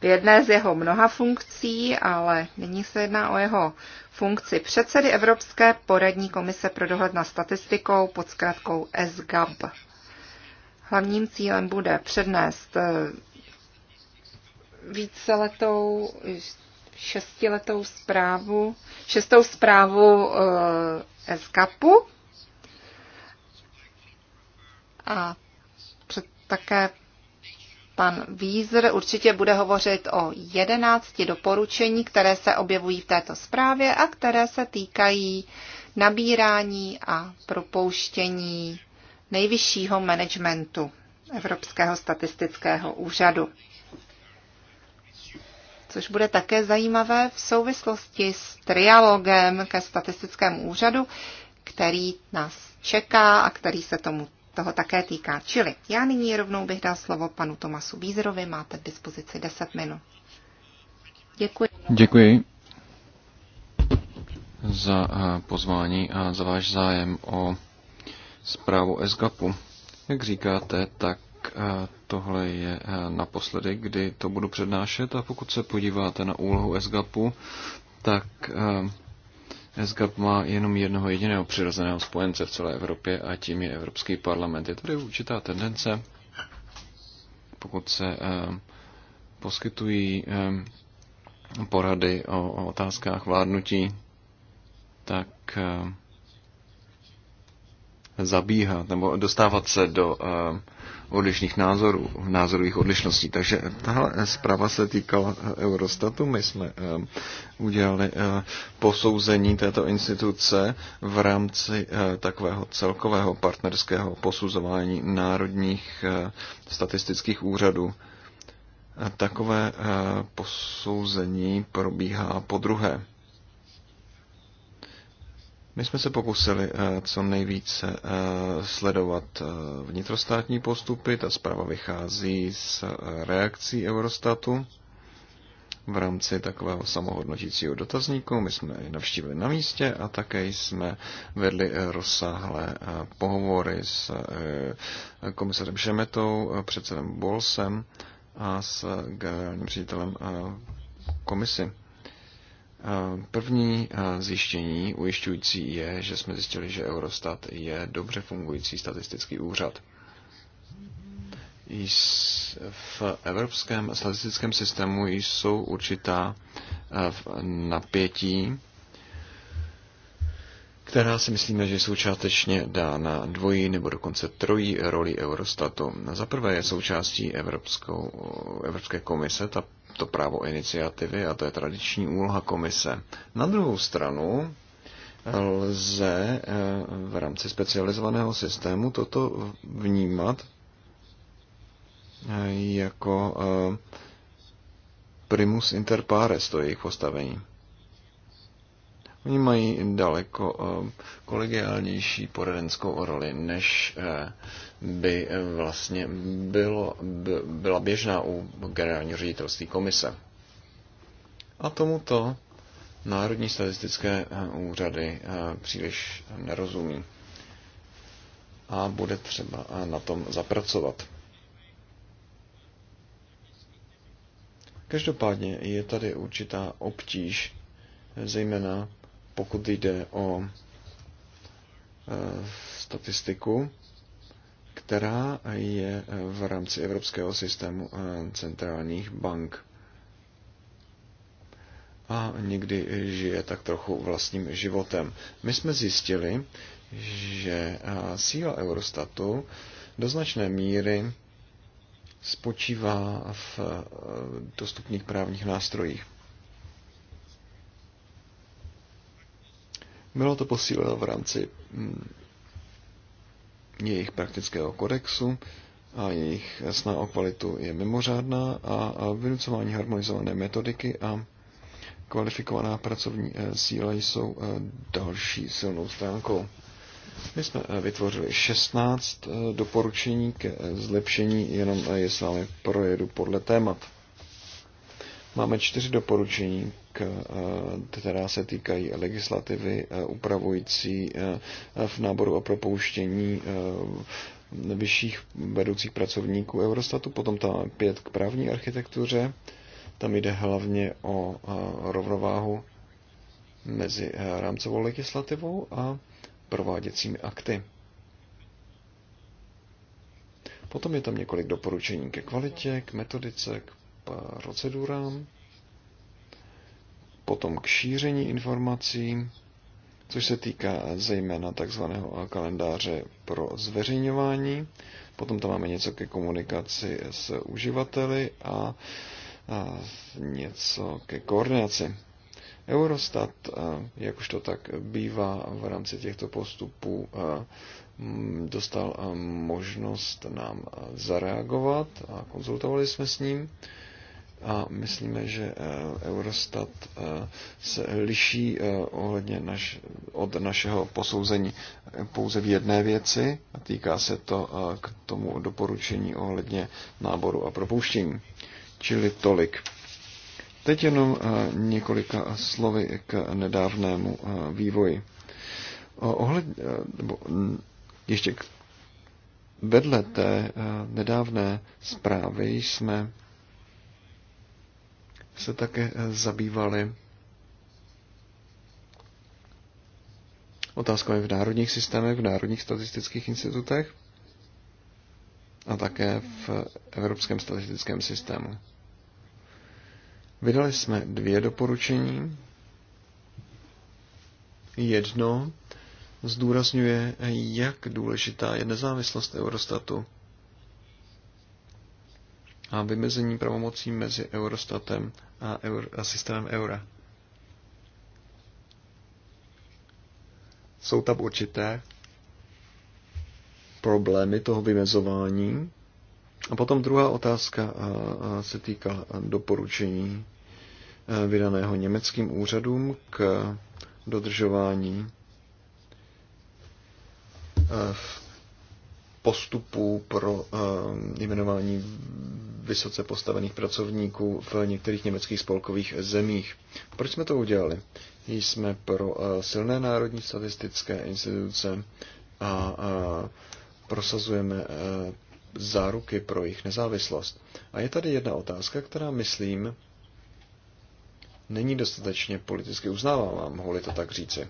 v jedné z jeho mnoha funkcí, ale nyní se jedná o jeho funkci předsedy Evropské poradní komise pro dohled na statistikou pod zkratkou SGAB. Hlavním cílem bude přednést eh, víceletou, šestiletou zprávu, šestou zprávu e, eh, SGAPu a před, také pan Vízr určitě bude hovořit o jedenácti doporučení, které se objevují v této zprávě a které se týkají nabírání a propouštění nejvyššího managementu Evropského statistického úřadu což bude také zajímavé v souvislosti s trialogem ke statistickému úřadu, který nás čeká a který se tomu toho také týká. Čili já nyní rovnou bych dal slovo panu Tomasu Bízerovi, máte k dispozici 10 minut. Děkuji. Děkuji za eh, pozvání a za váš zájem o zprávu SGAPu. Jak říkáte, tak tohle je naposledy, kdy to budu přednášet a pokud se podíváte na úlohu SGAPu, tak SGAP má jenom jednoho jediného přirozeného spojence v celé Evropě a tím je Evropský parlament. Je tady určitá tendence, pokud se poskytují porady o otázkách vládnutí, tak zabíhat nebo dostávat se do odlišných názorů, názorových odlišností. Takže tahle eh, zpráva se týkala eh, Eurostatu. My jsme eh, udělali posouzení této instituce v rámci takového celkového partnerského posuzování národních statistických úřadů. Takové posouzení probíhá po druhé. My jsme se pokusili eh, co nejvíce eh, sledovat eh, vnitrostátní postupy. Ta zpráva vychází z reakcí Eurostatu v rámci takového samohodnotícího dotazníku. My jsme ji navštívili na místě a také jsme vedli rozsáhlé pohovory s komisarem Šemetou, předsedem Bolsem a s generálním ředitelem komisi. Eh, první eh, zjištění ujišťující je, že jsme zjistili, že Eurostat je dobře fungující statistický úřad. V evropském statistickém systému jsou určitá eh, napětí, která si myslíme, že jsou částečně dána dvojí nebo dokonce trojí roli Eurostatu. Za prvé je součástí Evropskou, Evropské komise, ta to právo iniciativy a to je tradiční úloha komise. Na druhou stranu lze eh, v rámci specializovaného systému toto vnímat eh, jako eh, primus inter pares, to je jejich postavení. Oni mají daleko eh, kolegiálnější poradenskou roli, než eh, by eh, vlastně bylo, by, byla běžná u generálního ředitelství komise. A tomuto národní statistické úřady příliš nerozumí. A bude třeba na tom zapracovat. Každopádně je tady určitá obtíž, zejména pokud jde o eh, statistiku, která je eh, v rámci evropského systému eh, centrálních bank. A někdy žije tak trochu vlastním životem. My jsme zjistili, že síla Eurostatu do značné míry spočívá v dostupných právních nástrojích. Bylo to posíleno v rámci mm, jejich praktického kodexu a jejich sná o kvalitu je mimořádná a vynucování harmonizované metodiky a kvalifikovaná pracovní eh, síla jsou eh, další silnou stránkou. My jsme eh, vytvořili 16 doporučení ke zlepšení, jenom je s vámi projedu podle témat. Máme čtyři doporučení, eh, která se týkají legislativy eh, upravující eh, v náboru a propouštění vyšších vedoucích pracovníků Eurostatu. Potom tam pět k právní architektuře. Tam jde hlavně o rovnováhu mezi rámcovou legislativou a prováděcími akty. Potom je tam několik doporučení ke kvalitě, k metodice, k procedurám, potom k šíření informací, což se týká zejména takzvaného kalendáře pro zveřejňování. Potom tam máme něco ke komunikaci s uživateli a, a něco ke koordinaci. Eurostat, jak už to tak bývá v rámci těchto postupů, dostal možnost nám zareagovat a konzultovali jsme s ním a myslíme, že eh, Eurostat eh, se liší eh, ohledně naš, od našeho posouzení pouze v jedné věci a týká se to k tomu doporučení ohledně náboru a propouštění. Čili tolik. Teď jenom několika slovy k nedávnému vývoji. Ohledně, nebo ještě vedle té nedávné zprávy jsme se také eh, zabývali otázkami v národních systémech, v národních statistických institutech a také v Evropském statistickém systému. Vydali jsme dvě doporučení. Jedno zdůrazňuje, jak důležitá je nezávislost Eurostatu a vymezení pravomocí mezi Eurostatem a, eur, a systémem eura. Jsou tam určité problémy toho vymezování. A potom druhá otázka se týkala doporučení e, vydaného německým úřadům k dodržování e, postupů pro eh, jmenování vysoce postavených pracovníků v některých německých spolkových zemích. Proč jsme to udělali? Jsme pro eh, silné národní statistické instituce a prosazujeme eh, záruky pro jejich nezávislost. A je tady jedna otázka, která, myslím, není dostatečně politicky uznávám, Mohli li to tak říci.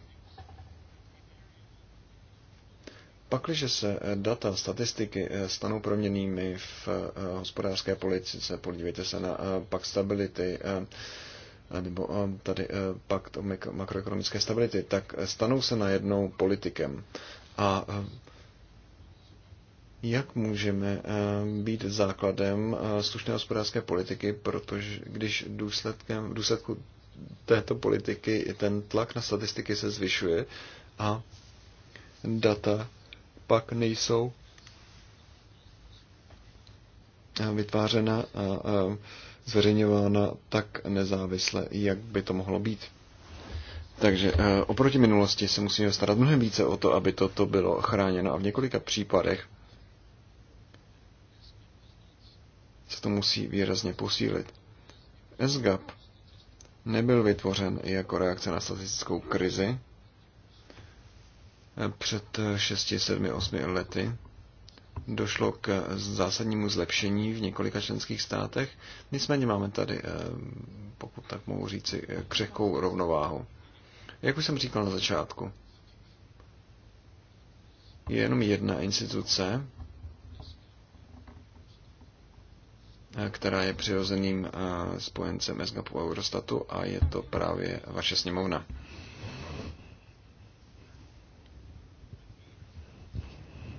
Pakliže se eh, data, statistiky eh, stanou proměnými v eh, hospodářské politice, podívejte se na pak stability, nebo tady pakt o makroekonomické stability, tak stanou se najednou politikem. A jak můžeme být základem slušné hospodářské politiky, protože když důsledkem, v důsledku této politiky ten tlak na statistiky se zvyšuje a data pak nejsou vytvářena a zveřejňována tak nezávisle, jak by to mohlo být. Takže e, oproti minulosti se musíme starat mnohem více o to, aby toto bylo chráněno a v několika případech se to musí výrazně posílit. SGAP nebyl vytvořen jako reakce na statistickou krizi, před 6, 7, 8 lety došlo k zásadnímu zlepšení v několika členských státech. Nicméně máme tady, eh, pokud tak mohu říci, křehkou rovnováhu. Jak už jsem říkal na začátku, je jenom jedna instituce, eh, která je přirozeným eh, spojencem SGAPu Eurostatu a je to právě vaše sněmovna.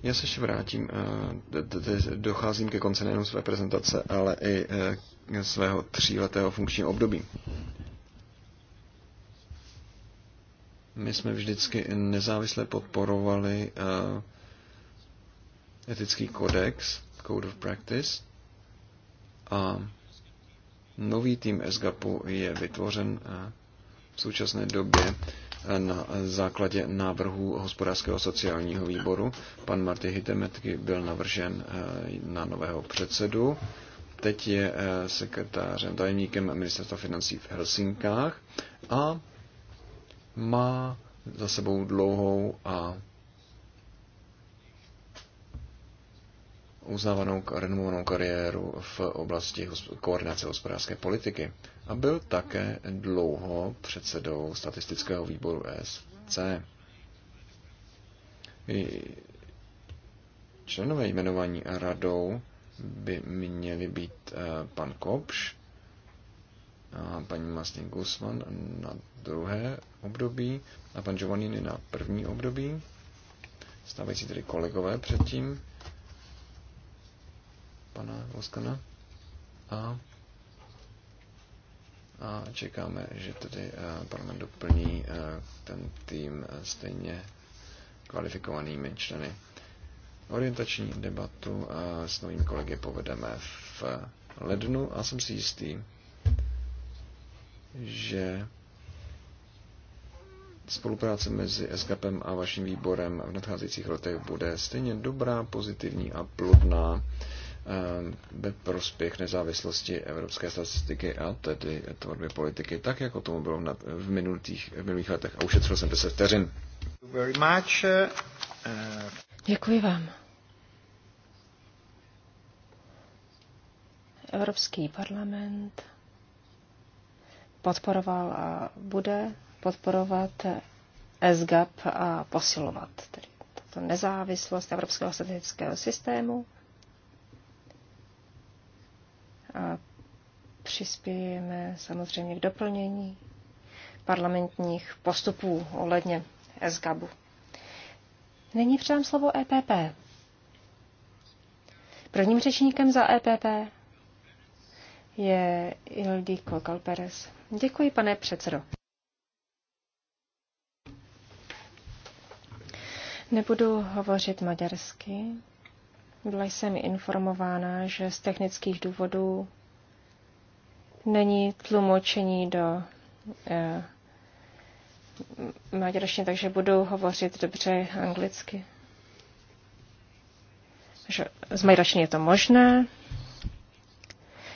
Já se ještě vrátím, eh, docházím ke konci nejenom své prezentace, ale i eh, svého tříletého funkčního období. My jsme vždycky nezávisle podporovali eh, etický kodex, Code of Practice, a nový tým SGAPu je vytvořen v současné době na základě návrhu hospodářského sociálního výboru. Pan Marty Hitemetky byl navržen eh, na nového předsedu. Teď je eh, sekretářem, tajemníkem ministerstva financí v Helsinkách a má za sebou dlouhou a uznávanou renomovanou kariéru v oblasti koordinace hospodářské politiky a byl také dlouho předsedou statistického výboru ESC. Členové jmenování radou by měli být eh, pan Kopš a paní Mastin Gusman na druhé období a pan Giovannini na první období, stávající tedy kolegové předtím pana Voskana a, a čekáme, že tedy parlament doplní ten tým stejně kvalifikovanými členy. Orientační debatu s novým kolegy povedeme v lednu a jsem si jistý, že spolupráce mezi SKP a vaším výborem v nadcházejících letech bude stejně dobrá, pozitivní a plodná ve prospěch nezávislosti evropské statistiky a tedy tvorby politiky, tak jako tomu bylo v minulých, v minulých letech. A ušetřil jsem 10 vteřin. Uh, uh, Děkuji vám. Evropský parlament podporoval a bude podporovat SGAP a posilovat tedy tato nezávislost Evropského statistického systému a přispějeme samozřejmě k doplnění parlamentních postupů ohledně SGABu. Nyní předám slovo EPP. Prvním řečníkem za EPP je Ildiko Kalperes. Děkuji, pane předsedo. Nebudu hovořit maďarsky, byla jsem informována, že z technických důvodů není tlumočení do eh, maďarštiny, takže budu hovořit dobře anglicky. Že z maďarštiny je to možné.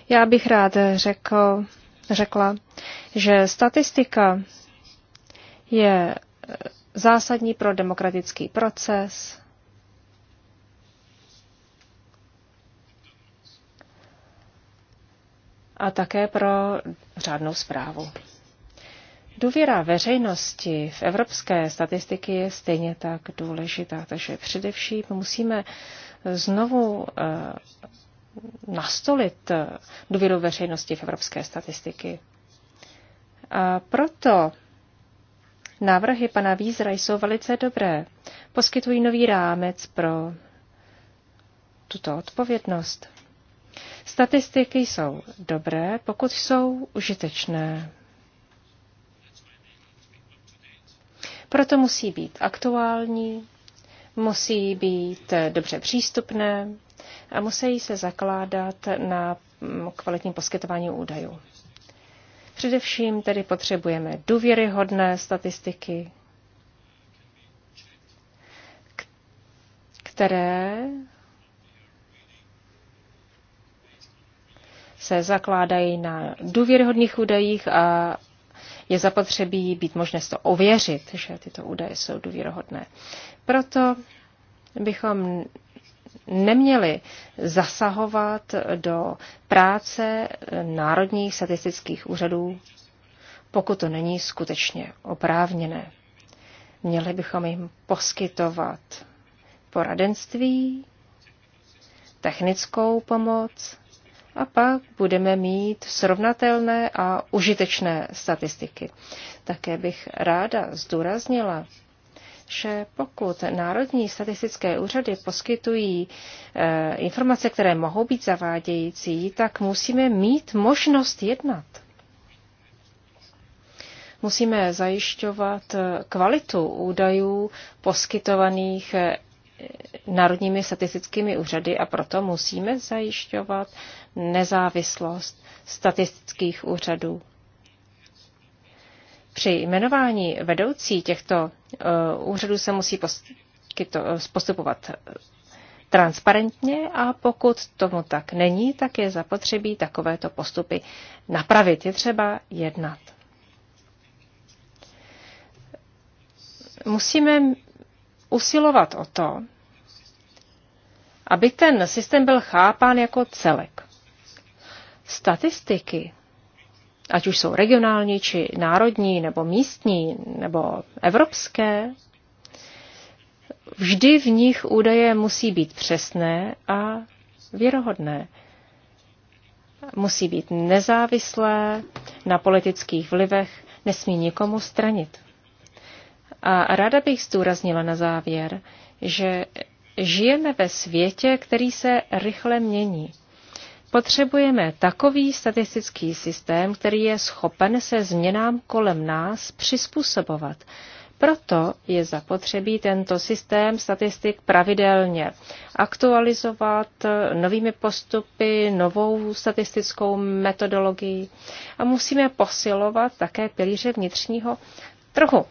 Já bych rád řekl, řekla, že statistika je eh, zásadní pro demokratický proces, a také pro řádnou zprávu. Důvěra veřejnosti v evropské statistiky je stejně tak důležitá, takže především musíme znovu eh, nastolit eh, důvěru veřejnosti v evropské statistiky. A proto návrhy pana Vízra jsou velice dobré. Poskytují nový rámec pro tuto odpovědnost. Statistiky jsou dobré, pokud jsou užitečné. Proto musí být aktuální, musí být dobře přístupné a musí se zakládat na mm, kvalitním poskytování údajů. Především tedy potřebujeme důvěryhodné statistiky, které se zakládají na důvěryhodných údajích a je zapotřebí být možné to ověřit, že tyto údaje jsou důvěryhodné. Proto bychom neměli zasahovat do práce národních statistických úřadů, pokud to není skutečně oprávněné. Měli bychom jim poskytovat poradenství, technickou pomoc a pak budeme mít srovnatelné a užitečné statistiky. Také bych ráda zdůraznila, že pokud národní statistické úřady poskytují e, informace, které mohou být zavádějící, tak musíme mít možnost jednat. Musíme zajišťovat eh, kvalitu údajů poskytovaných eh, národními statistickými úřady a proto musíme zajišťovat nezávislost statistických úřadů. Při jmenování vedoucí těchto eh, úřadů se musí eh, postupovat transparentně a pokud tomu tak není, tak je zapotřebí takovéto postupy napravit. Je třeba jednat. Musíme usilovat o to, aby ten systém byl chápán jako celek statistiky, ať už jsou regionální, či národní, nebo místní, nebo evropské, vždy v nich údaje musí být přesné a věrohodné. Musí být nezávislé na politických vlivech, nesmí nikomu stranit. A ráda bych zdůraznila na závěr, že žijeme ve světě, který se rychle mění. Potřebujeme takový statistický systém, který je schopen se změnám kolem nás přizpůsobovat. Proto je zapotřebí tento systém statistik pravidelně aktualizovat novými postupy, novou statistickou metodologii a musíme posilovat také pilíře vnitřního trhu.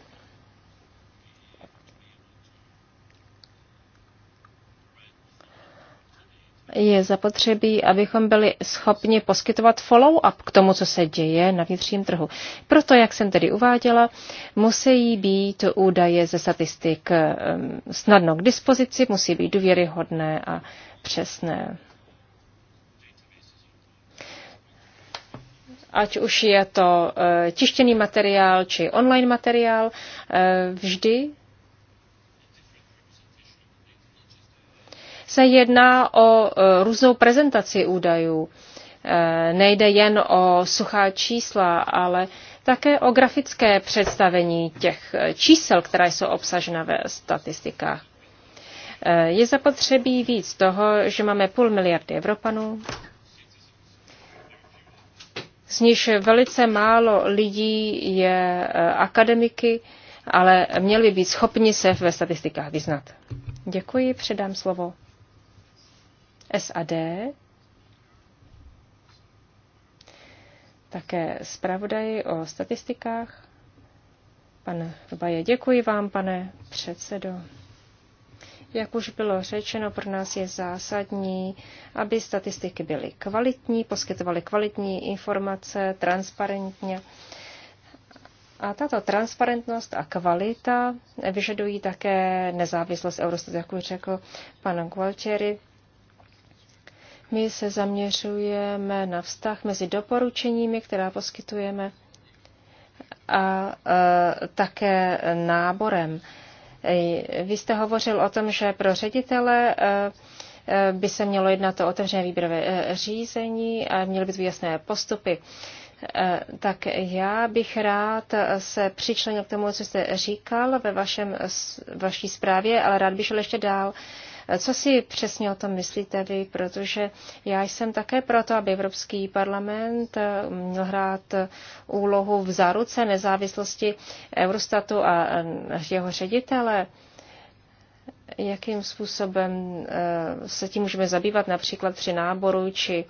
je zapotřebí, abychom byli schopni poskytovat follow-up k tomu, co se děje na vnitřním trhu. Proto, jak jsem tedy uváděla, musí být údaje ze statistik snadno k dispozici, musí být důvěryhodné a přesné. Ať už je to eh, tištěný materiál či online materiál, eh, vždy se jedná o e, různou prezentaci údajů. E, nejde jen o suchá čísla, ale také o grafické představení těch e, čísel, která jsou obsažena ve statistikách. Je zapotřebí víc toho, že máme půl miliardy Evropanů, z níž velice málo lidí je akademiky, ale měli být schopni se ve statistikách vyznat. Děkuji, předám slovo SAD, také zpravodaji o statistikách. Pan Baje, děkuji vám, pane předsedo. Jak už bylo řečeno, pro nás je zásadní, aby statistiky byly kvalitní, poskytovaly kvalitní informace transparentně. A tato transparentnost a kvalita vyžadují také nezávislost Eurostatu, jak už řekl pan Gualtieri. My se zaměřujeme na vztah mezi doporučeními, která poskytujeme, a e, také náborem. E, vy jste hovořil o tom, že pro ředitele e, by se mělo jednat o otevřené výběrové řízení a měly by být jasné postupy. Tak já bych rád se přičlenil k tomu, co jste říkal ve vašem, vaší zprávě, ale rád bych šel ještě dál. Co si přesně o tom myslíte vy? Protože já jsem také proto, aby Evropský parlament eh, měl hrát eh, úlohu v záruce nezávislosti Eurostatu a eh, jeho ředitele. Jakým způsobem se tím můžeme zabývat například při náboru či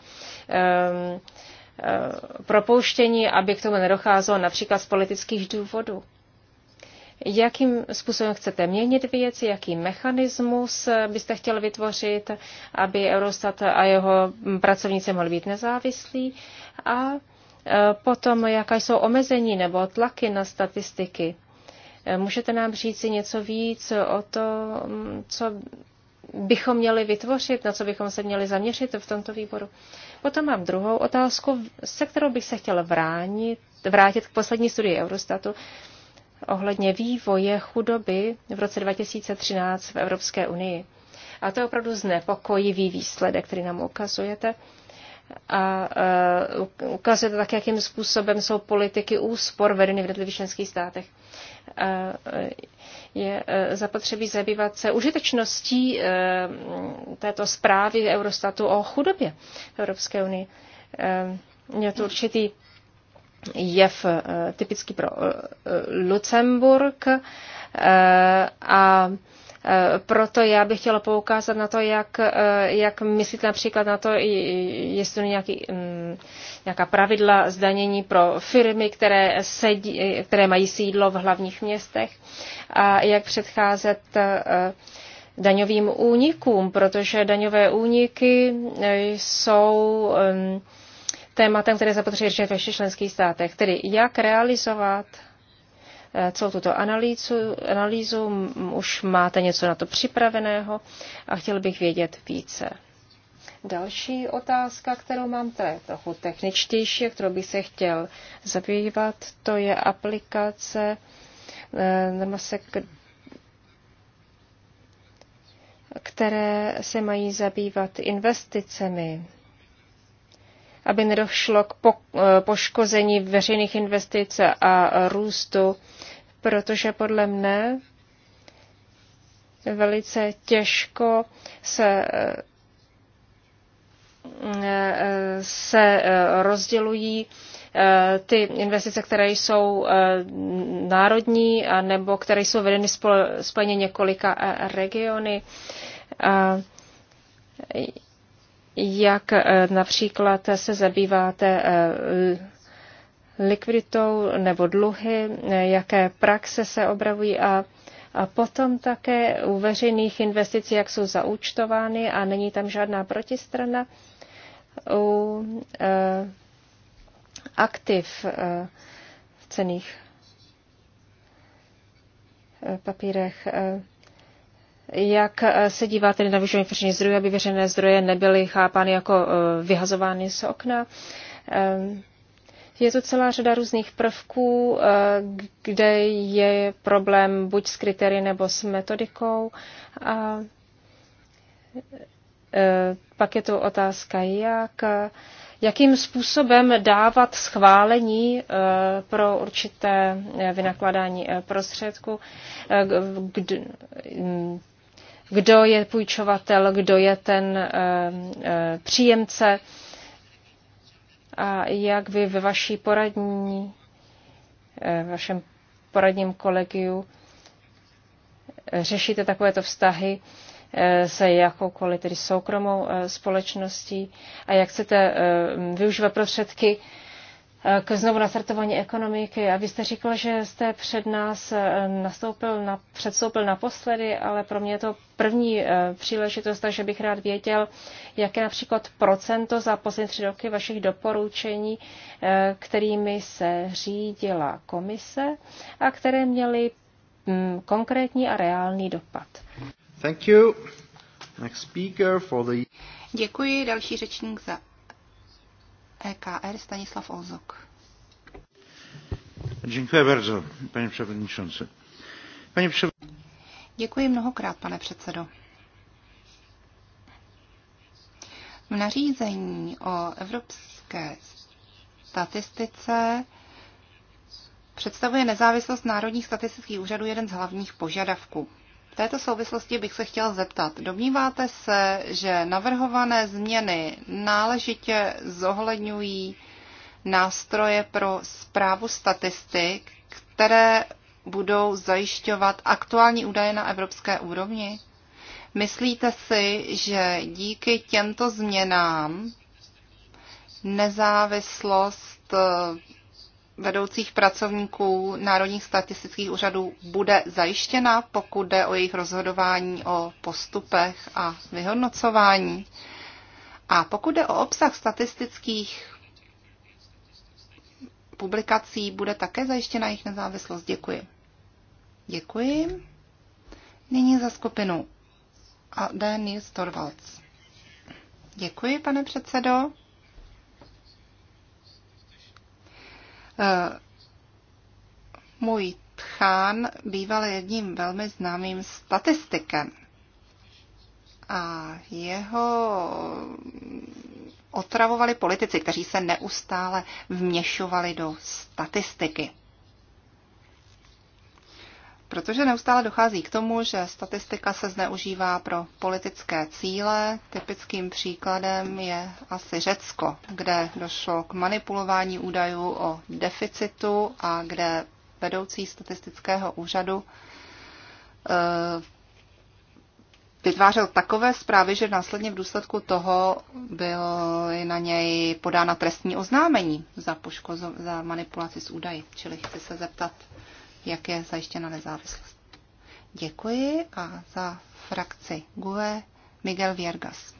ehm, propouštění, aby k tomu nedocházelo například z politických důvodů? jakým způsobem chcete měnit věci, jaký mechanismus byste chtěl vytvořit, aby Eurostat a jeho pracovníci mohli být nezávislí a e, potom, jaká jsou omezení nebo tlaky na statistiky. E, můžete nám si něco víc o to, co bychom měli vytvořit, na co bychom se měli zaměřit v tomto výboru. Potom mám druhou otázku, se kterou bych se chtěla vránit, vrátit k poslední studii Eurostatu ohledně vývoje chudoby v roce 2013 v Evropské unii. A to je opravdu znepokojivý výsledek, který nám ukazujete. A uh, ukazujete tak, jakým způsobem jsou politiky úspor vedeny v jednotlivých členských státech. Uh, je uh, zapotřebí zabývat se užitečností uh, této zprávy Eurostatu o chudobě v Evropské unii. Uh, je to určitý jev eh, typický pro eh, Lucemburg eh, a proto já bych chtěla poukázat na to, jak, jak myslit například na to, jestli to nějaký, mm, nějaká pravidla zdanění pro firmy, které, sedí, které mají sídlo v hlavních městech a jak předcházet daňovým únikům, protože daňové úniky jsou tématem, které zapotřebuje řešit ve všech členských státech, tedy jak realizovat eh, celou tuto analýzu, analýzu. Už máte něco na to připraveného a chtěl bych vědět více. Další otázka, kterou mám, to je trochu techničtější, kterou bych se chtěl zabývat, to je aplikace eh, které se mají zabývat investicemi aby nedošlo k eh, poškození veřejných investic a růstu, protože podle mne velice těžko se eh, se eh, rozdělují ty investice, které jsou národní nebo které jsou vedeny spojeně několika regiony jak eh, například se zabýváte eh, likviditou nebo dluhy, eh, jaké praxe se obravují a, a potom také u veřejných investic, jak jsou zaúčtovány a není tam žádná protistrana. U e, aktiv e, v cených papírech. E, jak eh, se díváte na využívání veřejných zdrojů, aby veřejné zdroje nebyly chápány jako eh, vyhazovány z okna? Ehm, je to celá řada různých prvků, eh, kde je problém buď s kritérii nebo s metodikou. A pak je to otázka, jak, jakým způsobem dávat schválení pro určité vynakládání prostředku kdo je půjčovatel, kdo je ten eh, eh, příjemce a jak vy ve vaší poradní, v eh, vašem poradním kolegiu řešíte takovéto vztahy se jakoukoliv tedy soukromou společností a jak chcete využívat prostředky k znovu nastartování ekonomiky. A vy jste říkal, že jste před nás eh, nastoupil na, předstoupil naposledy, ale pro mě je to první eh, příležitost, takže bych rád věděl, jaké například procento za poslední tři roky vašich doporučení, eh, kterými se řídila komise a které měly mm, konkrétní a reálný dopad. Thank you. Next speaker for the... Děkuji, další řečník za EKR Stanislav Ozok. Dziękuję bardzo, panie przewodniczący. Panie przewodniczący. Děkuji mnohokrát, pane předsedo. V nařízení o evropské statistice představuje nezávislost národních statistických úřadů jeden z hlavních požadavků. V této souvislosti bych se chtěl zeptat. Domníváte se, že navrhované změny náležitě zohledňují nástroje pro zprávu statistik, které budou zajišťovat aktuální údaje na evropské úrovni? Myslíte si, že díky těmto změnám nezávislost vedoucích pracovníků Národních statistických úřadů bude zajištěna, pokud jde o jejich rozhodování o postupech a vyhodnocování. A pokud jde o obsah statistických publikací, bude také zajištěna jejich nezávislost. Děkuji. Děkuji. Nyní za skupinu Denis Storvalds. Děkuji, pane předsedo. Eh, můj Tchán býval jedním velmi známým statistikem a jeho otravovali politici, kteří se neustále vměšovali do statistiky. Protože neustále dochází k tomu, že statistika se zneužívá pro politické cíle. Typickým příkladem je asi Řecko, kde došlo k manipulování údajů o deficitu a kde vedoucí statistického úřadu eh, vytvářel takové zprávy, že následně v důsledku toho byly na něj podána trestní oznámení za, poškozo- za manipulaci s údaji. Čili chci se zeptat, jak je zajištěna nezávislost. Děkuji a za frakci GUE Miguel Viergas.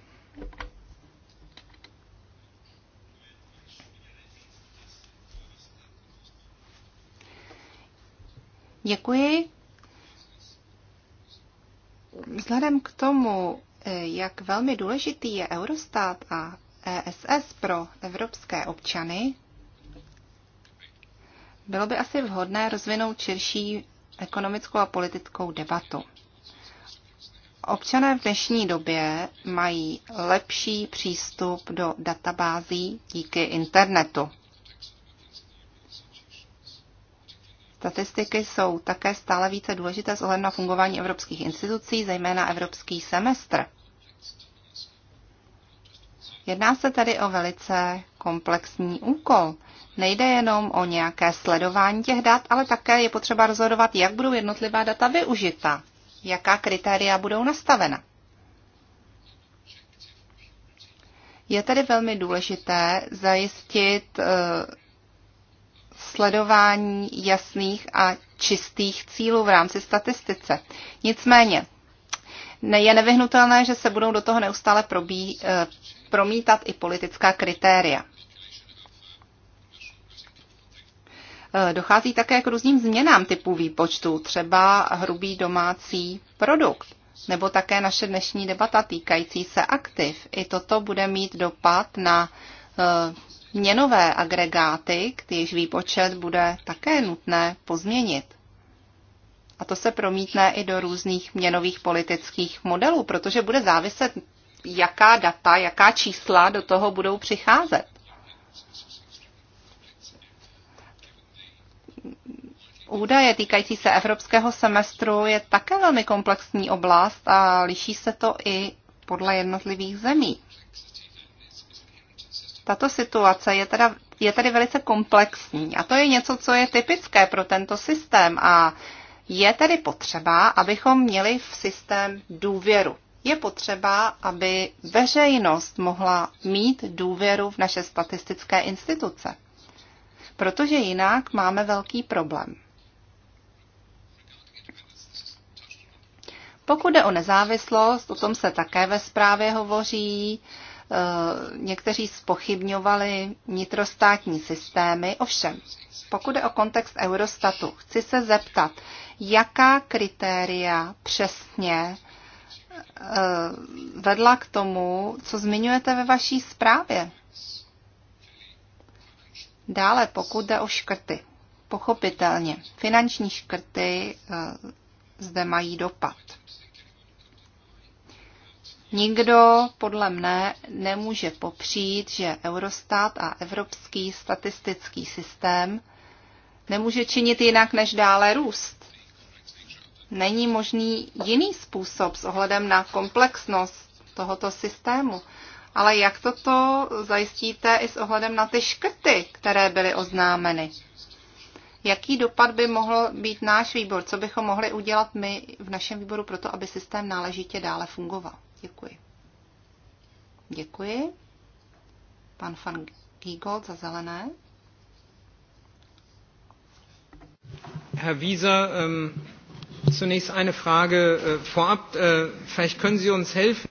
Děkuji. Vzhledem k tomu, eh, jak velmi důležitý je Eurostat a ESS pro evropské občany, bylo by asi vhodné rozvinout širší ekonomickou a politickou debatu. Občané v dnešní době mají lepší přístup do databází díky internetu. Statistiky jsou také stále více důležité z ohledu na fungování evropských institucí, zejména evropský semestr. Jedná se tedy o velice komplexní úkol, Nejde jenom o nějaké sledování těch dat, ale také je potřeba rozhodovat, jak budou jednotlivá data využita, jaká kritéria budou nastavena. Je tedy velmi důležité zajistit eh, sledování jasných a čistých cílů v rámci statistice. Nicméně, je nevyhnutelné, že se budou do toho neustále probí, eh, promítat i politická kritéria. Eh, dochází také k různým změnám typů výpočtu, třeba hrubý domácí produkt, nebo také naše dnešní debata týkající se aktiv. I toto bude mít dopad na eh, měnové agregáty, jejichž výpočet bude také nutné pozměnit. A to se promítne i do různých měnových politických modelů, protože bude záviset, jaká data, jaká čísla do toho budou přicházet. údaje týkající se evropského semestru je také velmi komplexní oblast a liší se to i podle jednotlivých zemí. Tato situace je, teda, je tedy velice komplexní a to je něco, co je typické pro tento systém a je tedy potřeba, abychom měli v systém důvěru. Je potřeba, aby veřejnost mohla mít důvěru v naše statistické instituce, protože jinak máme velký problém. Pokud jde o nezávislost, o tom se také ve zprávě hovoří, eh, někteří spochybňovali nitrostátní systémy. Ovšem, pokud jde o kontext Eurostatu, chci se zeptat, jaká kritéria přesně eh, vedla k tomu, co zmiňujete ve vaší zprávě. Dále, pokud jde o škrty, pochopitelně, finanční škrty eh, zde mají dopad. Nikdo podle mne nemůže popřít, že Eurostat a Evropský statistický systém nemůže činit jinak než dále růst. Není možný jiný způsob s ohledem na komplexnost tohoto systému. Ale jak toto zajistíte i s ohledem na ty škrty, které byly oznámeny? Jaký dopad by mohl být náš výbor? Co bychom mohli udělat my v našem výboru pro to, aby systém náležitě dále fungoval? Děkuji. Děkuji. Pan Van Giegold za zelené. Herr Wieser, um, zunächst eine Frage uh, vorab. Uh, vielleicht können Sie uns helfen.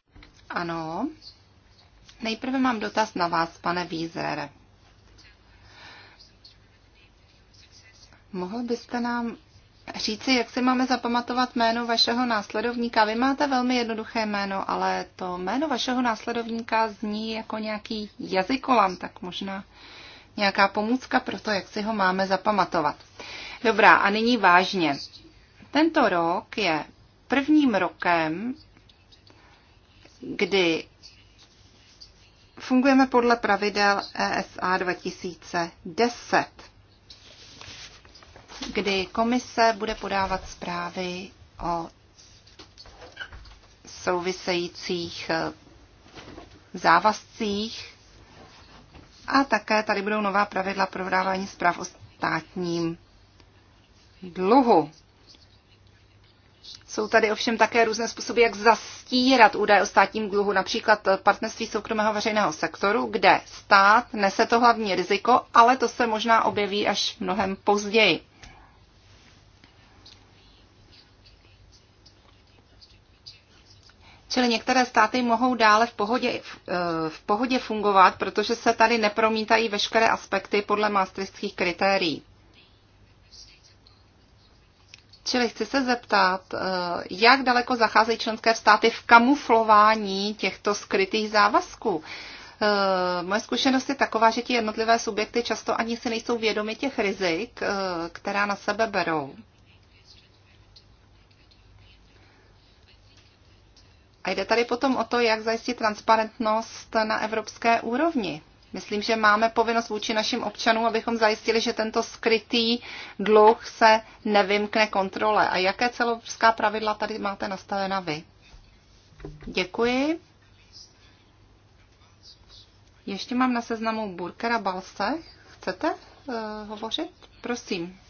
Ano. Nejprve mám dotaz na vás, pane Wieser. Mohl byste nám říci, jak si máme zapamatovat jméno vašeho následovníka? Vy máte velmi jednoduché jméno, ale to jméno vašeho následovníka zní jako nějaký jazykolam, tak možná nějaká pomůcka pro to, jak si ho máme zapamatovat. Dobrá, a nyní vážně. Tento rok je prvním rokem, kdy fungujeme podle pravidel e ESA 2010 kdy komise bude podávat zprávy o souvisejících eh, závazcích a také tady budou nová pravidla pro vydávání zpráv o státním dluhu. Jsou tady ovšem také různé způsoby, jak zastírat údaje o státním dluhu, například eh, partnerství soukromého veřejného sektoru, kde stát nese to hlavní riziko, ale to se možná objeví až mnohem později. Čili některé státy mohou dále v pohodě, eh, v pohodě fungovat, protože se tady nepromítají veškeré aspekty podle maastrichtských kritérií. Čili chci se zeptat, eh, jak daleko zacházejí členské státy v kamuflování těchto skrytých závazků? Eh, moje zkušenost je taková, že ti jednotlivé subjekty často ani si nejsou vědomi těch rizik, která na sebe berou. A jde tady potom o to, jak zajistit transparentnost na evropské úrovni. Myslím, že máme povinnost vůči našim občanům, abychom zajistili, že tento skrytý dluh se nevymkne kontrole. A jaké celovská pravidla tady máte nastavena vy? Děkuji. Ještě mám na seznamu Burkera Balse. Chcete uh, hovořit? Prosím.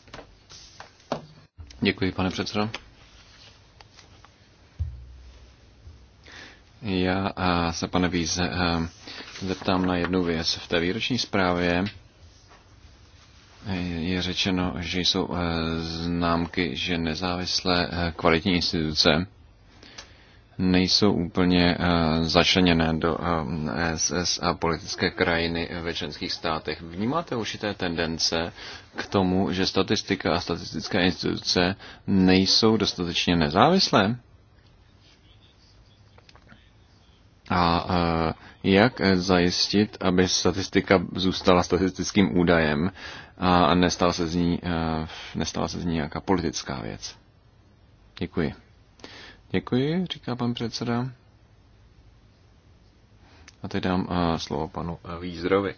Děkuji, pane předsedo. Já se, pane Víze, zeptám na jednu věc. V té výroční zprávě je řečeno, že jsou e, známky, že nezávislé e, kvalitní instituce nejsou úplně e, začleněné do SS a politické krajiny ve členských státech. Vnímáte určité tendence k tomu, že statistika a statistické instituce nejsou dostatečně nezávislé? A e, jak e, zajistit, aby statistika zůstala statistickým údajem a nestala se z ní, e, nestala se z ní nějaká politická věc? Děkuji. Děkuji, říká pan předseda. A teď dám slovo panu Vízrovi.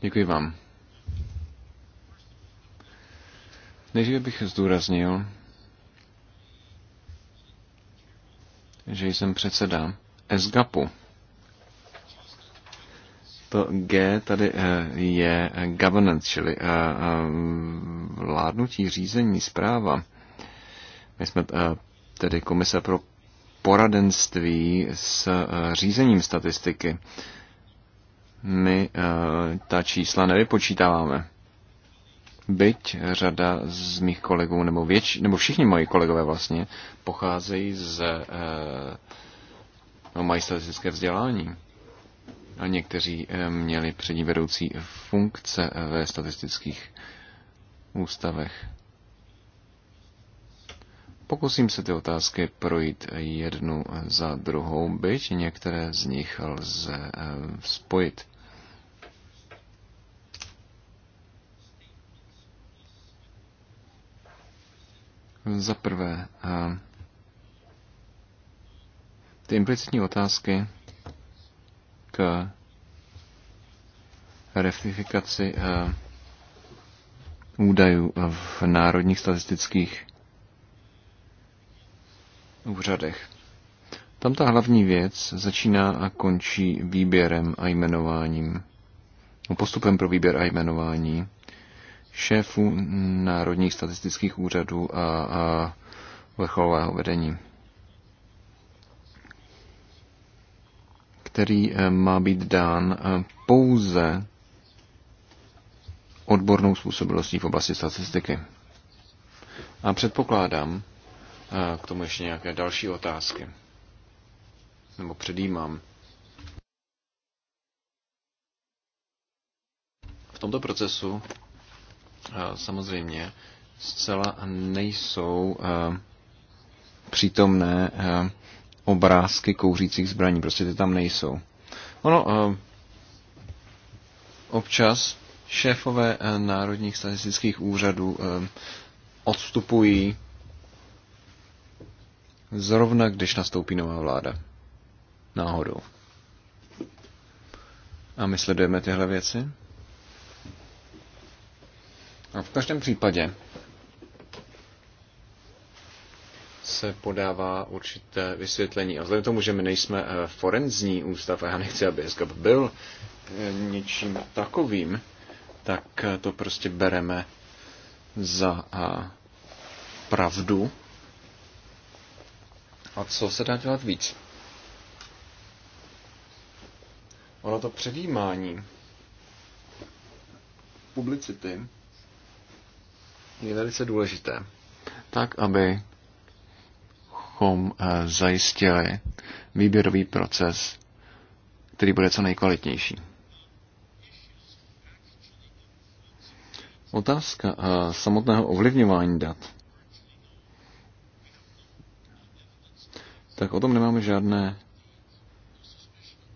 Děkuji vám. Nejdříve bych zdůraznil, že jsem předseda SGAPu. To G tady eh, je governance, čili eh, eh, vládnutí, řízení, zpráva. My jsme tedy komise pro poradenství s řízením statistiky. My ta čísla nevypočítáváme byť řada z mých kolegů, nebo, větš, nebo všichni moji kolegové vlastně, pocházejí z, eh, no, mají statistické vzdělání. A někteří eh, měli přední vedoucí funkce eh, ve statistických ústavech. Pokusím se ty otázky projít jednu za druhou, byť některé z nich lze eh, spojit. Za prvé, eh, ty implicitní otázky k rectifikaci eh, údajů v národních statistických úřadech. Tam ta hlavní věc začíná a končí výběrem a jmenováním, no, postupem pro výběr a jmenování šéfů národních statistických úřadů a, a vrcholového vedení, který eh, má být dán eh, pouze odbornou způsobilostí v oblasti statistiky. A předpokládám eh, k tomu ještě nějaké další otázky. Nebo předjímám. V tomto procesu Eh, samozřejmě zcela nejsou eh, přítomné eh, obrázky kouřících zbraní. Prostě ty tam nejsou. Ono občas šéfové národních statistických úřadů odstupují zrovna, když nastoupí nová vláda. Náhodou. A my sledujeme tyhle věci? A v každém případě se podává určité vysvětlení. A vzhledem k tomu, že my nejsme eh, forenzní ústav, a já nechci, aby SGAP byl eh, něčím takovým, tak eh, to prostě bereme za pravdu. A co se dá dělat víc? Ono to předjímání publicity je velice důležité. Tak, aby abychom eh, zajistili výběrový proces, který bude co nejkvalitnější. Otázka eh, samotného ovlivňování dat. Tak o tom nemáme žádné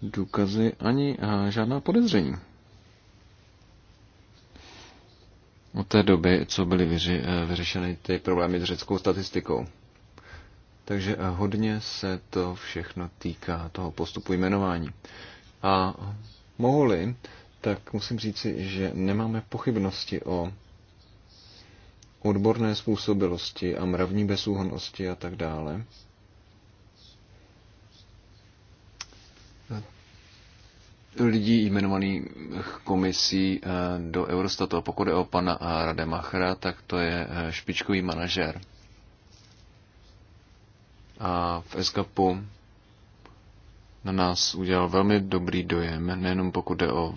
důkazy ani eh, žádná podezření. od té doby, co byly vyři, eh, vyřešeny ty problémy s řeckou statistikou. Takže eh, hodně se to všechno týká toho postupu jmenování. A mohu-li, tak musím říci, že nemáme pochybnosti o odborné způsobilosti a mravní bezúhonnosti a tak dále. lidí jmenovaných komisí eh, do Eurostatu. A pokud je o pana eh, Rademachra, tak to je eh, špičkový manažer. A v ESCAPu na nás udělal velmi dobrý dojem, nejenom pokud jde o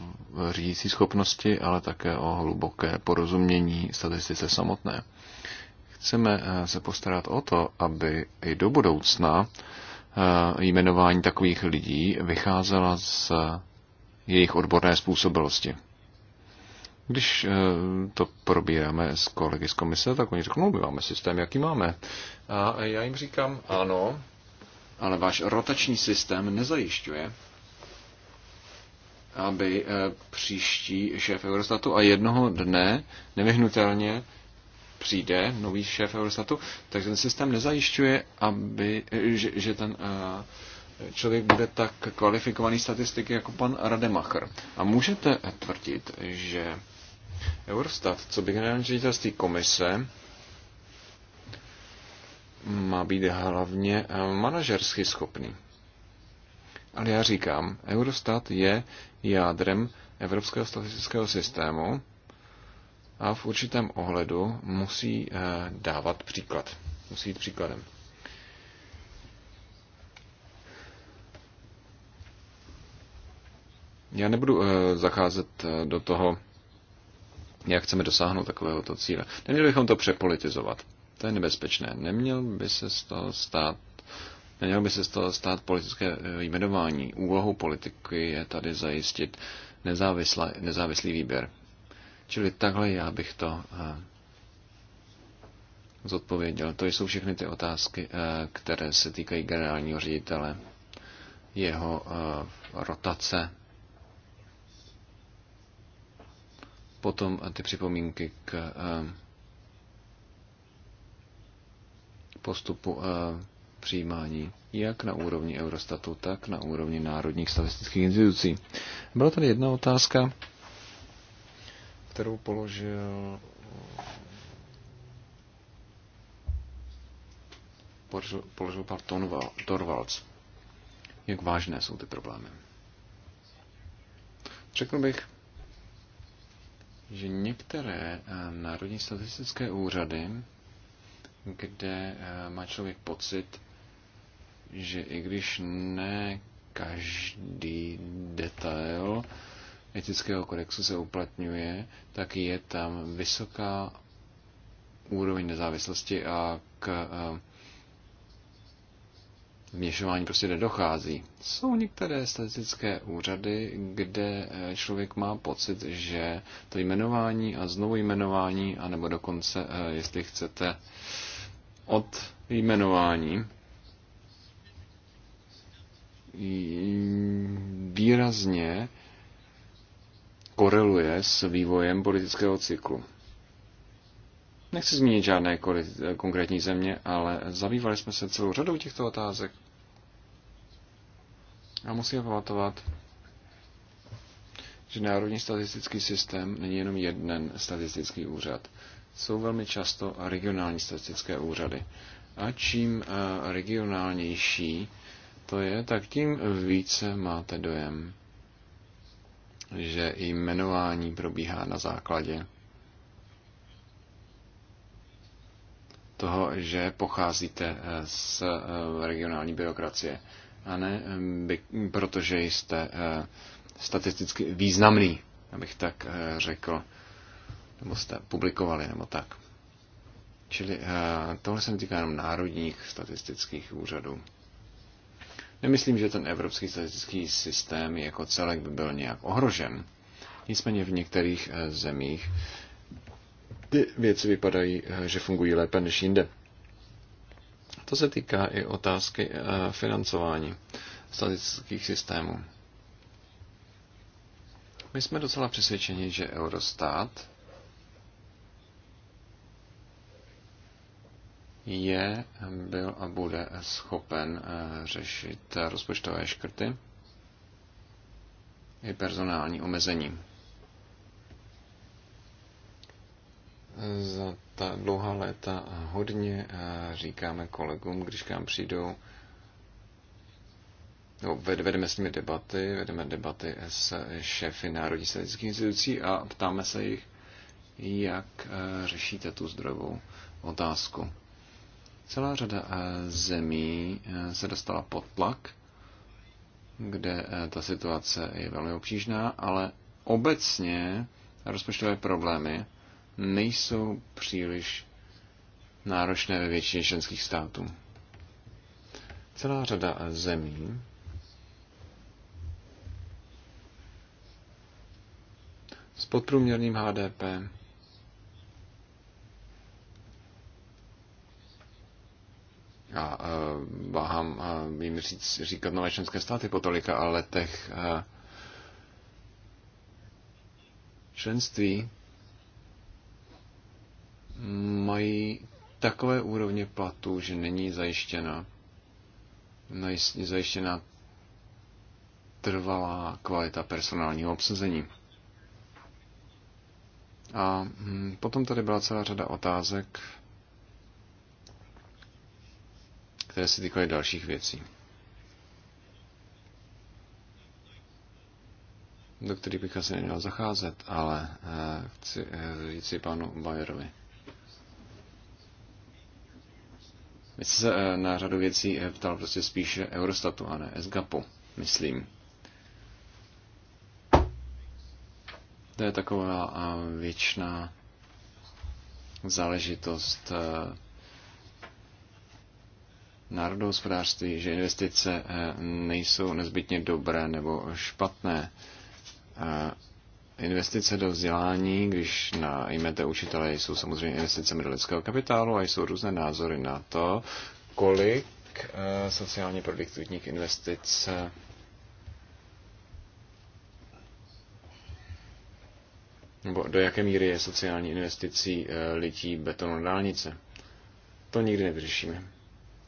řídící schopnosti, ale také o hluboké porozumění statistice samotné. Chceme se postarat o to, aby i do budoucna jmenování takových lidí vycházela z jejich odborné způsobilosti. Když eh, to probíráme s kolegy z komise, tak oni řeknou, no, my máme systém, jaký máme. A já jim říkám, ano, ale váš rotační systém nezajišťuje, aby eh, příští šéf Eurostatu a jednoho dne nevyhnutelně přijde nový šéf Eurostatu, tak ten systém nezajišťuje, aby, eh, že, že ten uh, člověk bude tak kvalifikovaný statistiky jako pan Rademacher. A můžete tvrdit, že Eurostat, co by generální ředitelství komise, má být hlavně eh, manažersky schopný. Ale já říkám, Eurostat je jádrem evropského statistického systému a v určitém ohledu musí eh, dávat příklad. Musí jít příkladem. Já nebudu eh, zacházet eh, do toho, jak chceme dosáhnout takovéhoto cíle. Neměli bychom to přepolitizovat. To je nebezpečné. Neměl by se z toho stát Nemělo by se z toho stát politické eh, jmenování. Úlohou politiky je tady zajistit nezávislý výběr. Čili takhle já bych to zodpověděl. To jsou všechny ty otázky, které se týkají generálního ředitele, jeho rotace potom ty připomínky k eh, postupu eh, přijímání jak na úrovni Eurostatu, tak na úrovni národních statistických institucí. Byla tady jedna otázka, kterou položil položil, položil pan Torvalds. Jak vážné jsou ty problémy? Řekl bych, že některé eh, národní statistické úřady, kde eh, má člověk pocit, že i když ne každý detail etického kodexu se uplatňuje, tak je tam vysoká úroveň nezávislosti a k eh, vměšování prostě nedochází. Jsou některé statistické úřady, kde eh, člověk má pocit, že to jmenování a znovu jmenování, anebo dokonce, eh, jestli chcete, od jmenování výrazně koreluje s vývojem politického cyklu. Nechci zmínit žádné eh, konkrétní země, ale zabývali jsme se celou řadou těchto otázek. A musíme pamatovat, že Národní statistický systém není jenom jeden statistický úřad. Jsou velmi často regionální statistické úřady. A čím eh, regionálnější to je, tak tím více máte dojem, že i jmenování probíhá na základě toho, že pocházíte eh, z eh, regionální byrokracie a ne eh, by, protože jste eh, statisticky významný, abych tak eh, řekl, nebo jste publikovali, nebo tak. Čili tohle se netýká jenom národních statistických úřadů. Nemyslím, že ten evropský statistický systém jako celek by byl nějak ohrožen. Nicméně v některých zemích ty věci vypadají, že fungují lépe než jinde. To se týká i otázky eh, financování statistických systémů. My jsme docela přesvědčeni, že Eurostat je, byl a bude schopen eh, řešit rozpočtové škrty i personální omezení. Za ta dlouhá léta hodně říkáme kolegům, když k nám přijdou, no, vedeme s nimi debaty, vedeme debaty s šéfy národních statistických institucí a ptáme se jich, jak e, řešíte tu zdravou otázku. Celá řada e, zemí e, se dostala pod tlak, kde ta situace je velmi obtížná, ale obecně rozpočtové problémy nejsou příliš náročné ve většině členských států. Celá řada zemí s podprůměrným HDP já uh, váhám uh, jim říct, říkat nové členské státy po tolika letech uh, členství mají takové úrovně platů, že není zajištěna, zajištěna trvalá kvalita personálního obsazení. A hm, potom tady byla celá řada otázek, které se týkaly dalších věcí, do kterých bych asi neměl zacházet, ale eh, chci eh, říct si panu Bayerovi. Vy jste se eh, na řadu věcí eh, ptal prostě spíše Eurostatu a ne SGAPu, myslím. To je taková eh, věčná záležitost hospodářství, že investice nejsou nezbytně dobré nebo špatné. Investice do vzdělání, když najmete učitele, jsou samozřejmě investicemi do lidského kapitálu a jsou různé názory na to, kolik eh, sociálně produktivních investic nebo do jaké míry je sociální investicí eh, lití betonu na dálnice. To nikdy nevyřešíme.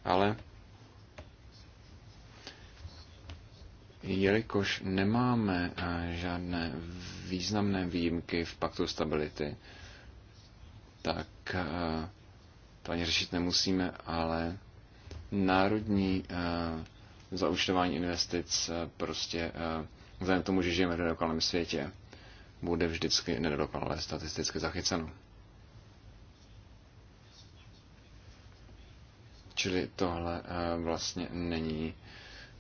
Ale jelikož nemáme eh, žádné významné výjimky v paktu stability, tak eh, to ani řešit nemusíme, ale národní eh, zaučtování investic prostě vzhledem tomu, že žijeme v nedokonalém světě, bude vždycky nedokonalé statisticky zachyceno. Čili tohle vlastně není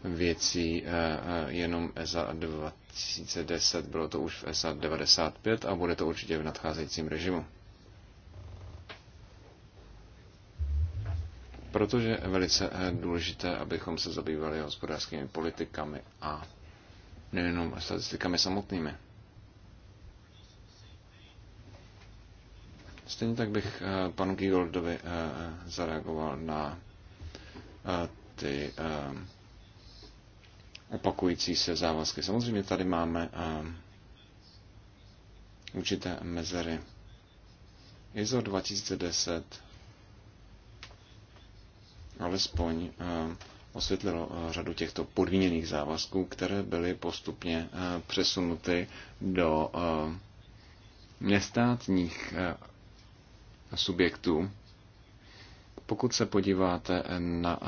věcí eh, eh, jenom ESA 2010, bylo to už v ESA 95 a bude to určitě v nadcházejícím režimu. Protože je velice eh, důležité, abychom se zabývali hospodářskými politikami a nejenom statistikami samotnými. Stejně tak bych panu Gigoldovi zareagoval na ty opakující se závazky. Samozřejmě tady máme eh, určité mezery. ISO 2010 alespoň eh, osvětlilo eh, řadu těchto podmíněných závazků, které byly postupně přesunuty do nestátních subjektů. Pokud se podíváte na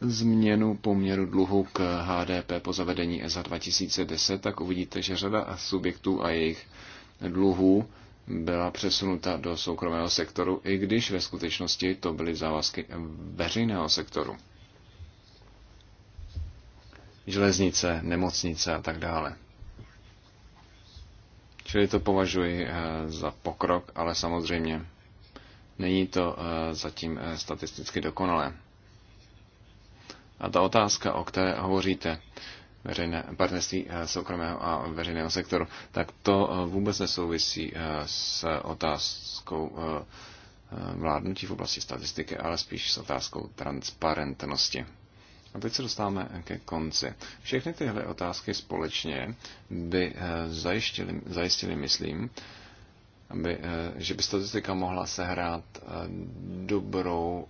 změnu poměru dluhu k HDP po zavedení e ESA 2010, tak uvidíte, že řada subjektů a jejich dluhů byla přesunuta do soukromého sektoru, i když ve skutečnosti to byly závazky veřejného sektoru. Železnice, nemocnice a tak dále. Čili to považuji eh, za pokrok, ale samozřejmě není to eh, zatím eh, statisticky dokonalé. A ta otázka, o které hovoříte, veřejné partnerství eh, soukromého a veřejného sektoru, tak to eh, vůbec nesouvisí eh, s otázkou vládnutí v oblasti statistiky, ale spíš s otázkou transparentnosti. A teď se dostáváme ke konci. Všechny tyhle otázky společně by zajistili, zajistili myslím, aby, že by statistika mohla sehrát dobrou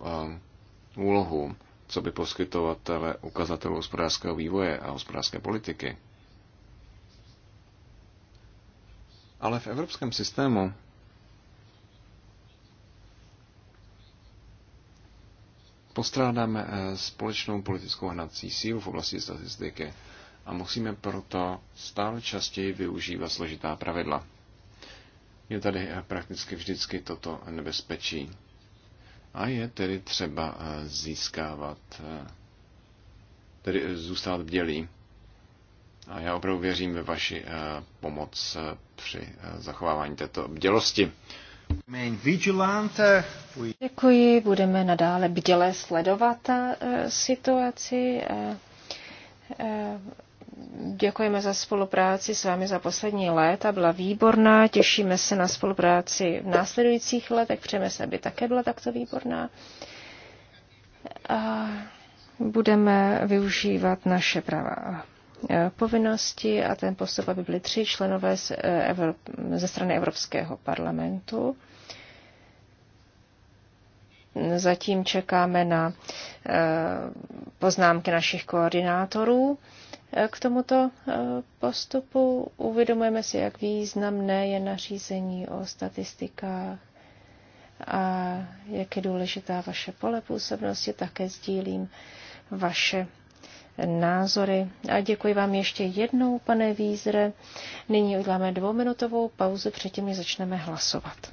úlohu co by poskytovatele ukazatelů hospodářského vývoje a hospodářské politiky. Ale v evropském systému postrádáme eh, společnou politickou hnací sílu v oblasti statistiky a musíme proto stále častěji využívat složitá pravidla. Je tady eh, prakticky vždycky toto nebezpečí a je tedy třeba eh, získávat, eh, tedy eh, zůstat bdělý. A já opravdu věřím ve vaši pomoc při zachovávání této bdělosti. Děkuji, budeme nadále bděle sledovat situaci Děkujeme za spolupráci s vámi za poslední léta, byla výborná, těšíme se na spolupráci v následujících letech, přejeme se, aby také byla takto výborná. A budeme využívat naše práva e, povinnosti a ten postup, aby byli tři členové z e, Evrop, ze strany Evropského parlamentu. Zatím čekáme na e, poznámky našich koordinátorů. K tomuto eh, postupu uvědomujeme si, jak významné je nařízení o statistikách a jak je důležitá vaše pole působnosti, také sdílím vaše názory. A děkuji vám ještě jednou, pane Vízre. Nyní uděláme dvouminutovou pauzu, předtím než začneme hlasovat.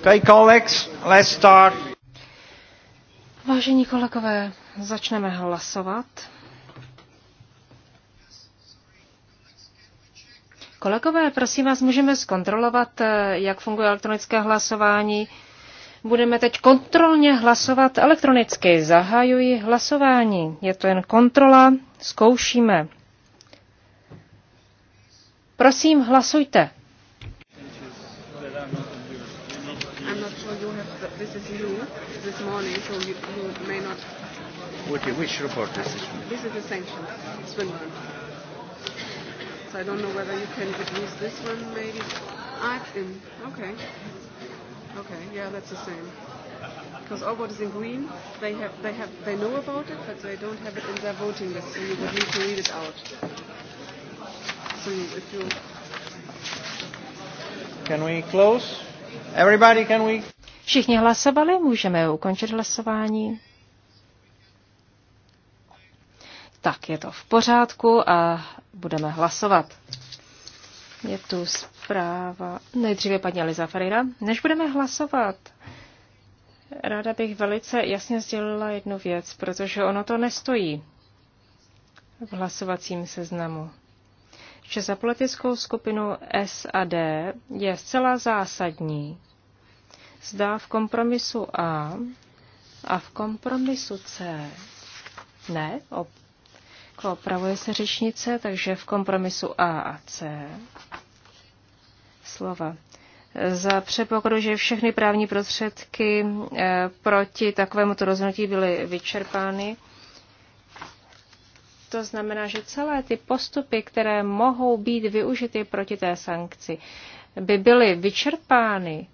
Okay, colleagues, let's start. Vážení kolegové, začneme hlasovat. Kolegové, prosím vás, můžeme zkontrolovat, eh, jak funguje elektronické hlasování. Budeme teď kontrolně hlasovat elektronicky. Zahajuji hlasování. Je to jen kontrola. Zkoušíme. Prosím, hlasujte. is Liu this morning, so you, you may not. Would you, which report is this? is the sanctions, Swinburne. So I don't know whether you can use this one, maybe. I've been, okay. Okay, yeah, that's the same. Because all what is in green, they have, they have, they know about it, but they don't have it in their voting list, so you would need to read it out. So if you. Can we close? Everybody, can we? Všichni hlasovali, můžeme ukončit hlasování. Tak, je to v pořádku a budeme hlasovat. Je tu zpráva. Nejdříve paní Eliza Ferreira. Než budeme hlasovat, ráda bych velice jasně sdělila jednu věc, protože ono to nestojí v hlasovacím seznamu. Že za politickou skupinu SAD je zcela zásadní, zda v kompromisu A a v kompromisu C ne, opravuje se řečnice, takže v kompromisu A a C slova za předpokladu, že všechny právní prostředky eh, proti takovému to rozhodnutí byly vyčerpány. To znamená, že celé ty postupy, které mohou být využity proti té sankci, by byly vyčerpány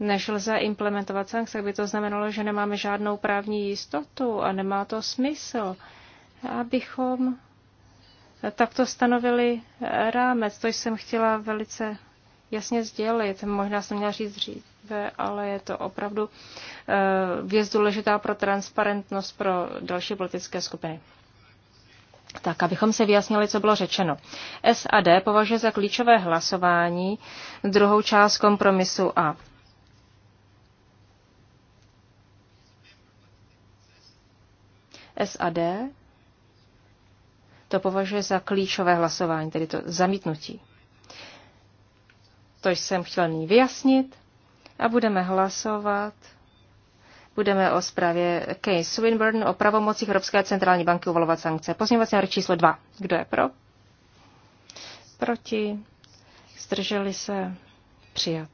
než lze implementovat sankce, by to znamenalo, že nemáme žádnou právní jistotu a nemá to smysl, abychom takto stanovili rámec. To jsem chtěla velice jasně sdělit. Možná jsem měla říct dříve, ale je to opravdu eh, věc důležitá pro transparentnost pro další politické skupiny. Tak, abychom se vyjasnili, co bylo řečeno. SAD považuje za klíčové hlasování druhou část kompromisu A. SAD to považuje za klíčové hlasování, tedy to zamítnutí. To jsem chtěl nyní vyjasnit a budeme hlasovat. Budeme o zprávě Case Swinburne o pravomocích Evropské centrální banky uvalovat sankce. Pozměňovací návrh číslo 2. Kdo je pro? Proti? Zdrželi se? Přijat.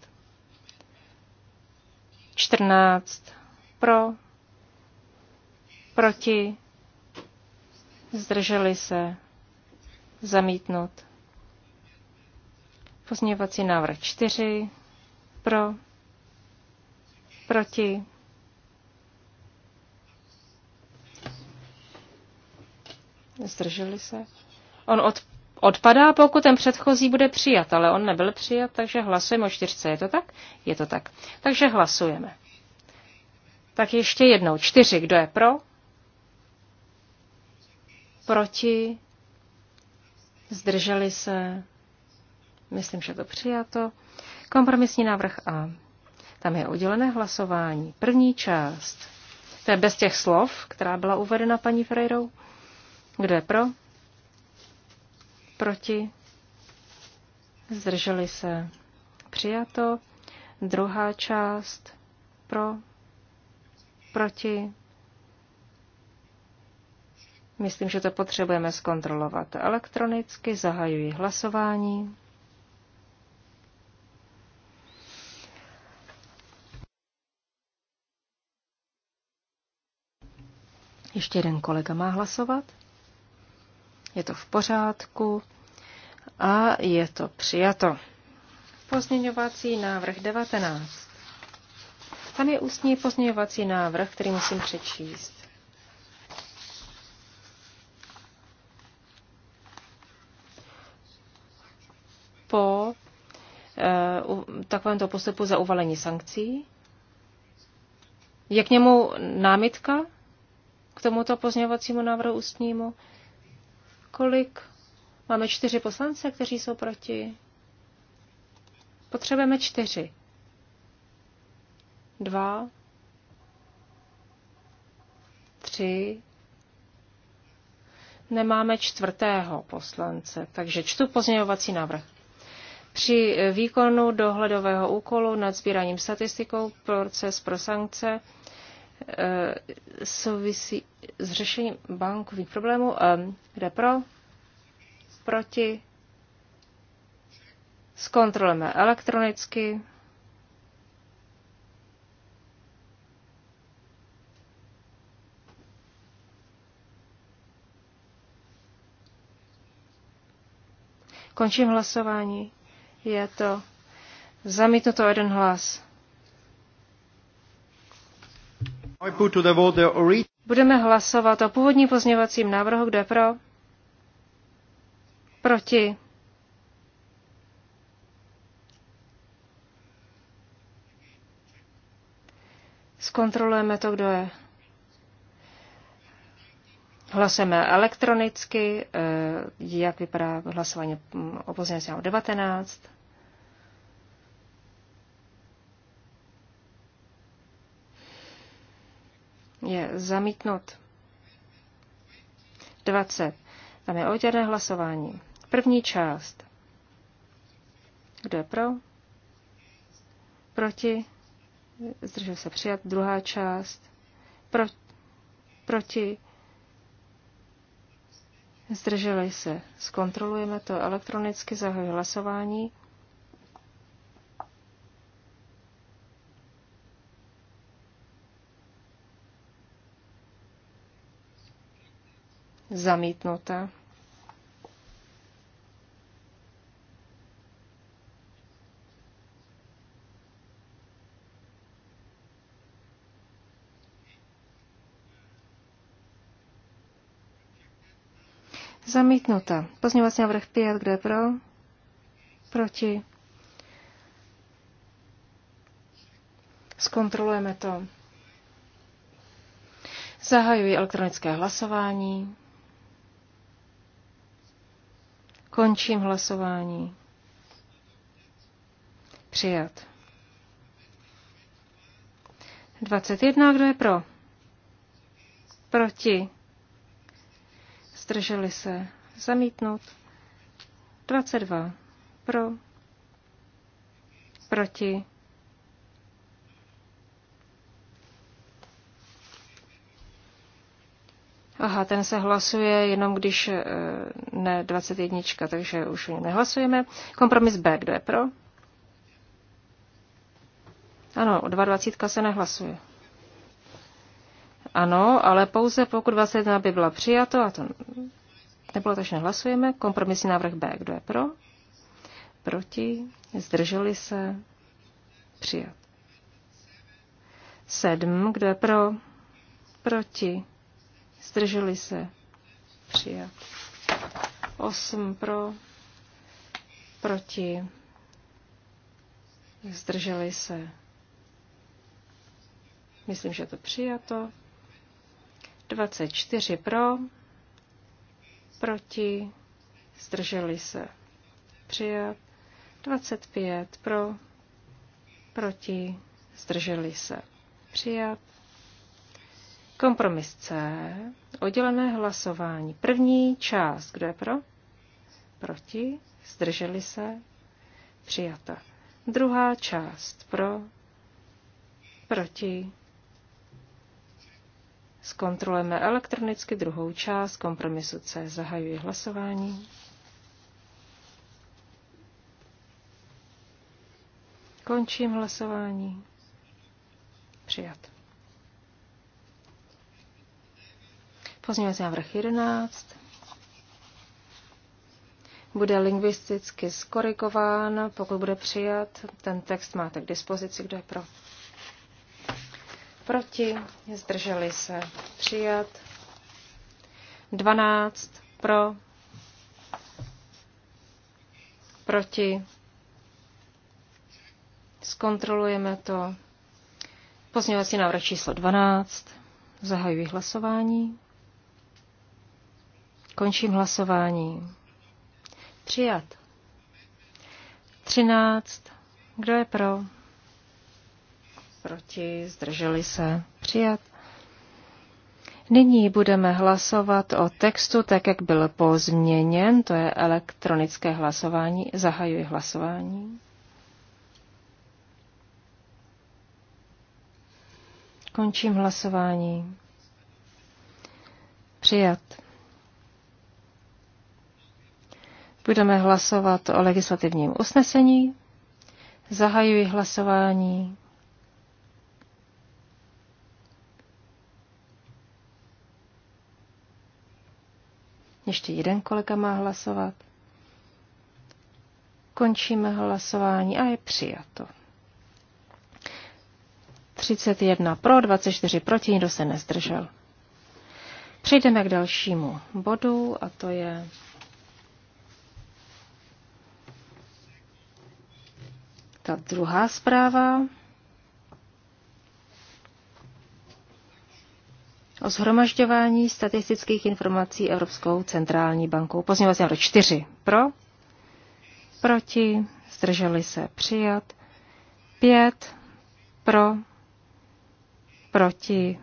14. Pro? Proti? Zdrželi se? Zamítnut. Pozměňovací návrh 4. Pro? Proti? Zdrželi se? On od, odpadá, pokud ten předchozí bude přijat, ale on nebyl přijat, takže hlasujeme o čtyřce. Je to tak? Je to tak. Takže hlasujeme. Tak ještě jednou. Čtyři. Kdo je pro? Proti? Zdrželi se? Myslím, že to přijato. Kompromisní návrh A. Tam je udělené hlasování. První část. To je bez těch slov, která byla uvedena paní Freirou. Kdo je pro? Proti? Zdrželi se? Přijato. Druhá část. Pro? Proti? Myslím, že to potřebujeme zkontrolovat elektronicky. Zahajuji hlasování. Ještě jeden kolega má hlasovat. Je to v pořádku a je to přijato. Pozměňovací návrh 19. Tam je ústní pozměňovací návrh, který musím přečíst. takovémto postupu za uvalení sankcí. Je k němu námitka k tomuto pozměňovacímu návrhu ústnímu? Kolik? Máme čtyři poslance, kteří jsou proti. Potřebujeme čtyři. Dva. Tři. Nemáme čtvrtého poslance, takže čtu pozměňovací návrh při výkonu dohledového úkolu nad sbíraním statistikou proces pro sankce eh, souvisí s řešením bankových problémů. Eh, kde pro? Proti? Zkontrolujeme elektronicky. Končím hlasování. Je to zamítnuto jeden hlas. Budeme hlasovat o původním pozměvacím návrhu, kde pro, proti, Zkontrolujeme to, kdo je Hlasujeme elektronicky, eh, jak vypadá hlasování o pozměňovacím 19. Je zamítnut 20. Tam je oddělené hlasování. První část. Kdo je pro? Proti? Zdržel se přijat. Druhá část. Pro, proti? zdrželi se. Zkontrolujeme to elektronicky, zahajuji hlasování. Zamítnuta. Zamítnuta. Pozměňovací návrh 5, kde pro? Proti. Zkontrolujeme to. Zahajuji elektronické hlasování. Končím hlasování. Přijat. 21. Kdo je pro? Proti zdrželi se, zamítnout. 22 pro, proti, Aha, ten se hlasuje jenom když eh, ne 21, takže už o něm nehlasujeme. Kompromis B, kdo je pro? Ano, o 22 se nehlasuje. Ano, ale pouze pokud 21 by byla přijato, a to nebylo, takže nehlasujeme. Kompromisní návrh B. Kdo je pro? Proti? Zdrželi se? Přijat. Sedm. Kdo je pro? Proti? Zdrželi se? Přijat. Osm pro? Proti? Zdrželi se? Myslím, že to přijato. 24 pro, proti, zdrželi se. Přijat. 25 pro, proti, zdrželi se. Přijat. Kompromis C. Oddělené hlasování. První část. Kdo je pro? Proti. Zdrželi se. Přijata. Druhá část. Pro. Proti. Zkontrolujeme elektronicky druhou část kompromisu C. Zahajuji hlasování. Končím hlasování. Přijat. Pozměňovací návrh 11 bude lingvisticky skorigován, pokud bude přijat. Ten text máte k dispozici, kdo je pro proti, zdrželi se, přijat. 12 pro, proti, zkontrolujeme to. Pozměňovací návrh číslo 12, zahajuji hlasování, končím hlasování. Přijat. 13. Kdo je pro? proti, zdrželi se, přijat. Nyní budeme hlasovat o textu tak, jak byl pozměněn, to je elektronické hlasování. Zahajuji hlasování. Končím hlasování. Přijat. Budeme hlasovat o legislativním usnesení. Zahajuji hlasování. Ještě jeden kolega má hlasovat. Končíme hlasování a je přijato. 31 pro, 24 proti, nikdo se nezdržel. Přejdeme k dalšímu bodu a to je ta druhá zpráva. o zhromažďování statistických informací Evropskou centrální bankou. Pozměňovací návrh 4 pro, proti, zdrželi se přijat. 5 pro, proti,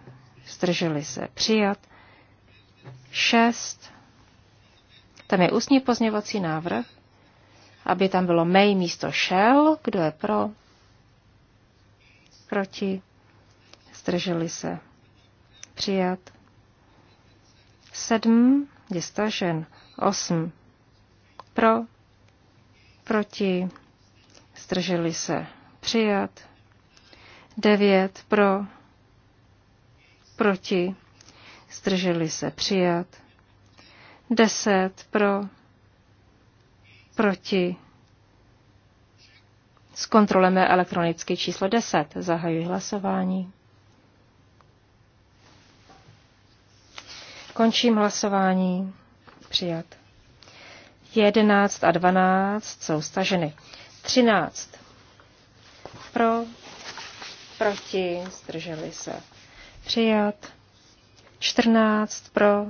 zdrželi se přijat. 6. Tam je ústní pozměňovací návrh, aby tam bylo may místo shell. Kdo je pro? Proti? Zdrželi se Přijat. Sedm je stažen. Osm. Pro. Proti. Zdrželi se. Přijat. Devět. Pro. Proti. Zdrželi se. Přijat. Deset. Pro. Proti. Zkontrolujeme elektronicky číslo 10. Zahajuji hlasování. Končím hlasování. Přijat. 11 a 12 jsou staženy. 13. Pro, proti, zdrželi se. Přijat. 14 pro,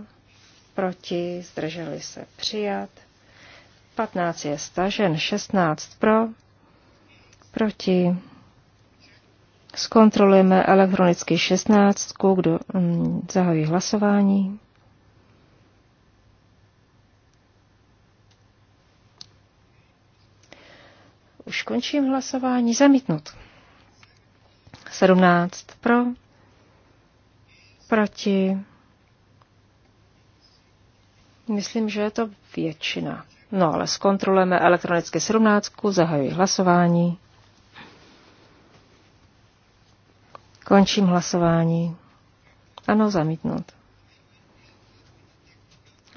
proti, zdrželi se. Přijat. 15 je stažen, 16 pro, proti. Zkontrolujeme elektronicky 16, kdo hm, mm, zahojí hlasování. Už končím hlasování. Zamítnut. 17 pro. Proti. Myslím, že je to většina. No ale zkontrolujeme elektronicky 17. Zahajuji hlasování. Končím hlasování. Ano, zamítnout.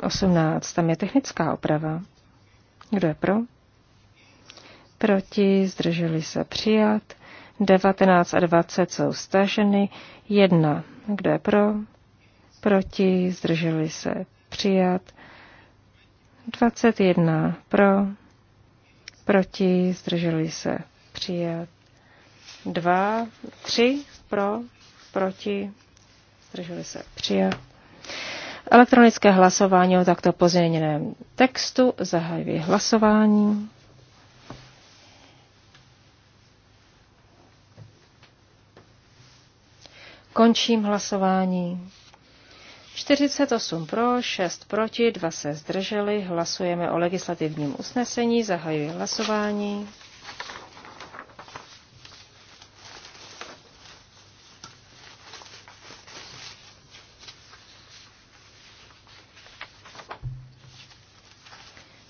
18. Tam je technická oprava. Kdo je pro? proti, zdrželi se přijat. 19 a 20 jsou staženy. 1, kdo je pro, proti, zdrželi se přijat. 21 pro, proti, zdrželi se přijat. 2, 3 pro, proti, zdrželi se přijat. Elektronické hlasování o takto pozměněném textu zahajuji hlasování. Končím hlasování. 48 pro, 6 proti, 2 se zdrželi. Hlasujeme o legislativním usnesení. Zahajuji hlasování.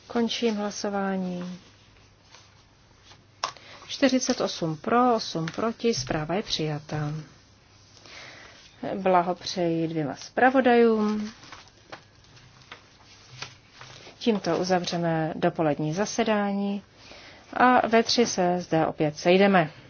Končím hlasování. 48 pro, 8 proti, zpráva je přijatá. Blahopřeji dvěma zpravodajům. Tímto uzavřeme dopolední zasedání a ve tři se zde opět sejdeme.